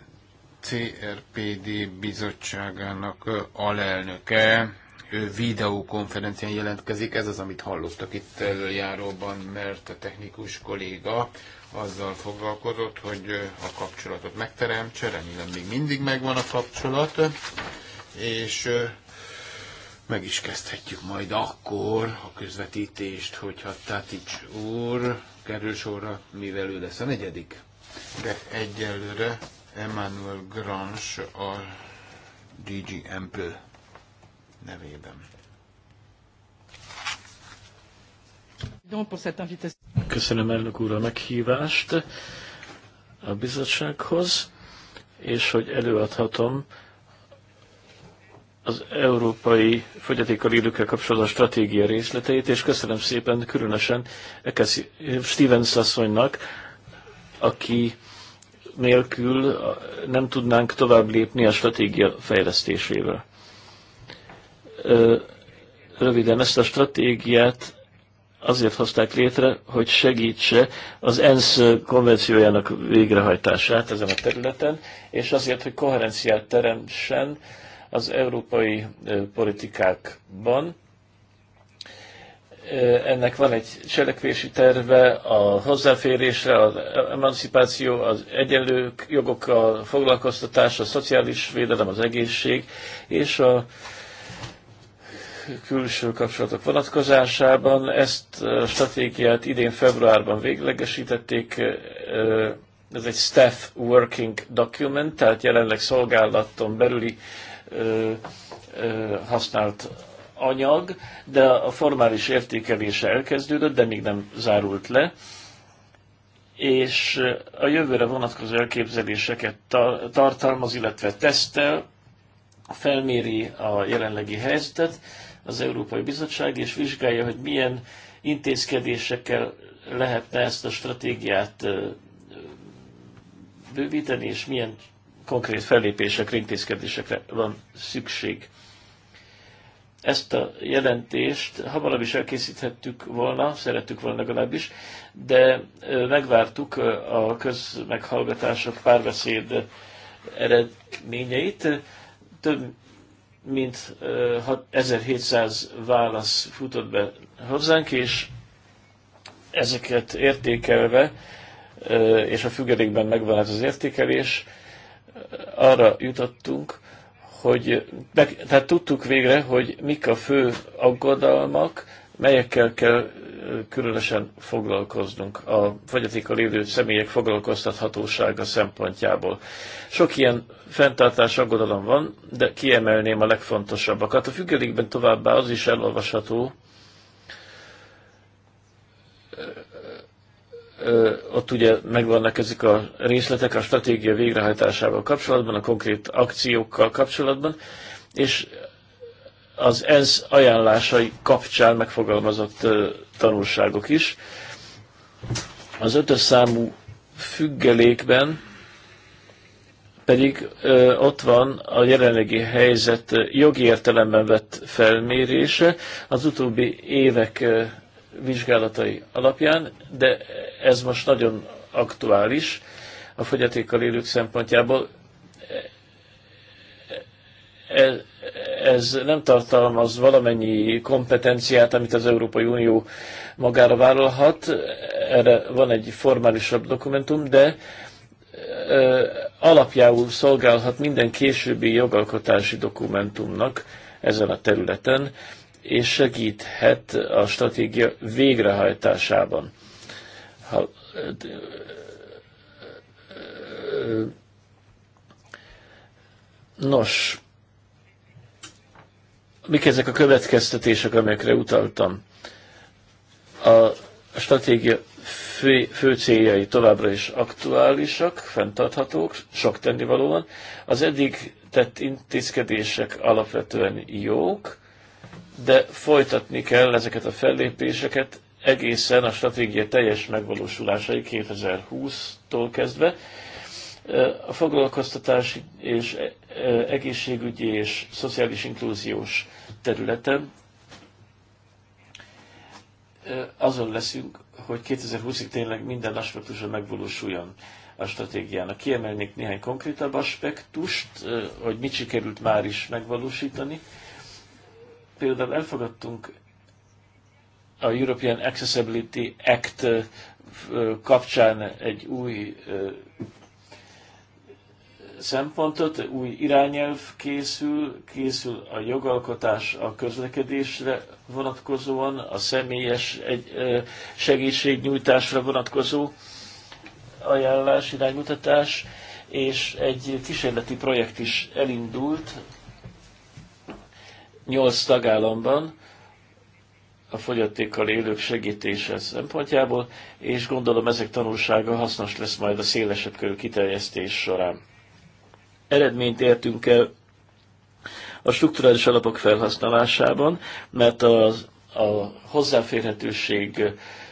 CRPD bizottságának alelnöke, ő videókonferencián jelentkezik, ez az, amit hallottak itt előjáróban, mert a technikus kolléga azzal foglalkozott, hogy a kapcsolatot megteremtse, remélem még mindig megvan a kapcsolat, és meg is kezdhetjük majd akkor a közvetítést, hogyha Tatics úr kerül sorra, mivel ő lesz a negyedik. De egyelőre Emmanuel Grange a DG Ample nevében. Köszönöm elnök úr a meghívást a bizottsághoz, és hogy előadhatom az európai fogyatékkal élőkkel kapcsolatos stratégia részleteit, és köszönöm szépen különösen Ekeszi Stevens asszonynak, aki nélkül nem tudnánk tovább lépni a stratégia fejlesztésével. Röviden ezt a stratégiát azért hozták létre, hogy segítse az ENSZ konvenciójának végrehajtását ezen a területen, és azért, hogy koherenciát teremtsen az európai politikákban, ennek van egy cselekvési terve a hozzáférésre, az emancipáció, az egyenlő jogok, a foglalkoztatás, a szociális védelem, az egészség és a külső kapcsolatok vonatkozásában. Ezt a stratégiát idén februárban véglegesítették. Ez egy staff working document, tehát jelenleg szolgálaton belüli használt anyag, de a formális értékelése elkezdődött, de még nem zárult le, és eh, a jövőre vonatkozó elképzeléseket tartalmaz, illetve tesztel, felméri a jelenlegi helyzetet az Európai Bizottság, és vizsgálja, hogy milyen intézkedésekkel lehetne ezt a stratégiát eh, bővíteni, és milyen konkrét fellépésekre, intézkedésekre van szükség. Ezt a jelentést hamarabb is elkészíthettük volna, szerettük volna legalábbis, de megvártuk a közmeghallgatások párbeszéd eredményeit. Több mint 1700 válasz futott be hozzánk, és ezeket értékelve, és a függelékben megvan ez az értékelés, arra jutottunk, hogy be, tehát tudtuk végre, hogy mik a fő aggodalmak, melyekkel kell különösen foglalkoznunk a fogyatékkal élő személyek foglalkoztathatósága szempontjából. Sok ilyen fenntartás aggodalom van, de kiemelném a legfontosabbakat. A függelékben továbbá az is elolvasható, ott ugye megvannak ezek a részletek a stratégia végrehajtásával kapcsolatban, a konkrét akciókkal kapcsolatban, és az ENSZ ajánlásai kapcsán megfogalmazott tanulságok is. Az ötös számú függelékben pedig ott van a jelenlegi helyzet jogi értelemben vett felmérése. Az utóbbi évek vizsgálatai alapján, de ez most nagyon aktuális a fogyatékkal élők szempontjából. E, e, ez nem tartalmaz valamennyi kompetenciát, amit az Európai Unió magára vállalhat. Erre van egy formálisabb dokumentum, de e, alapjául szolgálhat minden későbbi jogalkotási dokumentumnak ezen a területen, és segíthet a stratégia végrehajtásában. Ha, nos, mik ezek a következtetések, amelyekre utaltam? A stratégia fő, fő céljai továbbra is aktuálisak, fenntarthatók, sok tennivaló Az eddig tett intézkedések alapvetően jók, de folytatni kell ezeket a fellépéseket egészen a stratégia teljes megvalósulásai 2020-tól kezdve. A foglalkoztatási és e, e, egészségügyi és szociális inkluziós területen azon leszünk, hogy 2020-ig tényleg minden aspektusa megvalósuljon a stratégiának. Kiemelnék néhány konkrétabb aspektust, hogy mit sikerült már is megvalósítani például elfogadtunk a European Accessibility Act kapcsán egy új szempontot, új irányelv készül, készül a jogalkotás a közlekedésre vonatkozóan, a személyes egy, segítségnyújtásra vonatkozó ajánlás, iránymutatás, és egy kísérleti projekt is elindult nyolc tagállamban a fogyatékkal élők segítése szempontjából, és gondolom ezek tanulsága hasznos lesz majd a szélesebb körű kiterjesztés során. Eredményt értünk el a strukturális alapok felhasználásában, mert a, a hozzáférhetőség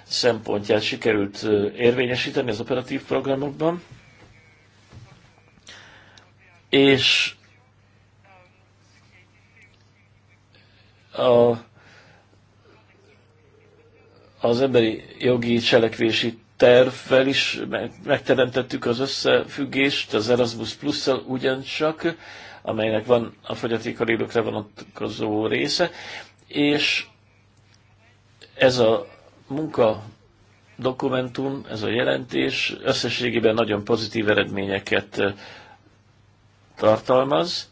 szempontját sikerült érvényesíteni az operatív programokban, és a, az emberi jogi cselekvési tervvel is megteremtettük az összefüggést, az Erasmus plus szal ugyancsak, amelynek van a fogyatékkal élőkre vonatkozó része, és ez a munka dokumentum, ez a jelentés összességében nagyon pozitív eredményeket tartalmaz.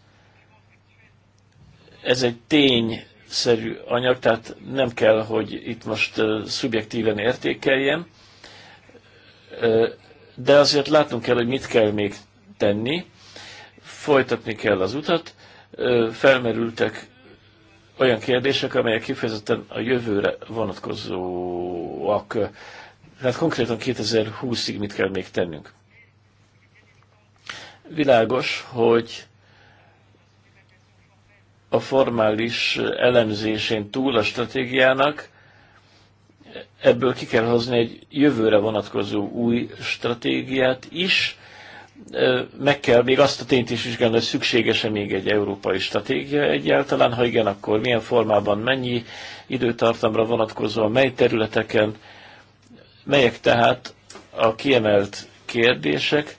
Ez egy tény szerű anyag, tehát nem kell, hogy itt most szubjektíven értékeljem, de azért látnunk kell, hogy mit kell még tenni, folytatni kell az utat, felmerültek olyan kérdések, amelyek kifejezetten a jövőre vonatkozóak. Tehát konkrétan 2020-ig mit kell még tennünk? Világos, hogy a formális elemzésén túl a stratégiának, ebből ki kell hozni egy jövőre vonatkozó új stratégiát is, meg kell még azt a tényt is vizsgálni, hogy szükséges-e még egy európai stratégia egyáltalán, ha igen, akkor milyen formában, mennyi időtartamra vonatkozóan, mely területeken, melyek tehát a kiemelt kérdések,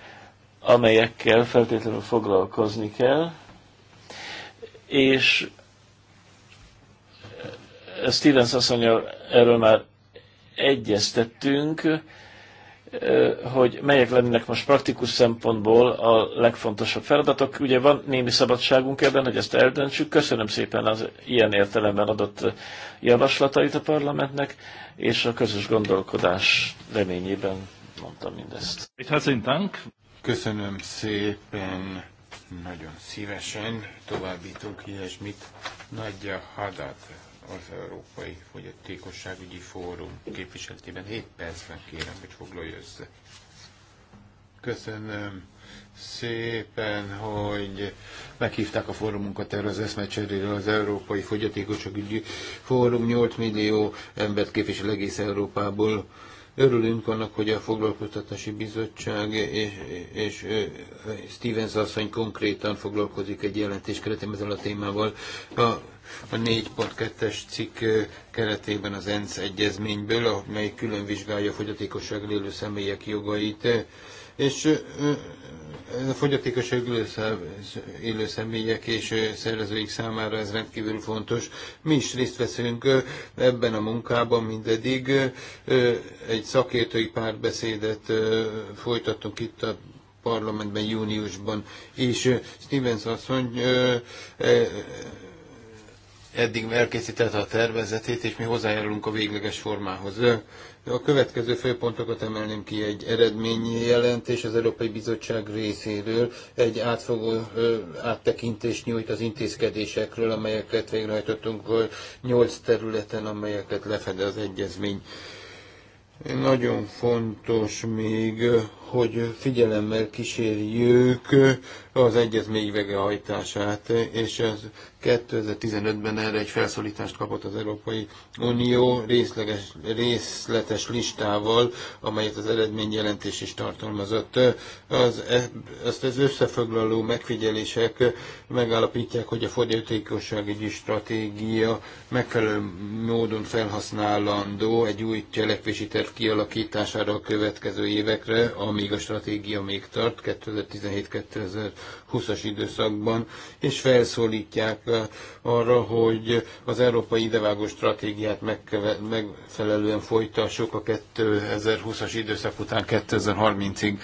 amelyekkel feltétlenül foglalkozni kell és Stevens asszonyjal erről már egyeztettünk, hogy melyek lennének most praktikus szempontból a legfontosabb feladatok. Ugye van némi szabadságunk ebben, hogy ezt eldöntsük. Köszönöm szépen az ilyen értelemben adott javaslatait a parlamentnek, és a közös gondolkodás reményében mondtam mindezt. Hát Köszönöm szépen nagyon szívesen továbbítunk ilyesmit. Nagyja Hadat az Európai Fogyatékosságügyi Fórum képviseletében 7 percben kérem, hogy foglalj össze. Köszönöm szépen, hogy meghívták a fórumunkat erre az eszmecserére. Az Európai Fogyatékosságügyi Fórum 8 millió embert képvisel egész Európából. Örülünk annak, hogy a Foglalkoztatási Bizottság és, és Stevens asszony konkrétan foglalkozik egy jelentés keretében ezzel a témával. A, a 4.2-es cikk keretében az ENSZ egyezményből, amely külön vizsgálja a fogyatékossággal élő személyek jogait és fogyatékos élő személyek és szervezőik számára ez rendkívül fontos. Mi is részt veszünk ebben a munkában mindedig. Egy szakértői párbeszédet folytattunk itt a parlamentben júniusban, és Stevens asszony eddig elkészítette a tervezetét, és mi hozzájárulunk a végleges formához. A következő főpontokat emelném ki egy eredményi jelentés az Európai Bizottság részéről. Egy átfogó áttekintést nyújt az intézkedésekről, amelyeket végrehajtottunk nyolc területen, amelyeket lefed az egyezmény. Nagyon fontos még, hogy figyelemmel kísérjük az egyezmény végrehajtását, és az 2015-ben erre egy felszólítást kapott az Európai Unió részleges, részletes listával, amelyet az eredményjelentés is tartalmazott. Az, ezt az összefoglaló megfigyelések megállapítják, hogy a fogyatékosságügyi stratégia megfelelő módon felhasználandó egy új cselekvési terv kialakítására a következő évekre, amíg a stratégia még tart 2017-2020-as időszakban, és felszólítják arra, hogy az európai idevágó stratégiát megfelelően folytassuk a 2020-as időszak után 2030-ig.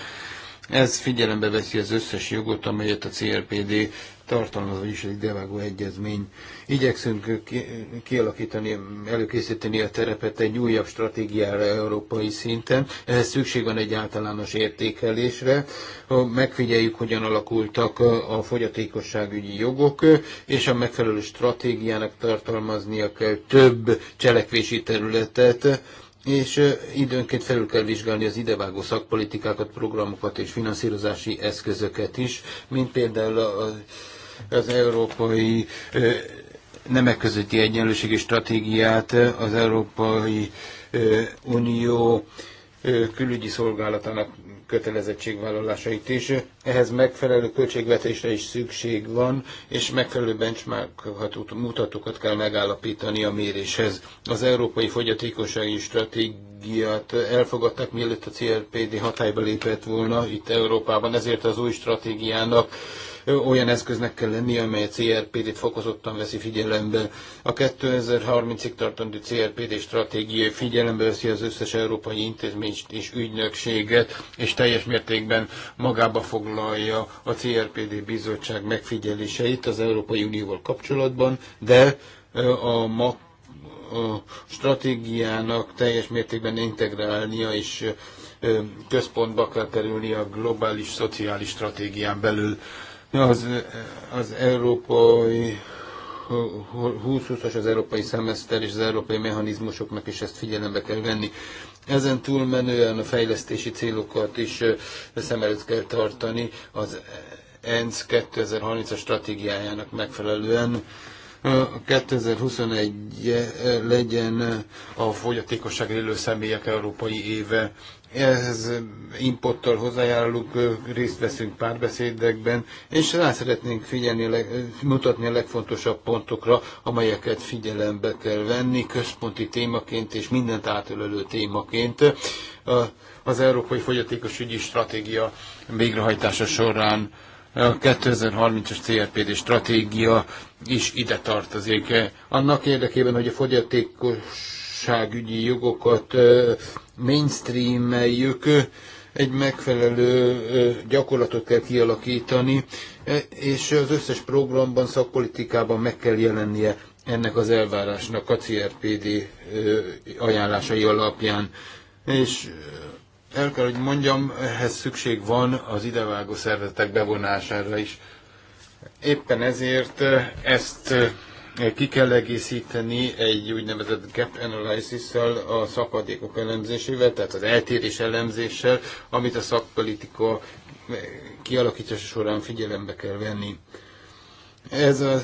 Ez figyelembe veszi az összes jogot, amelyet a CRPD tartalmaz, vagyis egy devágó egyezmény. Igyekszünk kialakítani, előkészíteni a terepet egy újabb stratégiára európai szinten. Ehhez szükség van egy általános értékelésre. Megfigyeljük, hogyan alakultak a fogyatékosságügyi jogok, és a megfelelő stratégiának tartalmaznia kell több cselekvési területet, és időnként felül kell vizsgálni az idevágó szakpolitikákat, programokat és finanszírozási eszközöket is, mint például az, európai nemek közötti egyenlőségi stratégiát, az Európai Unió külügyi szolgálatának kötelezettségvállalásait is. Ehhez megfelelő költségvetésre is szükség van, és megfelelő benchmarkható mutatókat kell megállapítani a méréshez. Az Európai Fogyatékossági Stratégiát elfogadtak mielőtt a CRPD hatályba lépett volna itt Európában, ezért az új stratégiának olyan eszköznek kell lenni, amely a CRPD-t fokozottan veszi figyelembe. A 2030-ig tartandó CRPD stratégia figyelembe veszi az összes európai intézményt és ügynökséget, és teljes mértékben magába foglalja a CRPD bizottság megfigyeléseit az Európai Unióval kapcsolatban, de a ma a stratégiának teljes mértékben integrálnia és központba kell kerülni a globális szociális stratégián belül. Az, az európai 20 as az európai szemeszter és az európai mechanizmusoknak is ezt figyelembe kell venni. Ezen túlmenően a fejlesztési célokat is szem előtt kell tartani az ENSZ 2030-as stratégiájának megfelelően. 2021 legyen a fogyatékosság élő személyek európai éve ehhez inputtal hozzájárulunk, részt veszünk párbeszédekben, és rá szeretnénk figyelni, mutatni a legfontosabb pontokra, amelyeket figyelembe kell venni központi témaként és mindent átölelő témaként az Európai Fogyatékos Ügyi Stratégia végrehajtása során. A 2030-as CRPD stratégia is ide tartozik. Annak érdekében, hogy a fogyatékos igazságügyi jogokat mainstreameljük, egy megfelelő gyakorlatot kell kialakítani, e, és az összes programban, szakpolitikában meg kell jelennie ennek az elvárásnak a CRPD ajánlásai alapján. És el kell, hogy mondjam, ehhez szükség van az idevágó szervezetek bevonására is. Éppen ezért ezt ki kell egészíteni egy úgynevezett gap analysis-szel, a szakadékok elemzésével, tehát az eltérés elemzéssel, amit a szakpolitika kialakítása során figyelembe kell venni. Ez a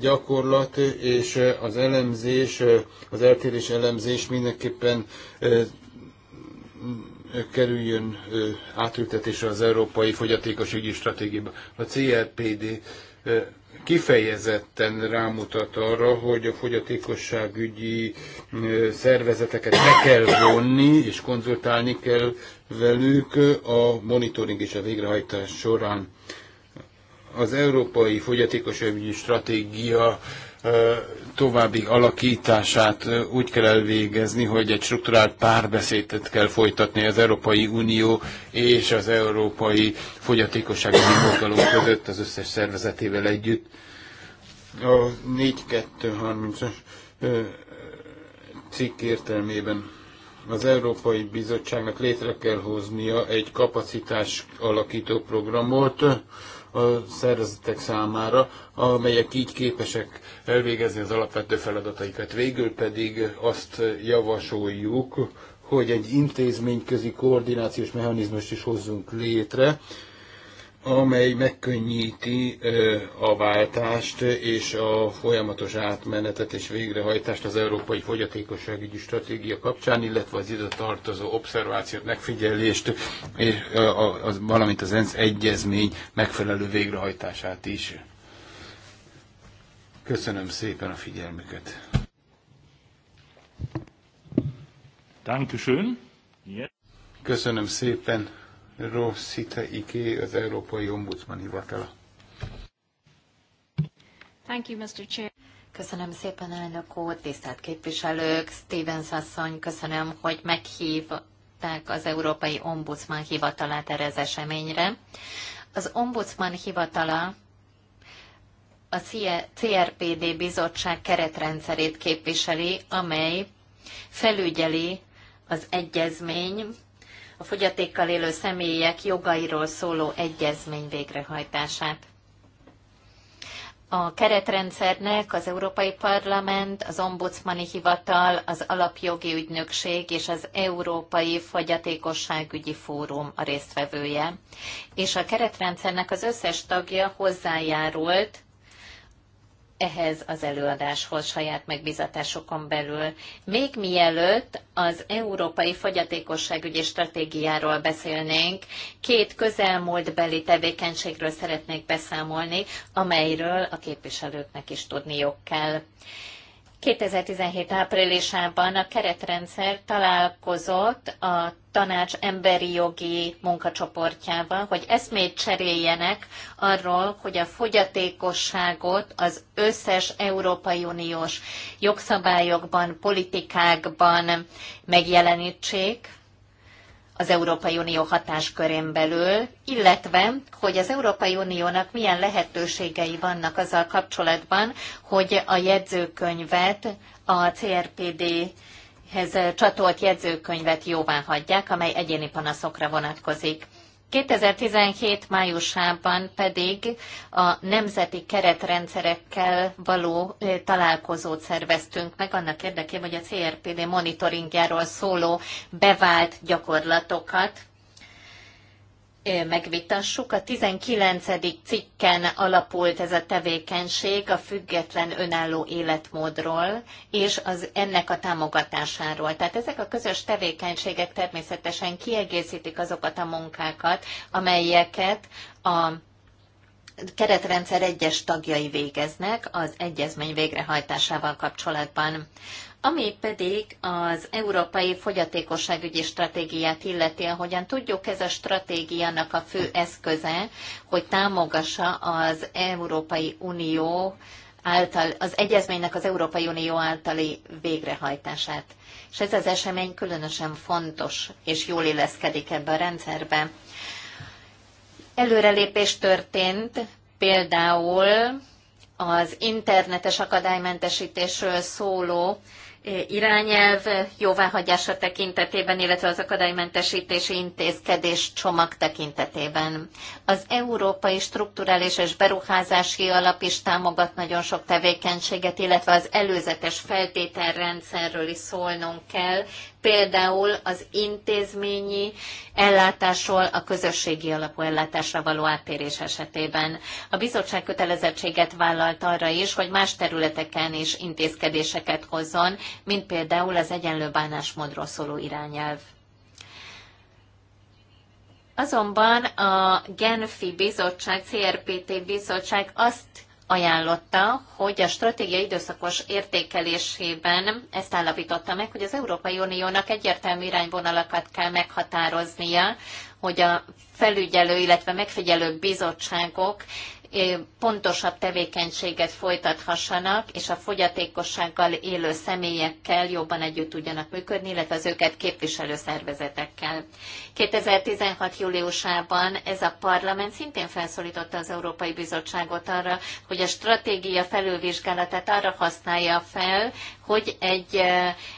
gyakorlat és az elemzés, az eltérés elemzés mindenképpen kerüljön átültetésre az Európai Fogyatékos Ügyi Stratégiába. A CRPD kifejezetten rámutat arra, hogy a fogyatékosságügyi szervezeteket be kell vonni, és konzultálni kell velük a monitoring és a végrehajtás során. Az Európai Fogyatékosságügyi Stratégia további alakítását úgy kell elvégezni, hogy egy strukturált párbeszédet kell folytatni az Európai Unió és az Európai Fogyatékossági Hivatalok között az összes szervezetével együtt. A 4230-as cikk értelmében az Európai Bizottságnak létre kell hoznia egy kapacitás alakító programot, a szervezetek számára, amelyek így képesek elvégezni az alapvető feladataikat. Végül pedig azt javasoljuk, hogy egy intézményközi koordinációs mechanizmust is hozzunk létre, amely megkönnyíti a váltást és a folyamatos átmenetet és végrehajtást az Európai Fogyatékosságügyi Stratégia kapcsán, illetve az ide tartozó obszervációt, megfigyelést, és, a, valamint az ENSZ egyezmény megfelelő végrehajtását is. Köszönöm szépen a figyelmüket. Köszönöm szépen. Rosszita Iké, az Európai Ombudsman Hivatala. Thank you, Mr. Chair. Köszönöm szépen, elnök úr, tisztelt képviselők, Stevens asszony, köszönöm, hogy meghívták az Európai Ombudsman Hivatalát erre az eseményre. Az Ombudsman Hivatala a CRPD e- bizottság keretrendszerét képviseli, amely felügyeli az egyezmény a fogyatékkal élő személyek jogairól szóló egyezmény végrehajtását. A keretrendszernek az Európai Parlament, az Ombudsmani Hivatal, az Alapjogi Ügynökség és az Európai Fogyatékosságügyi Fórum a résztvevője. És a keretrendszernek az összes tagja hozzájárult ehhez az előadáshoz saját megbizatásokon belül. Még mielőtt az Európai Fogyatékosságügyi Stratégiáról beszélnénk, két közelmúltbeli tevékenységről szeretnék beszámolni, amelyről a képviselőknek is tudniuk kell. 2017 áprilisában a keretrendszer találkozott a tanács emberi jogi munkacsoportjával, hogy eszmét cseréljenek arról, hogy a fogyatékosságot az összes Európai Uniós jogszabályokban, politikákban megjelenítsék, az Európai Unió hatáskörén belül, illetve hogy az Európai Uniónak milyen lehetőségei vannak azzal kapcsolatban, hogy a jegyzőkönyvet, a CRPD-hez csatolt jegyzőkönyvet jóvá hagyják, amely egyéni panaszokra vonatkozik. 2017 májusában pedig a nemzeti keretrendszerekkel való találkozót szerveztünk meg annak érdekében, hogy a CRPD monitoringjáról szóló bevált gyakorlatokat megvitassuk. A 19. cikken alapult ez a tevékenység a független önálló életmódról és az ennek a támogatásáról. Tehát ezek a közös tevékenységek természetesen kiegészítik azokat a munkákat, amelyeket a keretrendszer egyes tagjai végeznek az egyezmény végrehajtásával kapcsolatban. Ami pedig az Európai Fogyatékosságügyi Stratégiát illeti, ahogyan tudjuk, ez a stratégiának a fő eszköze, hogy támogassa az Európai Unió által, az egyezménynek az Európai Unió általi végrehajtását. És ez az esemény különösen fontos, és jól illeszkedik ebbe a rendszerbe. Előrelépés történt, például az internetes akadálymentesítésről szóló irányelv jóváhagyása tekintetében, illetve az akadálymentesítési intézkedés csomag tekintetében. Az Európai Strukturális és Beruházási Alap is támogat nagyon sok tevékenységet, illetve az előzetes feltételrendszerről is szólnunk kell, például az intézményi ellátásról a közösségi alapú ellátásra való áttérés esetében. A bizottság kötelezettséget vállalt arra is, hogy más területeken is intézkedéseket hozzon, mint például az egyenlő bánásmódról szóló irányelv. Azonban a Genfi Bizottság, CRPT Bizottság azt ajánlotta, hogy a stratégia időszakos értékelésében ezt állapította meg, hogy az Európai Uniónak egyértelmű irányvonalakat kell meghatároznia, hogy a felügyelő, illetve megfigyelő bizottságok pontosabb tevékenységet folytathassanak, és a fogyatékossággal élő személyekkel jobban együtt tudjanak működni, illetve az őket képviselő szervezetekkel. 2016. júliusában ez a parlament szintén felszólította az Európai Bizottságot arra, hogy a stratégia felülvizsgálatát arra használja fel, hogy egy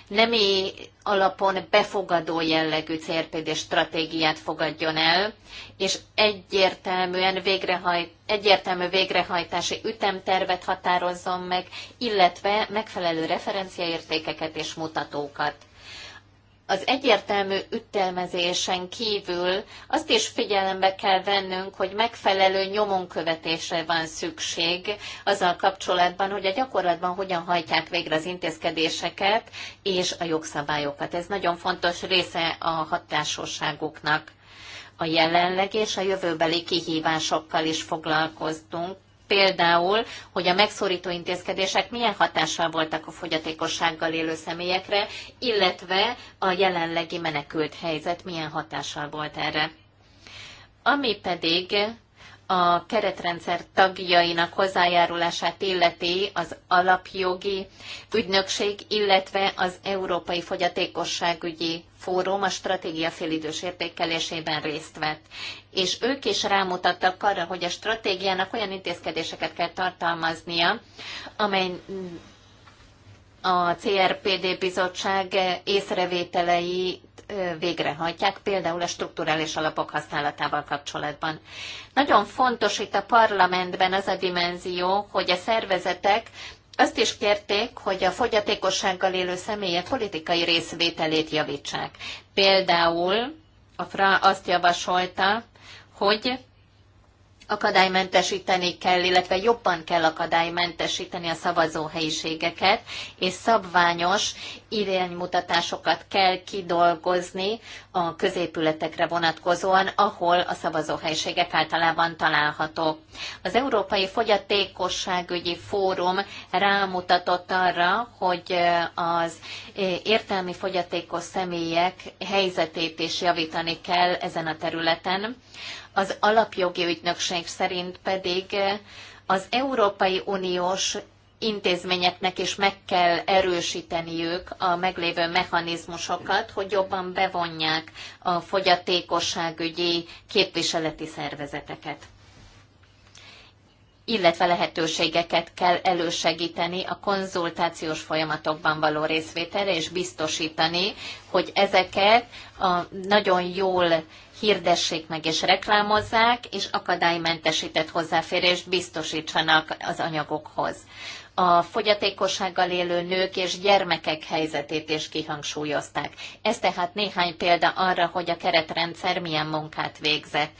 nemi alapon befogadó jellegű CRPD stratégiát fogadjon el, és egyértelműen végrehajt, egyértelmű végrehajtási ütemtervet határozzon meg, illetve megfelelő referenciaértékeket és mutatókat az egyértelmű ütelmezésen kívül azt is figyelembe kell vennünk, hogy megfelelő nyomonkövetésre van szükség azzal kapcsolatban, hogy a gyakorlatban hogyan hajtják végre az intézkedéseket és a jogszabályokat. Ez nagyon fontos része a hatásosságuknak. A jelenleg és a jövőbeli kihívásokkal is foglalkoztunk, például, hogy a megszorító intézkedések milyen hatással voltak a fogyatékossággal élő személyekre, illetve a jelenlegi menekült helyzet milyen hatással volt erre. Ami pedig a keretrendszer tagjainak hozzájárulását illeti az alapjogi ügynökség, illetve az Európai Fogyatékosságügyi Fórum a stratégia félidős értékelésében részt vett. És ők is rámutattak arra, hogy a stratégiának olyan intézkedéseket kell tartalmaznia, amely a CRPD bizottság észrevételei végrehajtják, például a strukturális alapok használatával kapcsolatban. Nagyon fontos itt a parlamentben az a dimenzió, hogy a szervezetek azt is kérték, hogy a fogyatékossággal élő személyek politikai részvételét javítsák. Például a FRA azt javasolta, hogy akadálymentesíteni kell, illetve jobban kell akadálymentesíteni a szavazóhelyiségeket, és szabványos iránymutatásokat kell kidolgozni a középületekre vonatkozóan, ahol a szavazóhelyiségek általában találhatók. Az Európai Fogyatékosságügyi Fórum rámutatott arra, hogy az értelmi fogyatékos személyek helyzetét is javítani kell ezen a területen. Az alapjogi ügynökség szerint pedig eh, az Európai Uniós intézményeknek is meg kell erősíteniük a meglévő mechanizmusokat, hogy jobban bevonják a fogyatékosságügyi képviseleti szervezeteket illetve lehetőségeket kell elősegíteni a konzultációs folyamatokban való részvételre, és biztosítani, hogy ezeket a nagyon jól hirdessék meg és reklámozzák, és akadálymentesített hozzáférést biztosítsanak az anyagokhoz. A fogyatékossággal élő nők és gyermekek helyzetét is kihangsúlyozták. Ez tehát néhány példa arra, hogy a keretrendszer milyen munkát végzett.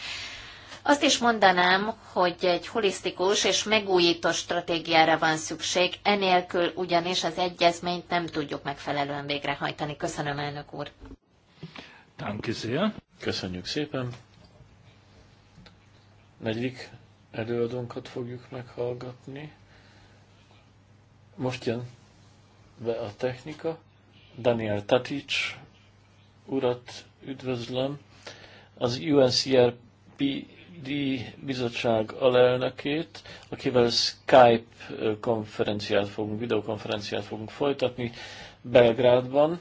Azt is mondanám, hogy egy holisztikus és megújító stratégiára van szükség, enélkül ugyanis az egyezményt nem tudjuk megfelelően végrehajtani. Köszönöm, elnök úr! Danke sehr. Köszönjük szépen. Negyedik előadónkat fogjuk meghallgatni. Most jön be a technika. Daniel Tatic urat üdvözlöm, az UNCRPD bizottság alelnökét, akivel Skype konferenciát fogunk, videokonferenciát fogunk folytatni Belgrádban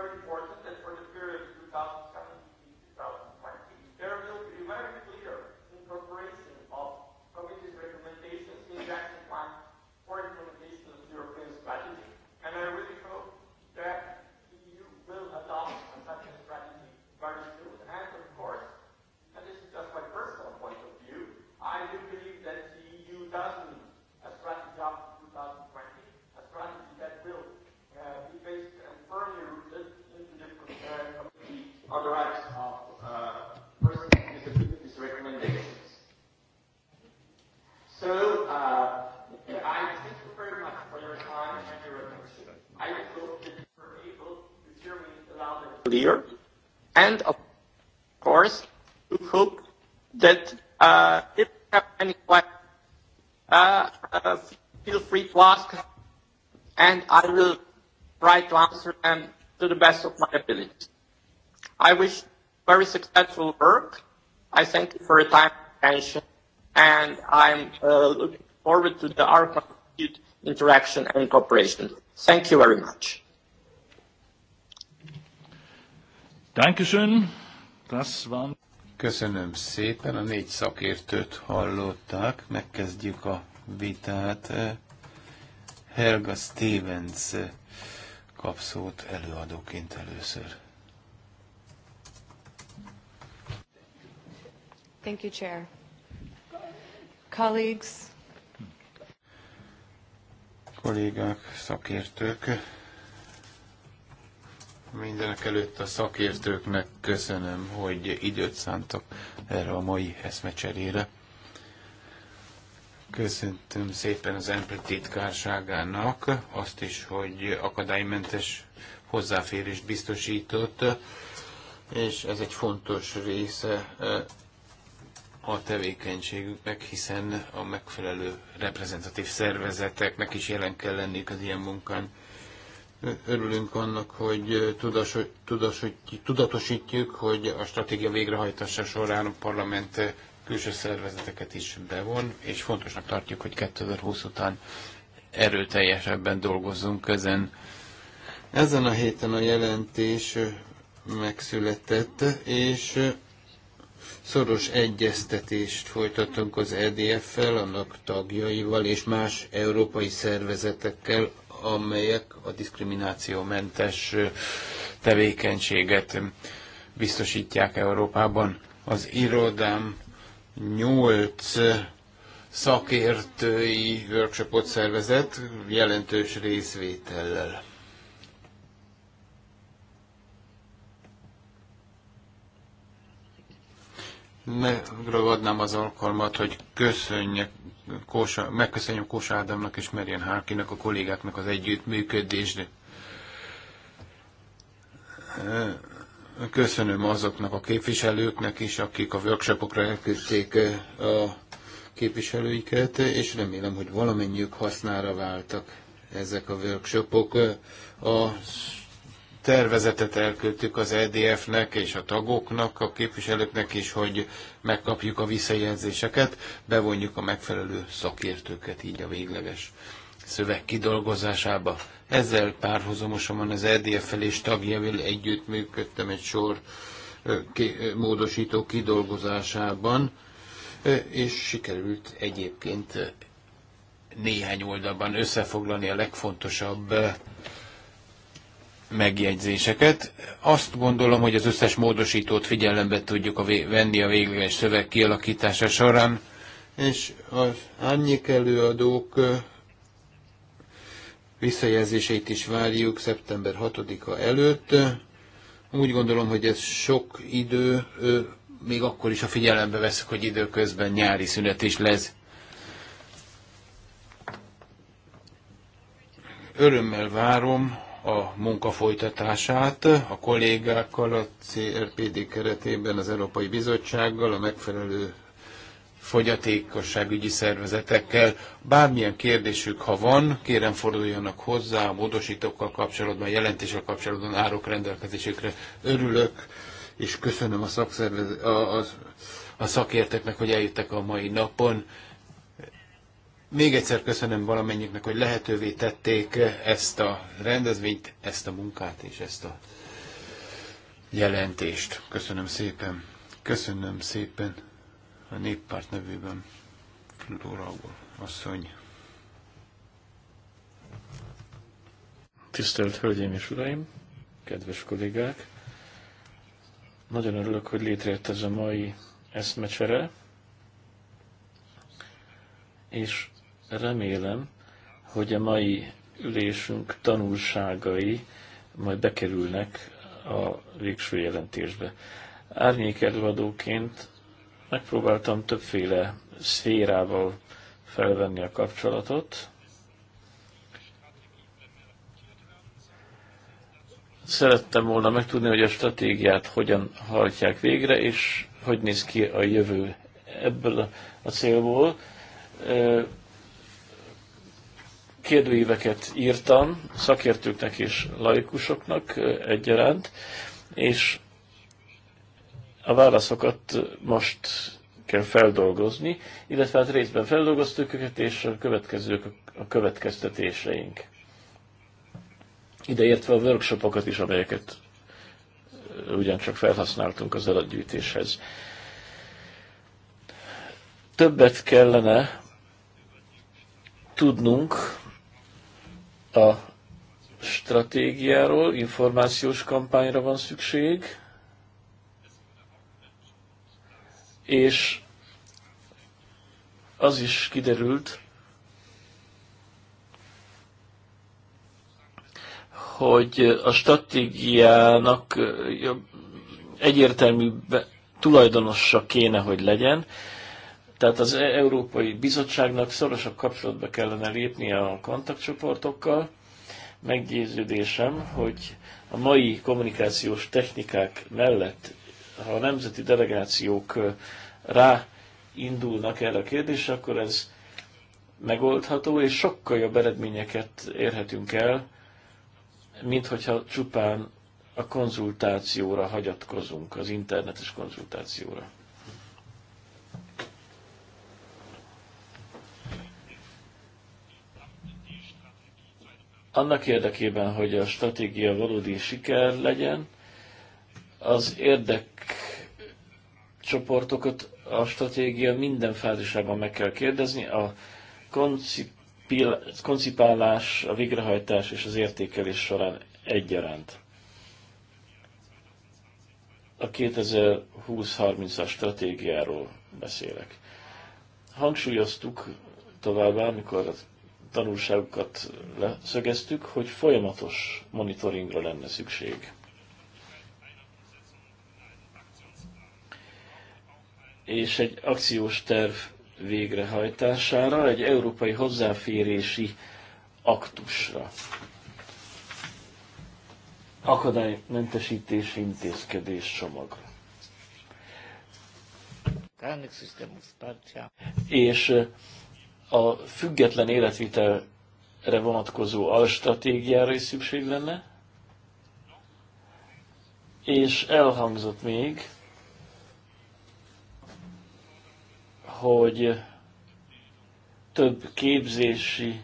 very important that for the period and I will try to answer them to the best of my ability. I wish very successful work. I thank you for your time and attention, and I'm uh, looking forward to the our continued interaction and cooperation. Thank you very much. Dankeschön. Das waren Köszönöm szépen, a négy szakértőt hallották, megkezdjük a vitát. Helga Stevens kapszót előadóként először. Thank you, Chair. Colleagues. Kollégák, szakértők. Mindenek előtt a szakértőknek köszönöm, hogy időt szántak erre a mai eszmecserére Köszöntöm szépen az MP titkárságának azt is, hogy akadálymentes hozzáférést biztosított, és ez egy fontos része eh, a tevékenységüknek, hiszen a megfelelő reprezentatív szervezeteknek is jelen kell lenniük az ilyen munkán. Örülünk annak, hogy eh, tudatosítjuk, hogy a stratégia végrehajtása során a parlament eh, külső szervezeteket is bevon, és fontosnak tartjuk, hogy 2020 után erőteljesebben dolgozzunk ezen. Ezen a héten a jelentés megszületett, és szoros egyeztetést folytatunk az EDF-fel, annak tagjaival és más európai szervezetekkel, amelyek a diszkriminációmentes tevékenységet biztosítják Európában. Az irodám nyolc szakértői workshopot szervezett jelentős részvétellel. megragadnám az alkalmat, hogy köszönjek Kósa, megköszönjük Kósa Ádámnak és Merjen Hárkinak, a kollégáknak az együttműködésre. Köszönöm azoknak a képviselőknek is, akik a workshopokra elküldték eh, a képviselőiket, és remélem, hogy valamennyiük hasznára váltak ezek a workshopok. A tervezetet elküldtük az EDF-nek és a tagoknak, a képviselőknek is, hogy megkapjuk a visszajelzéseket, bevonjuk a megfelelő szakértőket, így a végleges szöveg kidolgozásába. Ezzel párhuzamosan az EDF felé és tagjával együttműködtem egy sor módosító kidolgozásában, és sikerült egyébként néhány oldalban összefoglalni a legfontosabb megjegyzéseket. Azt gondolom, hogy az összes módosítót figyelembe tudjuk a venni a végleges szöveg kialakítása során, és az annyi előadók visszajelzéseit is várjuk szeptember 6-a előtt. Úgy gondolom, hogy ez sok idő, még akkor is, ha figyelembe veszük, hogy időközben nyári szünet is lesz. Örömmel várom a munka folytatását a kollégákkal, a CRPD keretében, az Európai Bizottsággal, a megfelelő fogyatékosságügyi szervezetekkel. Bármilyen kérdésük, ha van, kérem forduljanak hozzá a módosítókkal kapcsolatban, a jelentéssel kapcsolatban árok rendelkezésükre. Örülök, és köszönöm a, a, a, a szakérteknek, hogy eljöttek a mai napon. Még egyszer köszönöm valamennyiknek, hogy lehetővé tették ezt a rendezvényt, ezt a munkát és ezt a jelentést. Köszönöm szépen. Köszönöm szépen a néppárt nevében Flóra asszony. Tisztelt Hölgyeim és Uraim, kedves kollégák! Nagyon örülök, hogy létrejött ez a mai eszmecsere, és remélem, hogy a mai ülésünk tanulságai majd bekerülnek a végső jelentésbe. Árnyék előadóként Megpróbáltam többféle szférával felvenni a kapcsolatot. Szerettem volna megtudni, hogy a stratégiát hogyan hajtják végre, és hogy néz ki a jövő ebből a célból. Kérdőíveket írtam szakértőknek és laikusoknak egyaránt, és a válaszokat most kell feldolgozni, illetve hát részben feldolgoztuk őket, és a következők a következtetéseink. Ideértve a workshopokat is, amelyeket ugyancsak felhasználtunk az adatgyűjtéshez. Többet kellene tudnunk a stratégiáról, információs kampányra van szükség, és az is kiderült, hogy a stratégiának egyértelmű tulajdonosa kéne, hogy legyen. Tehát az e- Európai Bizottságnak szorosabb kapcsolatba kellene lépnie a kontaktcsoportokkal. Meggyőződésem, hogy a mai kommunikációs technikák mellett, ha a nemzeti delegációk rá indulnak erre a kérdésre, akkor ez megoldható, és sokkal jobb eredményeket érhetünk el, mint hogyha csupán a konzultációra hagyatkozunk, az internetes konzultációra. Annak érdekében, hogy a stratégia valódi siker legyen, az érdek csoportokat a stratégia minden fázisában meg kell kérdezni. A koncipálás, a végrehajtás és az értékelés során egyaránt. A 2020-30-as stratégiáról beszélek. Hangsúlyoztuk továbbá, amikor a tanulságokat leszögeztük, hogy folyamatos monitoringra lenne szükség és egy akciós terv végrehajtására, egy európai hozzáférési aktusra. Akadálymentesítési intézkedés csomag. És a független életvitelre vonatkozó alstratégiára is szükség lenne. És elhangzott még, hogy több képzési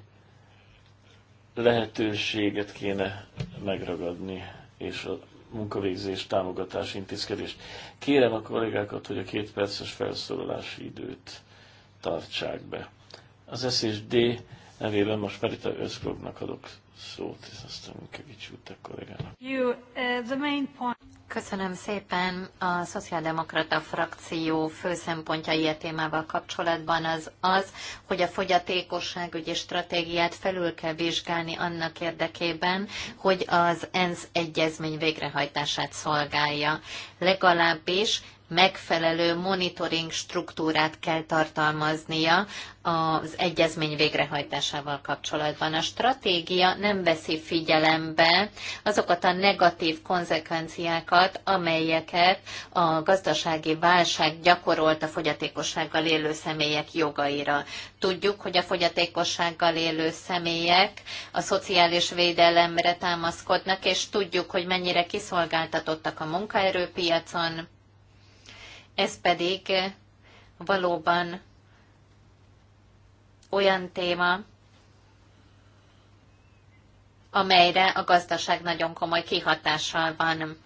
lehetőséget kéne megragadni, és a munkavégzés támogatás intézkedést. Kérem a kollégákat, hogy a két perces felszólalási időt tartsák be. Az SSD nevében most Merita Özklubnak adok szót, és aztán Minkevics a kollégának. You, uh, the main point. Köszönöm szépen. A Szociáldemokrata frakció fő szempontja ilyen témával kapcsolatban az az, hogy a fogyatékosságügyi stratégiát felül kell vizsgálni annak érdekében, hogy az ENSZ egyezmény végrehajtását szolgálja. Legalábbis megfelelő monitoring struktúrát kell tartalmaznia az egyezmény végrehajtásával kapcsolatban. A stratégia nem veszi figyelembe azokat a negatív konzekvenciákat, amelyeket a gazdasági válság gyakorolt a fogyatékossággal élő személyek jogaira. Tudjuk, hogy a fogyatékossággal élő személyek a szociális védelemre támaszkodnak, és tudjuk, hogy mennyire kiszolgáltatottak a munkaerőpiacon, ez pedig valóban olyan téma, amelyre a gazdaság nagyon komoly kihatással van.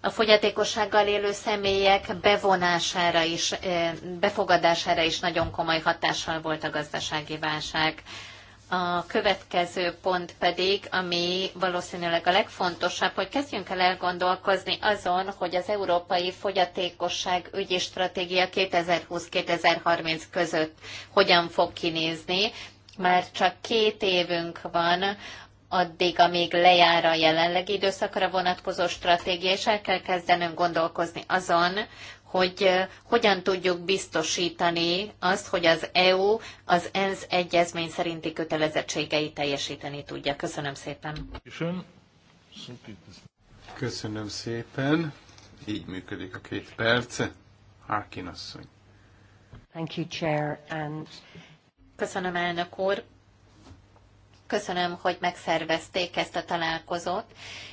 A fogyatékossággal élő személyek bevonására is, eh, befogadására is nagyon komoly hatással volt a gazdasági válság. A következő pont pedig, ami valószínűleg a legfontosabb, hogy kezdjünk el elgondolkozni azon, hogy az Európai Fogyatékosság ügyi stratégia 2020-2030 között hogyan fog kinézni. mert csak két évünk van addig, amíg lejár a jelenlegi időszakra vonatkozó stratégia, és el kell kezdenünk gondolkozni azon, hogy hogyan tudjuk biztosítani azt, hogy az EU az ENSZ egyezmény szerinti kötelezettségeit teljesíteni tudja. Köszönöm szépen. Köszönöm szépen. Így működik a két perc. Harkin asszony. Thank you, Chair, and... Köszönöm, elnök úr. Köszönöm, hogy megszervezték ezt a találkozót,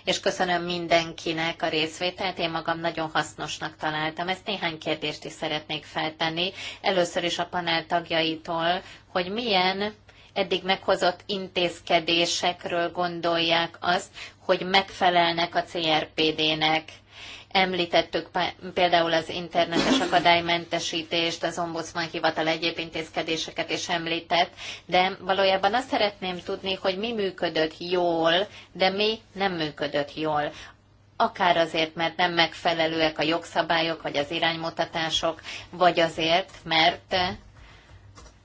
és köszönöm mindenkinek a részvételt. Én magam nagyon hasznosnak találtam. Ezt néhány kérdést is szeretnék feltenni. Először is a panel tagjaitól, hogy milyen eddig meghozott intézkedésekről gondolják azt, hogy megfelelnek a CRPD-nek Említettük például az internetes akadálymentesítést, az ombudsman hivatal egyéb intézkedéseket is említett, de valójában azt szeretném tudni, hogy mi működött jól, de mi nem működött jól akár azért, mert nem megfelelőek a jogszabályok, vagy az iránymutatások, vagy azért, mert eh,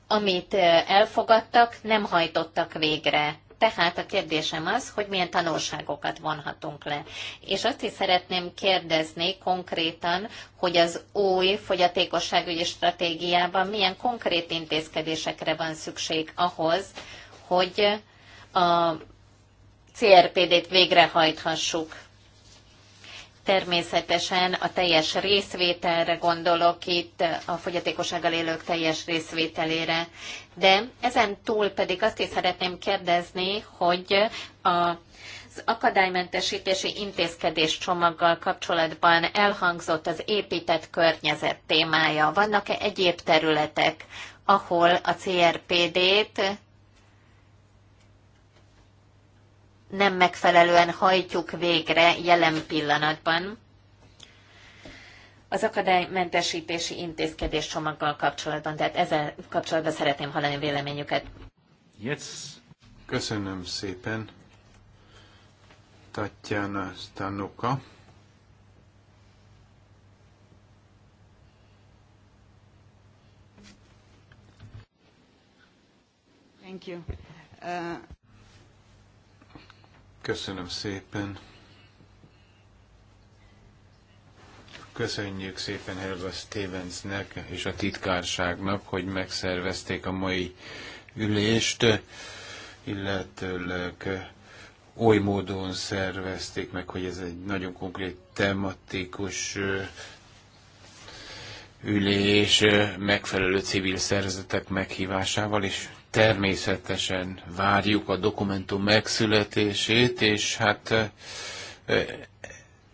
amit eh, elfogadtak, nem hajtottak végre. Tehát a kérdésem az, hogy milyen tanulságokat vonhatunk le. És azt is szeretném kérdezni konkrétan, hogy az új fogyatékosságügyi stratégiában milyen konkrét intézkedésekre van szükség ahhoz, hogy a CRPD-t végrehajthassuk. Természetesen a teljes részvételre gondolok itt, a fogyatékossággal élők teljes részvételére. De ezen túl pedig azt is szeretném kérdezni, hogy a az akadálymentesítési intézkedés csomaggal kapcsolatban elhangzott az épített környezet témája. Vannak-e egyéb területek, ahol a CRPD-t nem megfelelően hajtjuk végre jelen pillanatban az akadálymentesítési intézkedés csomaggal kapcsolatban. Tehát ezzel kapcsolatban szeretném hallani véleményüket. Yes. Köszönöm szépen. Tatjana Stanuka. Thank you. Uh... Köszönöm szépen. Köszönjük szépen Helga Stevensnek és a titkárságnak, hogy megszervezték a mai ülést, illetőleg oly módon szervezték meg, hogy ez egy nagyon konkrét tematikus ülés megfelelő civil szervezetek meghívásával, is. Természetesen várjuk a dokumentum megszületését, és hát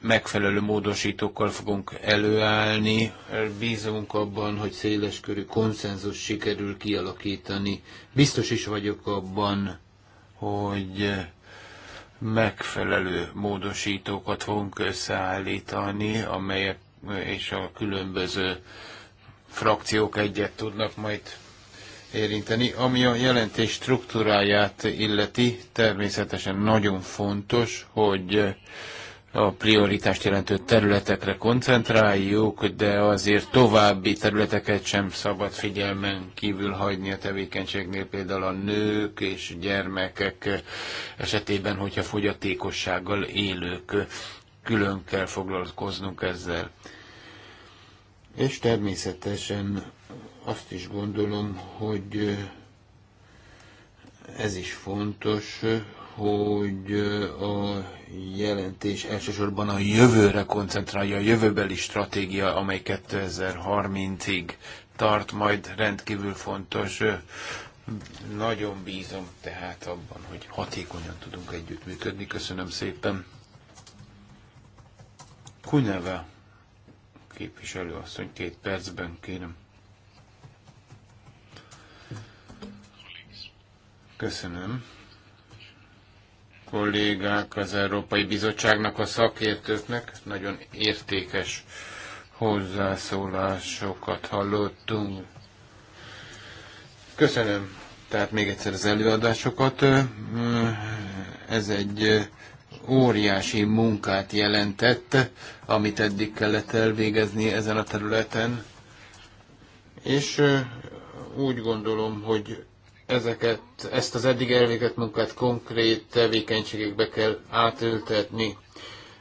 megfelelő módosítókkal fogunk előállni. Bízunk abban, hogy széleskörű konszenzus sikerül kialakítani. Biztos is vagyok abban, hogy megfelelő módosítókat fogunk összeállítani, amelyek és a különböző frakciók egyet tudnak majd érinteni. Ami a jelentés struktúráját illeti, természetesen nagyon fontos, hogy a prioritást jelentő területekre koncentráljuk, de azért további területeket sem szabad figyelmen kívül hagyni a tevékenységnél, például a nők és gyermekek esetében, hogyha fogyatékossággal élők külön kell foglalkoznunk ezzel. És természetesen azt is gondolom, hogy ez is fontos, hogy a jelentés elsősorban a jövőre koncentrálja, a jövőbeli stratégia, amely 2030-ig tart, majd rendkívül fontos. Nagyon bízom tehát abban, hogy hatékonyan tudunk együttműködni. Köszönöm szépen. Kuneve asszony, két percben, kérem. Köszönöm. Kollégák az Európai Bizottságnak, a szakértőknek nagyon értékes hozzászólásokat hallottunk. Köszönöm. Tehát még egyszer az előadásokat. Ez egy óriási munkát jelentett, amit eddig kellett elvégezni ezen a területen. És úgy gondolom, hogy ezeket, ezt az eddig elvégett munkát konkrét tevékenységekbe kell átültetni,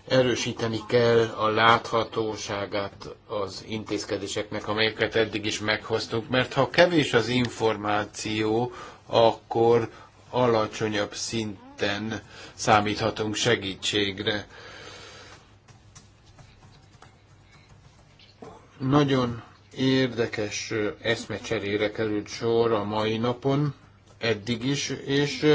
erősíteni kell a láthatóságát az intézkedéseknek, amelyeket eddig is meghoztunk, mert ha kevés az információ, akkor alacsonyabb szinten számíthatunk segítségre. Nagyon Érdekes eszmecserére került sor a mai napon, eddig is, és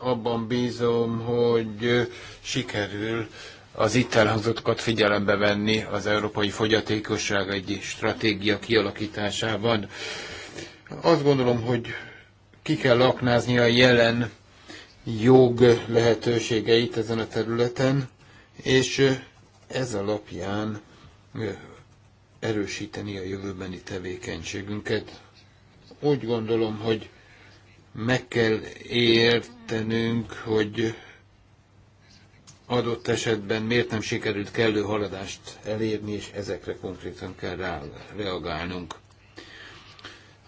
abban bízom, hogy sikerül az itt elhangzottakat figyelembe venni az európai fogyatékosság egy stratégia kialakításában. Azt gondolom, hogy ki kell laknázni a jelen jog lehetőségeit ezen a területen, és ez alapján erősíteni a jövőbeni tevékenységünket. Úgy gondolom, hogy meg kell értenünk, hogy adott esetben miért nem sikerült kellő haladást elérni, és ezekre konkrétan kell rá reagálnunk.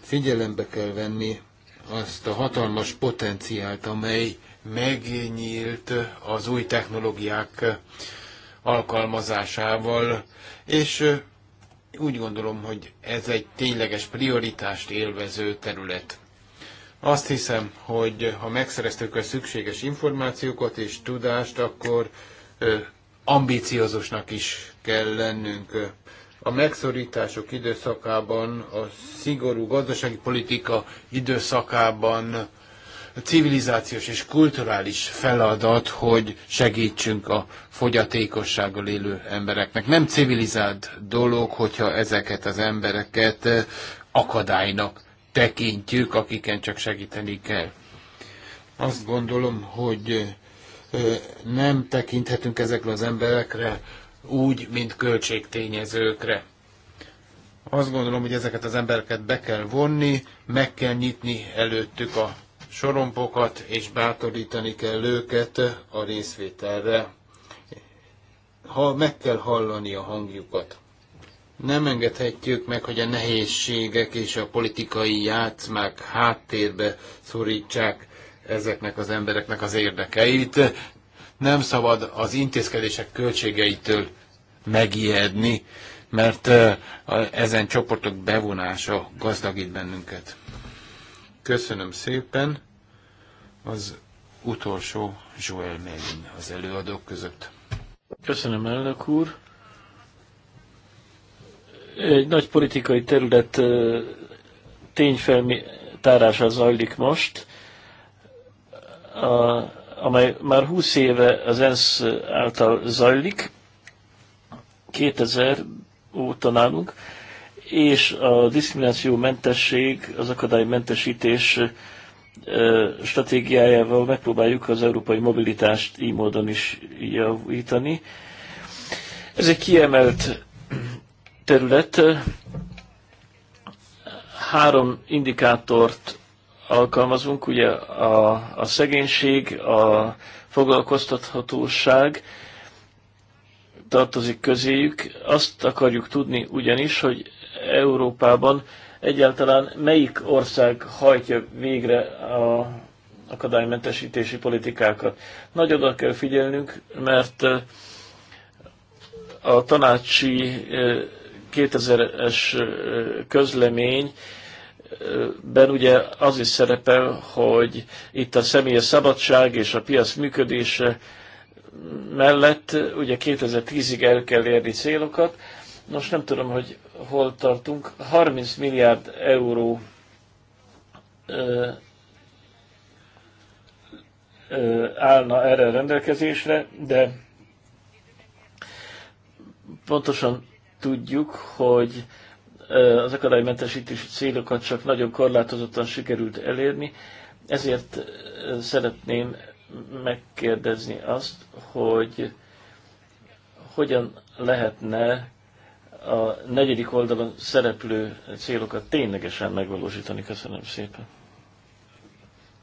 Figyelembe kell venni azt a hatalmas potenciált, amely megnyílt az új technológiák alkalmazásával, és úgy gondolom, hogy ez egy tényleges prioritást élvező terület. Azt hiszem, hogy ha megszereztük a szükséges információkat és tudást, akkor ambíciózusnak is kell lennünk. A megszorítások időszakában, a szigorú gazdasági politika időszakában civilizációs és kulturális feladat, hogy segítsünk a fogyatékossággal élő embereknek. Nem civilizált dolog, hogyha ezeket az embereket eh, akadálynak tekintjük, akiken csak segíteni kell. Azt gondolom, hogy eh, nem tekinthetünk ezekre az emberekre úgy, mint költségtényezőkre. Azt gondolom, hogy ezeket az embereket be kell vonni, meg kell nyitni előttük a sorompokat, és bátorítani kell őket a részvételre. Ha meg kell hallani a hangjukat. Nem engedhetjük meg, hogy a nehézségek és a politikai játszmák háttérbe szorítsák ezeknek az embereknek az érdekeit. Nem szabad az intézkedések költségeitől megijedni, mert eh, ezen csoportok bevonása gazdagít bennünket. Köszönöm szépen. Az utolsó Joel Melin az előadók között. Köszönöm, elnök úr. Egy nagy politikai terület tárása zajlik most, a, amely már 20 éve az ENSZ által zajlik, 2000 óta nálunk, és a mentesség, az akadálymentesítés stratégiájával megpróbáljuk az európai mobilitást így módon is javítani. Ez egy kiemelt terület. Három indikátort alkalmazunk, ugye a, a szegénység, a foglalkoztathatóság tartozik közéjük. Azt akarjuk tudni ugyanis, hogy Európában egyáltalán melyik ország hajtja végre a akadálymentesítési politikákat. Nagy oda kell figyelnünk, mert a tanácsi 2000-es közleményben ugye az is szerepel, hogy itt a személyes szabadság és a piac működése mellett ugye 2010-ig el kell érni célokat, Nos, nem tudom, hogy hol tartunk. 30 milliárd euró ö, ö, állna erre a rendelkezésre, de pontosan tudjuk, hogy az akadálymentesítési célokat csak nagyon korlátozottan sikerült elérni, ezért szeretném megkérdezni azt, hogy hogyan lehetne a negyedik oldalon szereplő célokat ténylegesen megvalósítani. Köszönöm szépen.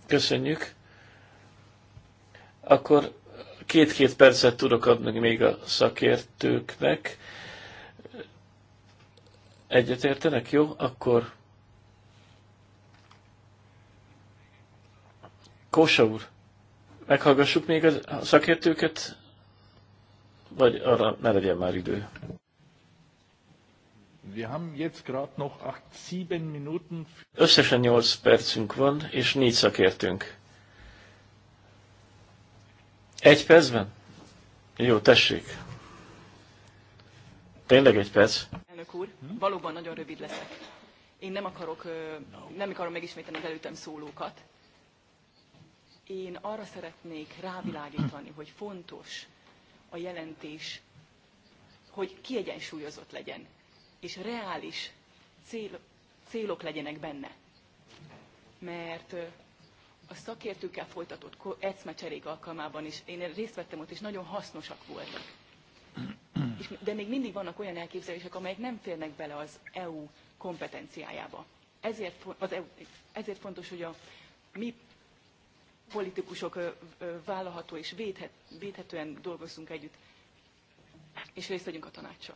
Köszönjük. Akkor két-két percet tudok adni még a szakértőknek. Egyetértenek? Jó, akkor Kósa úr, meghallgassuk még a szakértőket, vagy arra ne legyen már idő. Összesen nyolc percünk van, és négy szakértünk. Egy percben? Jó, tessék. Tényleg egy perc? Elnök úr, valóban nagyon rövid leszek. Én nem akarok, nem akarom megismételni az előttem szólókat. Én arra szeretnék rávilágítani, hogy fontos a jelentés, hogy kiegyensúlyozott legyen és reális cél, célok legyenek benne. Mert a szakértőkkel folytatott ecmecserék alkalmában is, én részt vettem ott, és nagyon hasznosak voltak. És, de még mindig vannak olyan elképzelések, amelyek nem férnek bele az EU kompetenciájába. Ezért, az EU, ezért fontos, hogy a mi politikusok vállalható és védhet, védhetően dolgozzunk együtt, és részt vegyünk a tanácssal.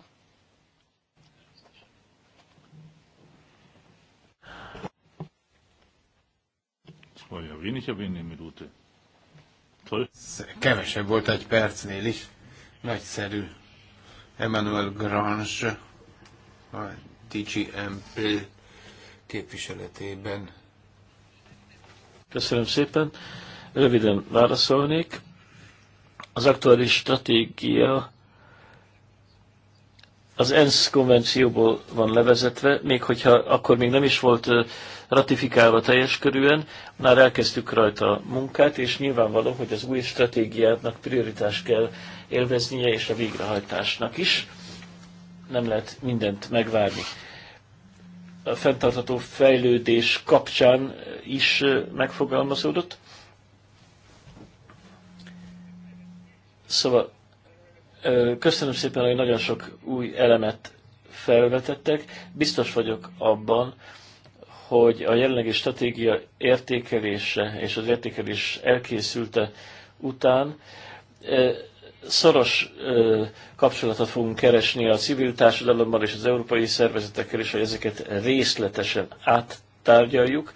Olyan weniger wie eine Minute. Toll. Kevesebb volt egy percnél is. Nagyszerű. Emmanuel Grange a DGMP képviseletében. Köszönöm szépen. Röviden válaszolnék. Az aktuális stratégia az ENSZ konvencióból van levezetve, még hogyha akkor még nem is volt ratifikálva teljes körűen, már elkezdtük rajta a munkát, és nyilvánvaló, hogy az új stratégiának prioritást kell élveznie, és a végrehajtásnak is. Nem lehet mindent megvárni. A fenntartható fejlődés kapcsán is megfogalmazódott. Szóval Köszönöm szépen, hogy nagyon sok új elemet felvetettek. Biztos vagyok abban, hogy a jelenlegi stratégia értékelése és az értékelés elkészülte után szoros kapcsolatot fogunk keresni a civil társadalommal és az európai szervezetekkel is, hogy ezeket részletesen áttárgyaljuk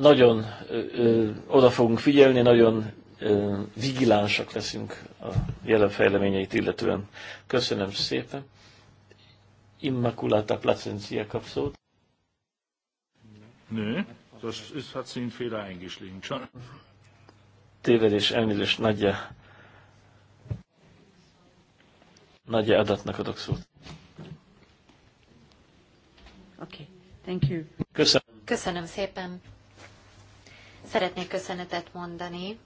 nagyon ö, ö, oda fogunk figyelni, nagyon ö, vigilánsak leszünk a jelen fejleményeit illetően. Köszönöm szépen. Immaculata Placencia kapszót. Nő, das ist, hat sie in Fehler eingeschrieben. Tévedés, elnézést, nagyja. Nagyja adatnak adok szót. Okay. Thank you. Köszönöm. Köszönöm szépen. Szeretnék köszönetet mondani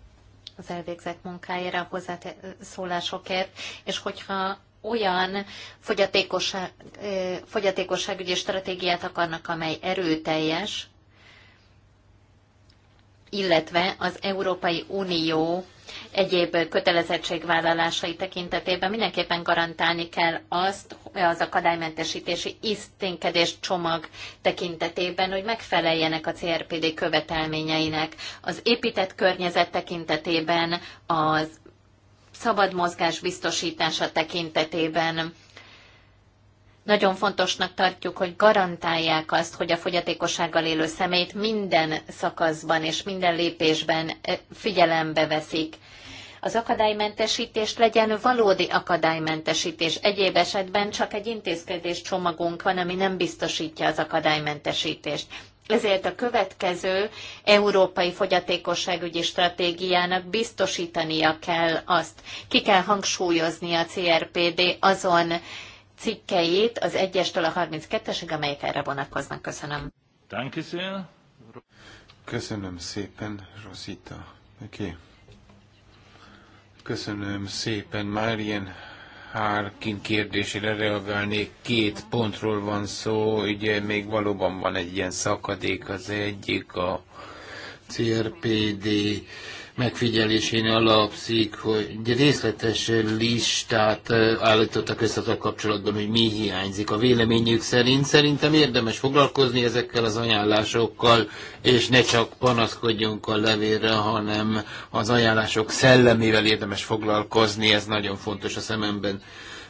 az elvégzett munkáért, a hozzászólásokért, és hogyha olyan fogyatékosság, fogyatékosságügyi stratégiát akarnak, amely erőteljes, illetve az Európai Unió egyéb kötelezettségvállalásai tekintetében mindenképpen garantálni kell azt, az akadálymentesítési iszténkedés csomag tekintetében, hogy megfeleljenek a CRPD követelményeinek. Az épített környezet tekintetében, az szabad mozgás biztosítása tekintetében, nagyon fontosnak tartjuk, hogy garantálják azt, hogy a fogyatékossággal élő személyt minden szakaszban és minden lépésben eh, figyelembe veszik. Az akadálymentesítés legyen valódi akadálymentesítés. Egyéb esetben csak egy intézkedés csomagunk van, ami nem biztosítja az akadálymentesítést. Ezért a következő európai fogyatékosságügyi stratégiának biztosítania kell azt. Ki kell hangsúlyozni a CRPD azon cikkeit, az 1-estől a 32-esig, amelyek erre vonatkoznak. Köszönöm. Köszönöm szépen, Rosita. Okay. Köszönöm szépen, Márien. Hárkin kérdésére reagálnék. Két pontról van szó, ugye még valóban van egy ilyen szakadék, az egyik a CRPD megfigyelésén alapszik, hogy egy részletes listát állítottak össze a kapcsolatban, hogy mi hiányzik a véleményük szerint. Szerintem érdemes foglalkozni ezekkel az ajánlásokkal, és ne csak panaszkodjunk a levélre, hanem az ajánlások szellemével érdemes foglalkozni, ez nagyon fontos a szememben.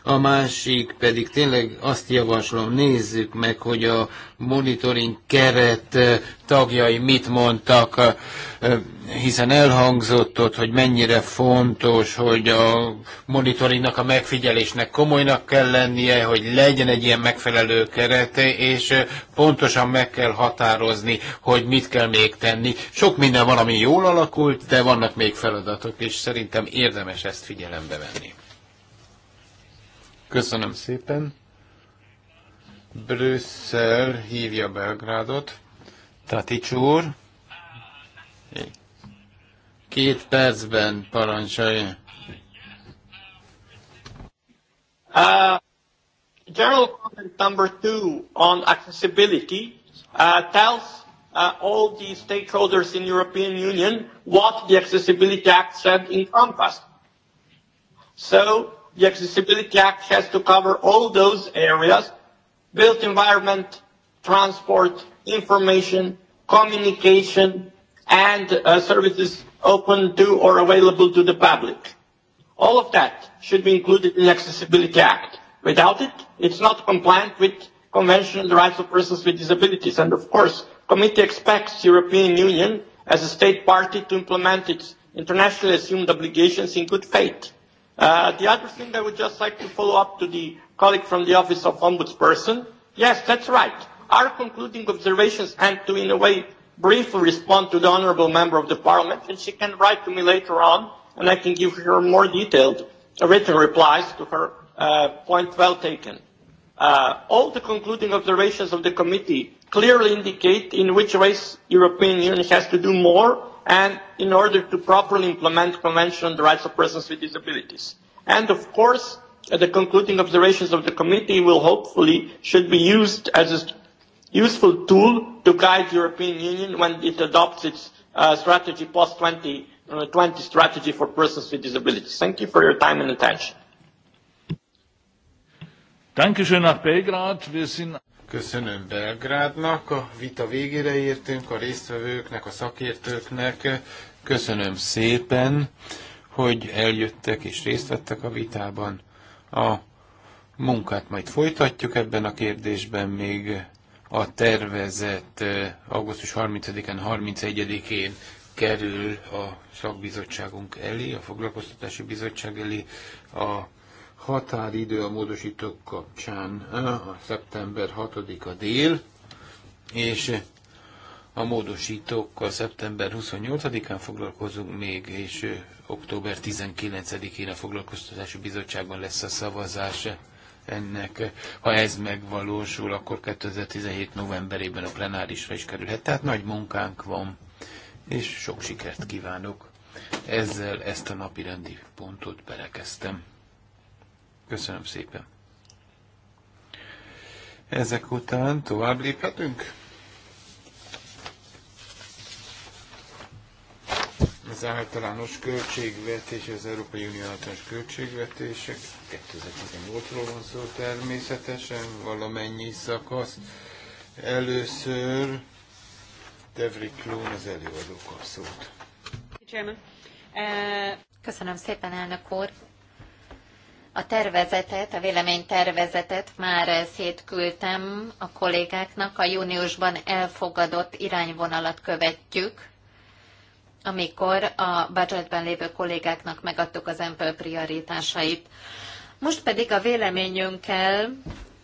A másik pedig tényleg azt javaslom, nézzük meg, hogy a monitoring keret eh, tagjai mit mondtak, eh, hiszen elhangzott ott, hogy mennyire fontos, hogy a monitoringnak, a megfigyelésnek komolynak kell lennie, hogy legyen egy ilyen megfelelő keret, és eh, pontosan meg kell határozni, hogy mit kell még tenni. Sok minden van, ami jól alakult, de vannak még feladatok, és szerintem érdemes ezt figyelembe venni. Köszönöm szépen. Brüsszel hívja Belgrádot. Tatics úr. Két percben parancsolja. Uh, general comment number two on accessibility uh, tells uh, all the stakeholders in European Union what the Accessibility Act said Compass. So The Accessibility Act has to cover all those areas, built environment, transport, information, communication, and uh, services open to or available to the public. All of that should be included in the Accessibility Act. Without it, it's not compliant with Convention on the Rights of Persons with Disabilities. And of course, committee expects European Union as a state party to implement its internationally assumed obligations in good faith. Uh, the other thing that I would just like to follow up to the colleague from the Office of Ombudsperson. Yes, that's right. Our concluding observations and to, in a way, briefly respond to the Honorable Member of the Parliament, and she can write to me later on, and I can give her more detailed written replies to her uh, point well taken. Uh, all the concluding observations of the committee clearly indicate in which ways European Union has to do more and in order to properly implement Convention on the Rights of Persons with Disabilities. And of course, the concluding observations of the committee will hopefully should be used as a useful tool to guide the European Union when it adopts its uh, strategy post 2020 uh, strategy for persons with disabilities. Thank you for your time and attention. Dankeschön nach Belgrad. Wir sind Köszönöm Belgrádnak, a vita végére értünk, a résztvevőknek, a szakértőknek. Köszönöm szépen, hogy eljöttek és részt vettek a vitában. A munkát majd folytatjuk ebben a kérdésben még a tervezett eh, augusztus 30 en 31-én kerül a szakbizottságunk elé, a foglalkoztatási bizottság elé a Határidő a módosítók kapcsán a szeptember 6-a dél, és a módosítókkal szeptember 28-án foglalkozunk még, és október 19-én a foglalkoztatási bizottságban lesz a szavazás ennek. Ha ez megvalósul, akkor 2017 novemberében a plenárisra is kerülhet. Tehát nagy munkánk van, és sok sikert kívánok. Ezzel ezt a napi rendi pontot berekeztem. Köszönöm szépen. Ezek után tovább léphetünk? Az általános költségvetés, az Európai Unió általános költségvetések, 2018-ról van szó természetesen, valamennyi szakasz. Először Devrik Lón az előadó kap uh, Köszönöm szépen, elnök úr. A tervezetet, a véleménytervezetet már szétküldtem a kollégáknak, a júniusban elfogadott irányvonalat követjük, amikor a budgetben lévő kollégáknak megadtuk az MPL prioritásait. Most pedig a véleményünkkel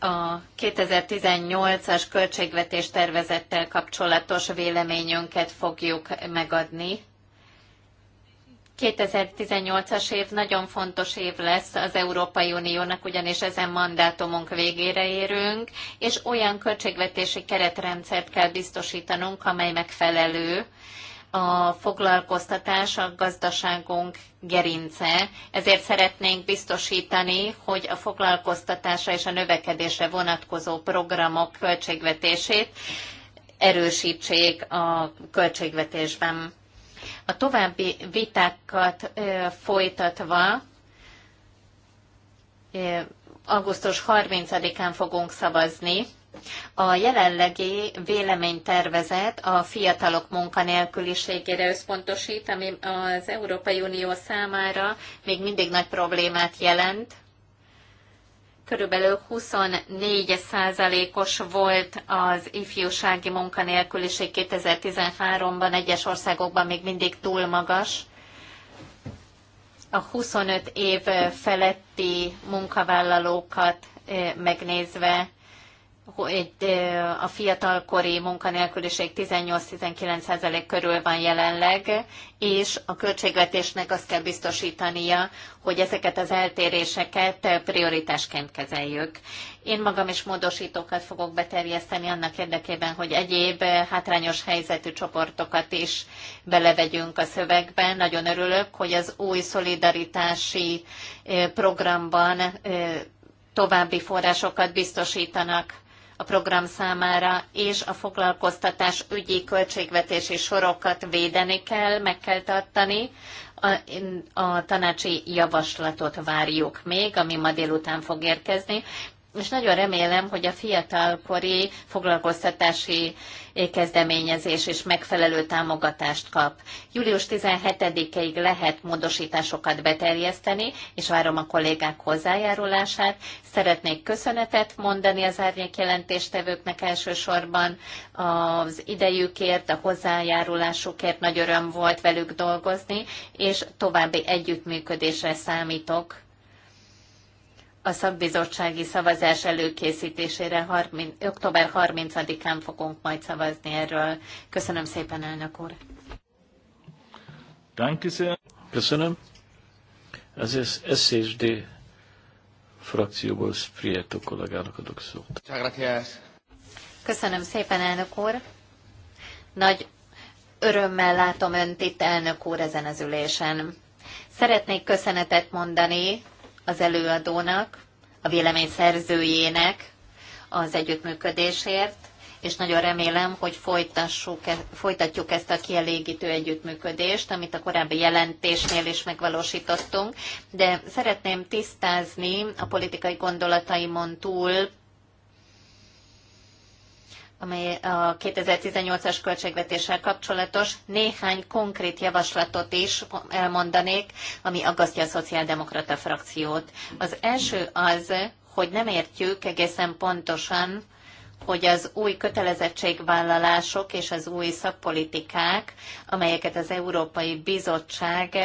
a 2018-as költségvetés tervezettel kapcsolatos véleményünket fogjuk megadni. 2018-as év nagyon fontos év lesz az Európai Uniónak, ugyanis ezen mandátumunk végére érünk, és olyan költségvetési keretrendszert kell biztosítanunk, amely megfelelő a foglalkoztatás a gazdaságunk gerince, ezért szeretnénk biztosítani, hogy a foglalkoztatásra és a növekedésre vonatkozó programok költségvetését erősítsék a költségvetésben. A további vitákat folytatva augusztus 30-án fogunk szavazni. A jelenlegi véleménytervezet a fiatalok munkanélküliségére összpontosít, ami az Európai Unió számára még mindig nagy problémát jelent körülbelül 24 százalékos volt az ifjúsági munkanélküliség 2013-ban, egyes országokban még mindig túl magas. A 25 év feletti munkavállalókat eh, megnézve hogy a fiatalkori munkanélküliség 18-19% körül van jelenleg, és a költségvetésnek azt kell biztosítania, hogy ezeket az eltéréseket prioritásként kezeljük. Én magam is módosítókat fogok beterjeszteni annak érdekében, hogy egyéb hátrányos helyzetű csoportokat is belevegyünk a szövegben. Nagyon örülök, hogy az új szolidaritási programban további forrásokat biztosítanak a program számára, és a foglalkoztatás ügyi költségvetési sorokat védeni kell, meg kell tartani. A, a tanácsi javaslatot várjuk még, ami ma délután fog érkezni, és nagyon remélem, hogy a fiatalkori foglalkoztatási kezdeményezés és megfelelő támogatást kap. Július 17-ig lehet módosításokat beterjeszteni, és várom a kollégák hozzájárulását. Szeretnék köszönetet mondani az árnyék jelentéstevőknek elsősorban az idejükért, a hozzájárulásukért nagy öröm volt velük dolgozni, és további együttműködésre számítok a szakbizottsági szavazás előkészítésére 30, október 30-án fogunk majd szavazni erről. Köszönöm szépen, elnök úr! Köszönöm. Ez az SSD frakcióból Sprieto kollégának adok szót. Köszönöm szépen, elnök úr! Nagy örömmel látom Önt itt, elnök úr, ezen az ülésen. Szeretnék köszönetet mondani az előadónak, a vélemény szerzőjének az együttműködésért, és nagyon remélem, hogy folytassuk, e- folytatjuk ezt a kielégítő együttműködést, amit a korábbi jelentésnél is megvalósítottunk, de szeretném tisztázni a politikai gondolataimon túl amely a 2018-as költségvetéssel kapcsolatos, néhány konkrét javaslatot is elmondanék, ami aggasztja a szociáldemokrata frakciót. Az első az, hogy nem értjük egészen pontosan, hogy az új kötelezettségvállalások és az új szakpolitikák, amelyeket az Európai Bizottság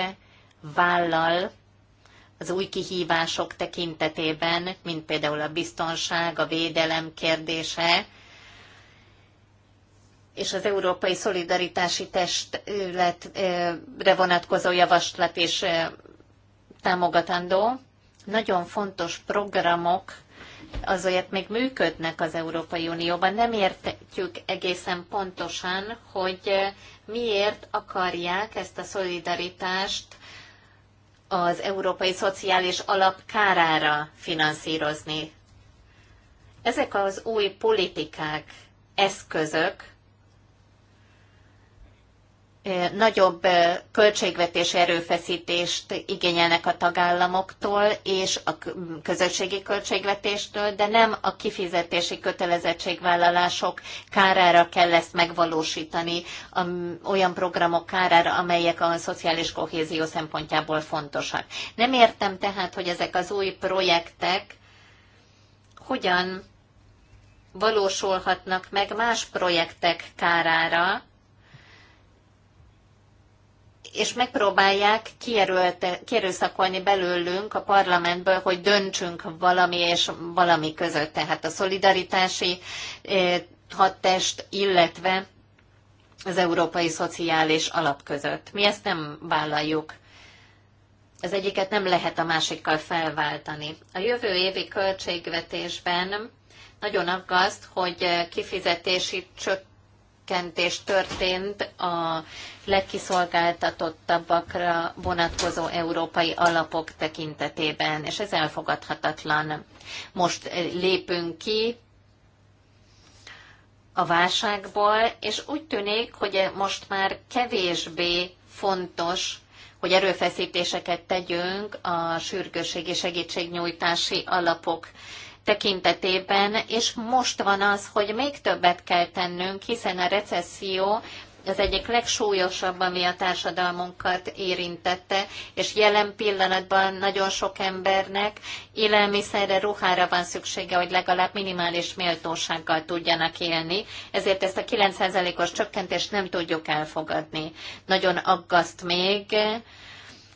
vállal az új kihívások tekintetében, mint például a biztonság, a védelem kérdése, és az Európai Szolidaritási Testületre vonatkozó javaslat is támogatandó. Nagyon fontos programok azért még működnek az Európai Unióban. Nem értjük egészen pontosan, hogy miért akarják ezt a szolidaritást az Európai Szociális Alap kárára finanszírozni. Ezek az új politikák, eszközök, nagyobb költségvetési erőfeszítést igényelnek a tagállamoktól és a közösségi költségvetéstől, de nem a kifizetési kötelezettségvállalások kárára kell ezt megvalósítani, olyan programok kárára, amelyek a szociális kohézió szempontjából fontosak. Nem értem tehát, hogy ezek az új projektek hogyan valósulhatnak meg más projektek kárára, és megpróbálják kierőszakolni belőlünk a parlamentből, hogy döntsünk valami és valami között. Tehát a szolidaritási eh, hadtest, illetve az Európai Szociális Alap között. Mi ezt nem vállaljuk. Az egyiket nem lehet a másikkal felváltani. A jövő évi költségvetésben nagyon aggaszt, hogy kifizetési csökkentés csökkentés történt a legkiszolgáltatottabbakra vonatkozó európai alapok tekintetében, és ez elfogadhatatlan. Most eh, lépünk ki a válságból, és úgy tűnik, hogy eh, most már kevésbé fontos hogy erőfeszítéseket tegyünk a sürgősségi segítségnyújtási alapok tekintetében, és most van az, hogy még többet kell tennünk, hiszen a recesszió az egyik legsúlyosabb, ami a társadalmunkat érintette, és jelen pillanatban nagyon sok embernek élelmiszerre, ruhára van szüksége, hogy legalább minimális méltósággal tudjanak élni, ezért ezt a 9%-os csökkentést nem tudjuk elfogadni. Nagyon aggaszt még,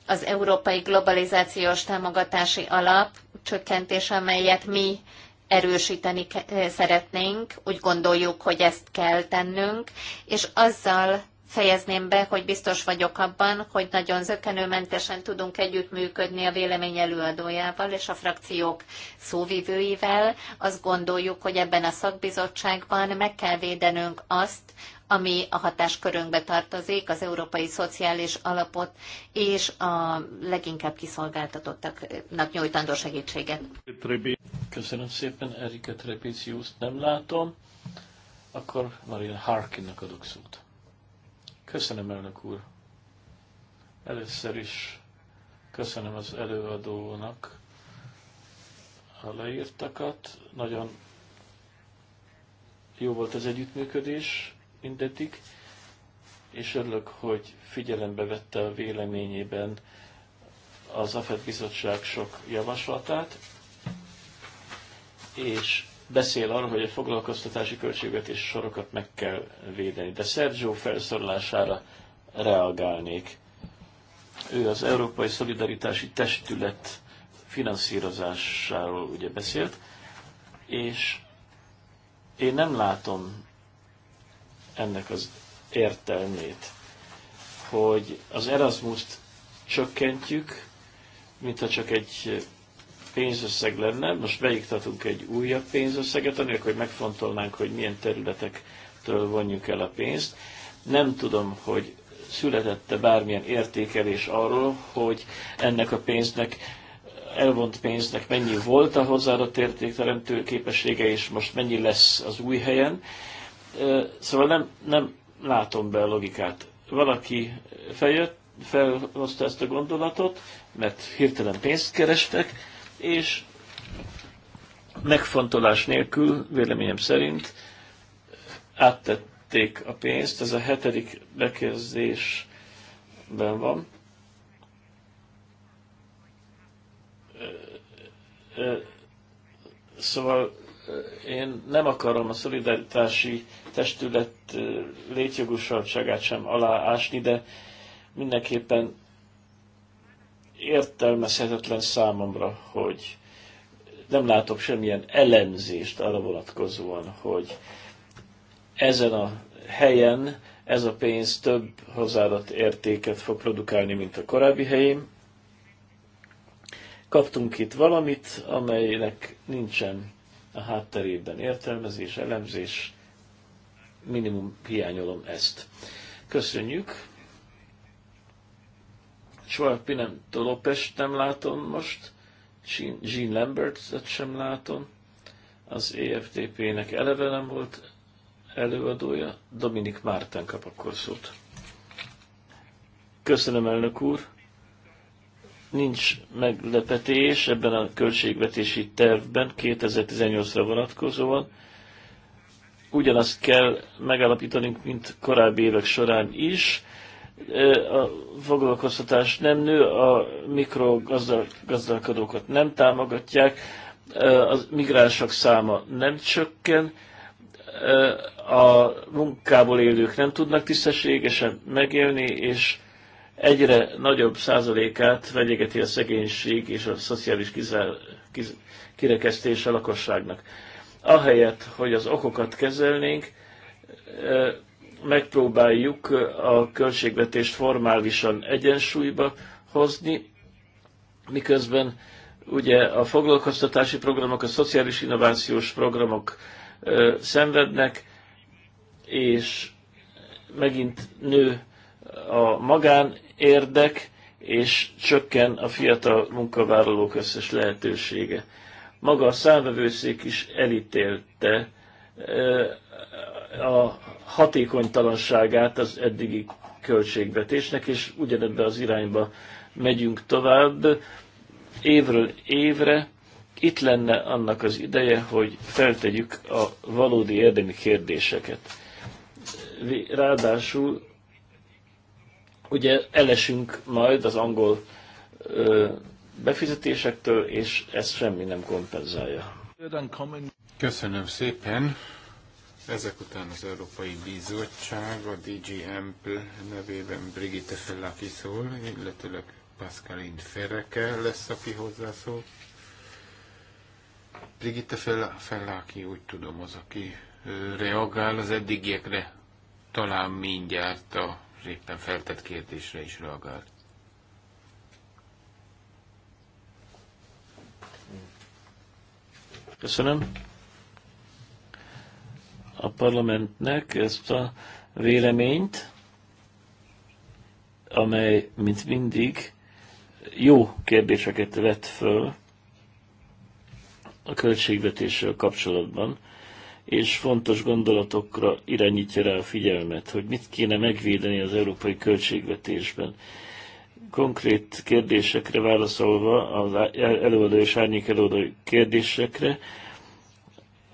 az Európai Globalizációs Támogatási Alap csökkentése amelyet mi erősíteni eh, szeretnénk, úgy gondoljuk, hogy ezt kell tennünk, és azzal fejezném be, hogy biztos vagyok abban, hogy nagyon zökkenőmentesen tudunk együttműködni a vélemény előadójával és a frakciók szóvivőivel. Azt gondoljuk, hogy ebben a szakbizottságban meg kell védenünk azt, ami a hatáskörünkbe tartozik, az Európai Szociális Alapot és a leginkább kiszolgáltatottaknak nyújtandó segítséget. Köszönöm szépen, Erika Trepéciuszt nem látom. Akkor Marian Harkinnak adok szót. Köszönöm, elnök úr. Először is köszönöm az előadónak a leírtakat. Nagyon jó volt az együttműködés mindeddig, és örülök, hogy figyelembe vette a véleményében az AFED bizottság sok javaslatát, és beszél arról, hogy a foglalkoztatási és sorokat meg kell védeni. De Sergio felszólalására reagálnék. Ő az Európai Szolidaritási Testület finanszírozásáról ugye beszélt, és én nem látom ennek az értelmét, hogy az Erasmus-t csökkentjük, mintha csak egy pénzösszeg lenne, most beiktatunk egy újabb pénzösszeget, anélkül, hogy megfontolnánk, hogy milyen területektől vonjuk el a pénzt. Nem tudom, hogy születette bármilyen értékelés arról, hogy ennek a pénznek, elvont pénznek mennyi volt a hozzáadott értékteremtő képessége, és most mennyi lesz az új helyen. Szóval nem, nem látom be a logikát. Valaki feljött, felhozta ezt a gondolatot, mert hirtelen pénzt kerestek, és megfontolás nélkül, véleményem szerint, áttették a pénzt, ez a hetedik bekezdésben van. Szóval én nem akarom a szolidaritási testület létjogosultságát sem aláásni, de mindenképpen értelmezhetetlen számomra, hogy nem látok semmilyen ellenzést arra vonatkozóan, hogy ezen a helyen ez a pénz több hozzáadott értéket fog produkálni, mint a korábbi helyén. Kaptunk itt valamit, amelynek nincsen a hátterében értelmezés, elemzés, minimum hiányolom ezt. Köszönjük. Schwab nem Lopes nem látom most, Jean lambert sem látom, az EFTP-nek eleve nem volt előadója, Dominik Márten kap akkor szót. Köszönöm, elnök úr! Nincs meglepetés ebben a költségvetési tervben 2018-ra vonatkozóan ugyanazt kell megállapítanunk, mint korábbi évek során is. A foglalkoztatás nem nő, a mikrogazdálkodókat nem támogatják, az migránsok száma nem csökken, a munkából élők nem tudnak tisztességesen megélni, és egyre nagyobb százalékát vegyegeti a szegénység és a szociális kizár, kiz, kirekesztés a lakosságnak ahelyett, hogy az okokat kezelnénk, megpróbáljuk a költségvetést formálisan egyensúlyba hozni, miközben ugye a foglalkoztatási programok, a szociális innovációs programok szenvednek, és megint nő a magánérdek, és csökken a fiatal munkavállalók összes lehetősége maga a számvevőszék is elítélte a hatékonytalanságát az eddigi költségvetésnek, és ugyanebbe az irányba megyünk tovább évről évre. Itt lenne annak az ideje, hogy feltegyük a valódi érdemi kérdéseket. Ráadásul ugye elesünk majd az angol befizetésektől, és ezt semmi nem kompenzálja. Köszönöm szépen. Ezek után az Európai Bizottság a DG Ample nevében Brigitte Fellaki szól, illetőleg Pascalin Ferreke lesz, aki hozzászól. Brigitte Fellaki úgy tudom az, aki reagál az eddigiekre, talán mindjárt a éppen feltett kérdésre is reagált. Köszönöm a parlamentnek ezt a véleményt, amely, mint mindig, jó kérdéseket vett föl a költségvetéssel kapcsolatban, és fontos gondolatokra irányítja rá a figyelmet, hogy mit kéne megvédeni az európai költségvetésben konkrét kérdésekre válaszolva, az előadó és árnyék előadó kérdésekre,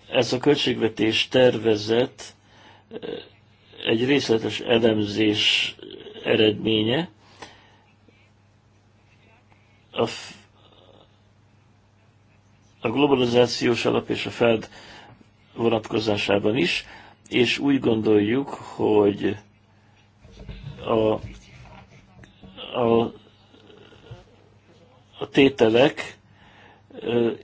ez a költségvetés tervezet eh, egy részletes elemzés eredménye. A, a globalizációs alap és a FED vonatkozásában is, és úgy gondoljuk, hogy a a, a tételek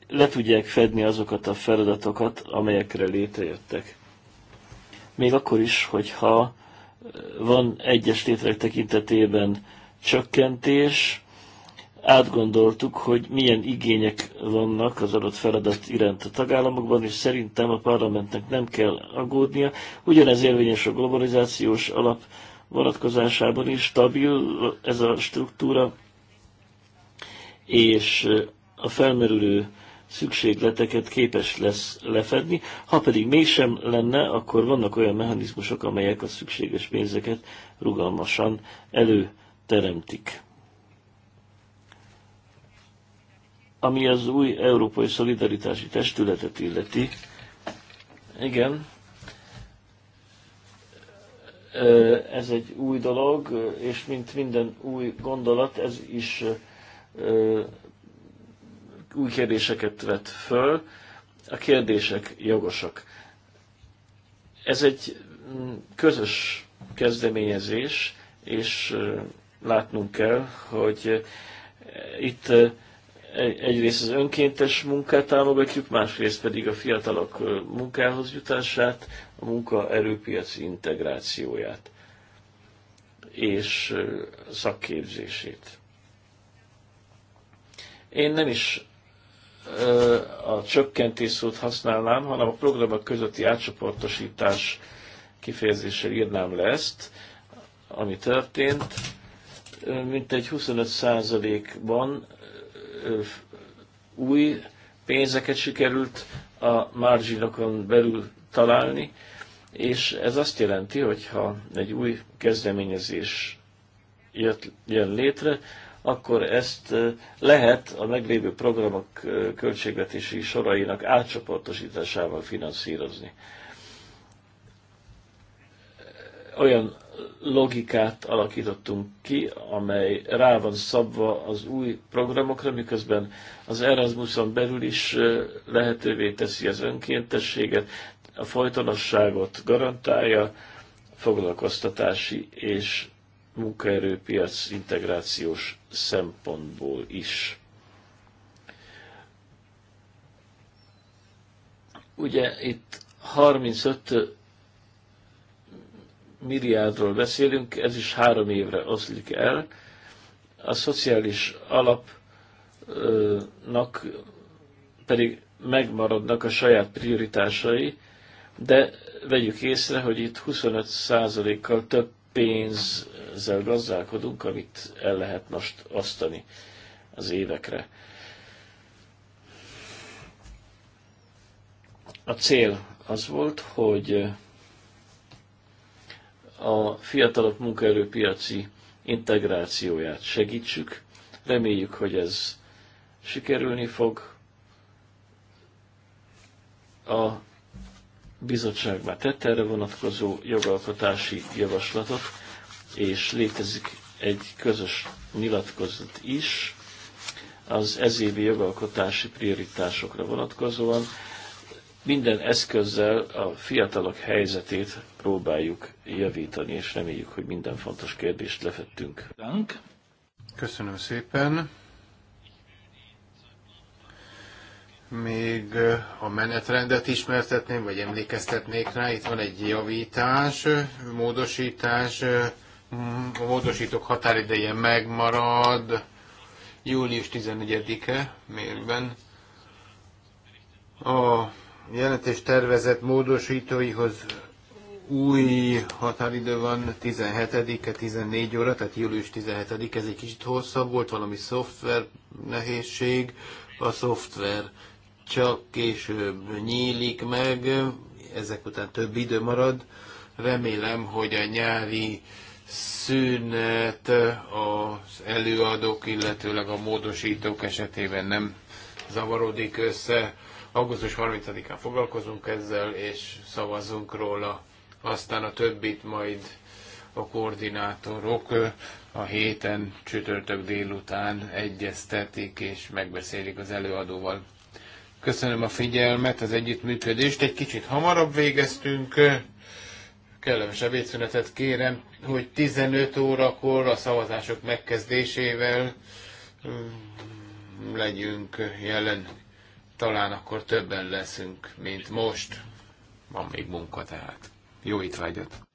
le tudják fedni azokat a feladatokat, amelyekre létrejöttek. Még akkor is, hogyha van egyes tételek tekintetében csökkentés, átgondoltuk, hogy milyen igények vannak az adott feladat iránt a tagállamokban, és szerintem a parlamentnek nem kell aggódnia. Ugyanez érvényes a globalizációs alap vonatkozásában is stabil ez a struktúra, és a felmerülő szükségleteket képes lesz lefedni. Ha pedig mégsem lenne, akkor vannak olyan mechanizmusok, amelyek a szükséges pénzeket rugalmasan előteremtik. Ami az új Európai Szolidaritási Testületet illeti, igen, ez egy új dolog, és mint minden új gondolat, ez is új kérdéseket vet föl. A kérdések jogosak. Ez egy mm, közös kezdeményezés, és látnunk kell, hogy itt egyrészt az önkéntes munkát támogatjuk, másrészt pedig a fiatalok munkához jutását, a munkaerőpiaci integrációját és szakképzését. Én nem is a csökkentés szót használnám, hanem a programok közötti átcsoportosítás kifejezéssel írnám le ezt, ami történt. Mintegy 25%-ban új pénzeket sikerült a marginokon belül találni, és ez azt jelenti, hogy ha egy új kezdeményezés jött, jön létre, akkor ezt lehet a meglévő programok költségvetési sorainak átcsoportosításával finanszírozni. Olyan logikát alakítottunk ki, amely rá van szabva az új programokra, miközben az Erasmuson belül is lehetővé teszi az önkéntességet, a folytonosságot garantálja, foglalkoztatási és munkaerőpiac integrációs szempontból is. Ugye itt 35 milliárdról beszélünk, ez is három évre oszlik el. A szociális alapnak pedig megmaradnak a saját prioritásai, de vegyük észre, hogy itt 25%-kal több pénzzel gazdálkodunk, amit el lehet most osztani az évekre. A cél az volt, hogy a fiatalok munkaerőpiaci integrációját segítsük. Reméljük, hogy ez sikerülni fog. A bizottság már tette erre vonatkozó jogalkotási javaslatot, és létezik egy közös nyilatkozat is az ezévi jogalkotási prioritásokra vonatkozóan minden eszközzel a fiatalok helyzetét próbáljuk javítani, és reméljük, hogy minden fontos kérdést lefettünk. Köszönöm szépen. Még a menetrendet ismertetném, vagy emlékeztetnék rá. Itt van egy javítás, módosítás. A módosítók határideje megmarad július 11-e mérben. A jelentés tervezett módosítóihoz új határidő van 17-e, 14 óra, tehát július 17 ez egy kicsit hosszabb volt, valami szoftver nehézség, a szoftver csak később nyílik meg, ezek után több idő marad. Remélem, hogy a nyári szünet az előadók, illetőleg a módosítók esetében nem zavarodik össze. Augusztus 30-án foglalkozunk ezzel, és szavazunk róla. Aztán a többit majd a koordinátorok a héten csütörtök délután egyeztetik és megbeszélik az előadóval. Köszönöm a figyelmet, az együttműködést. Egy kicsit hamarabb végeztünk. Kellemes ebédszünetet kérem, hogy 15 órakor a szavazások megkezdésével mm, legyünk jelen talán akkor többen leszünk, mint most. Van még munka tehát. Jó itt étvágyat!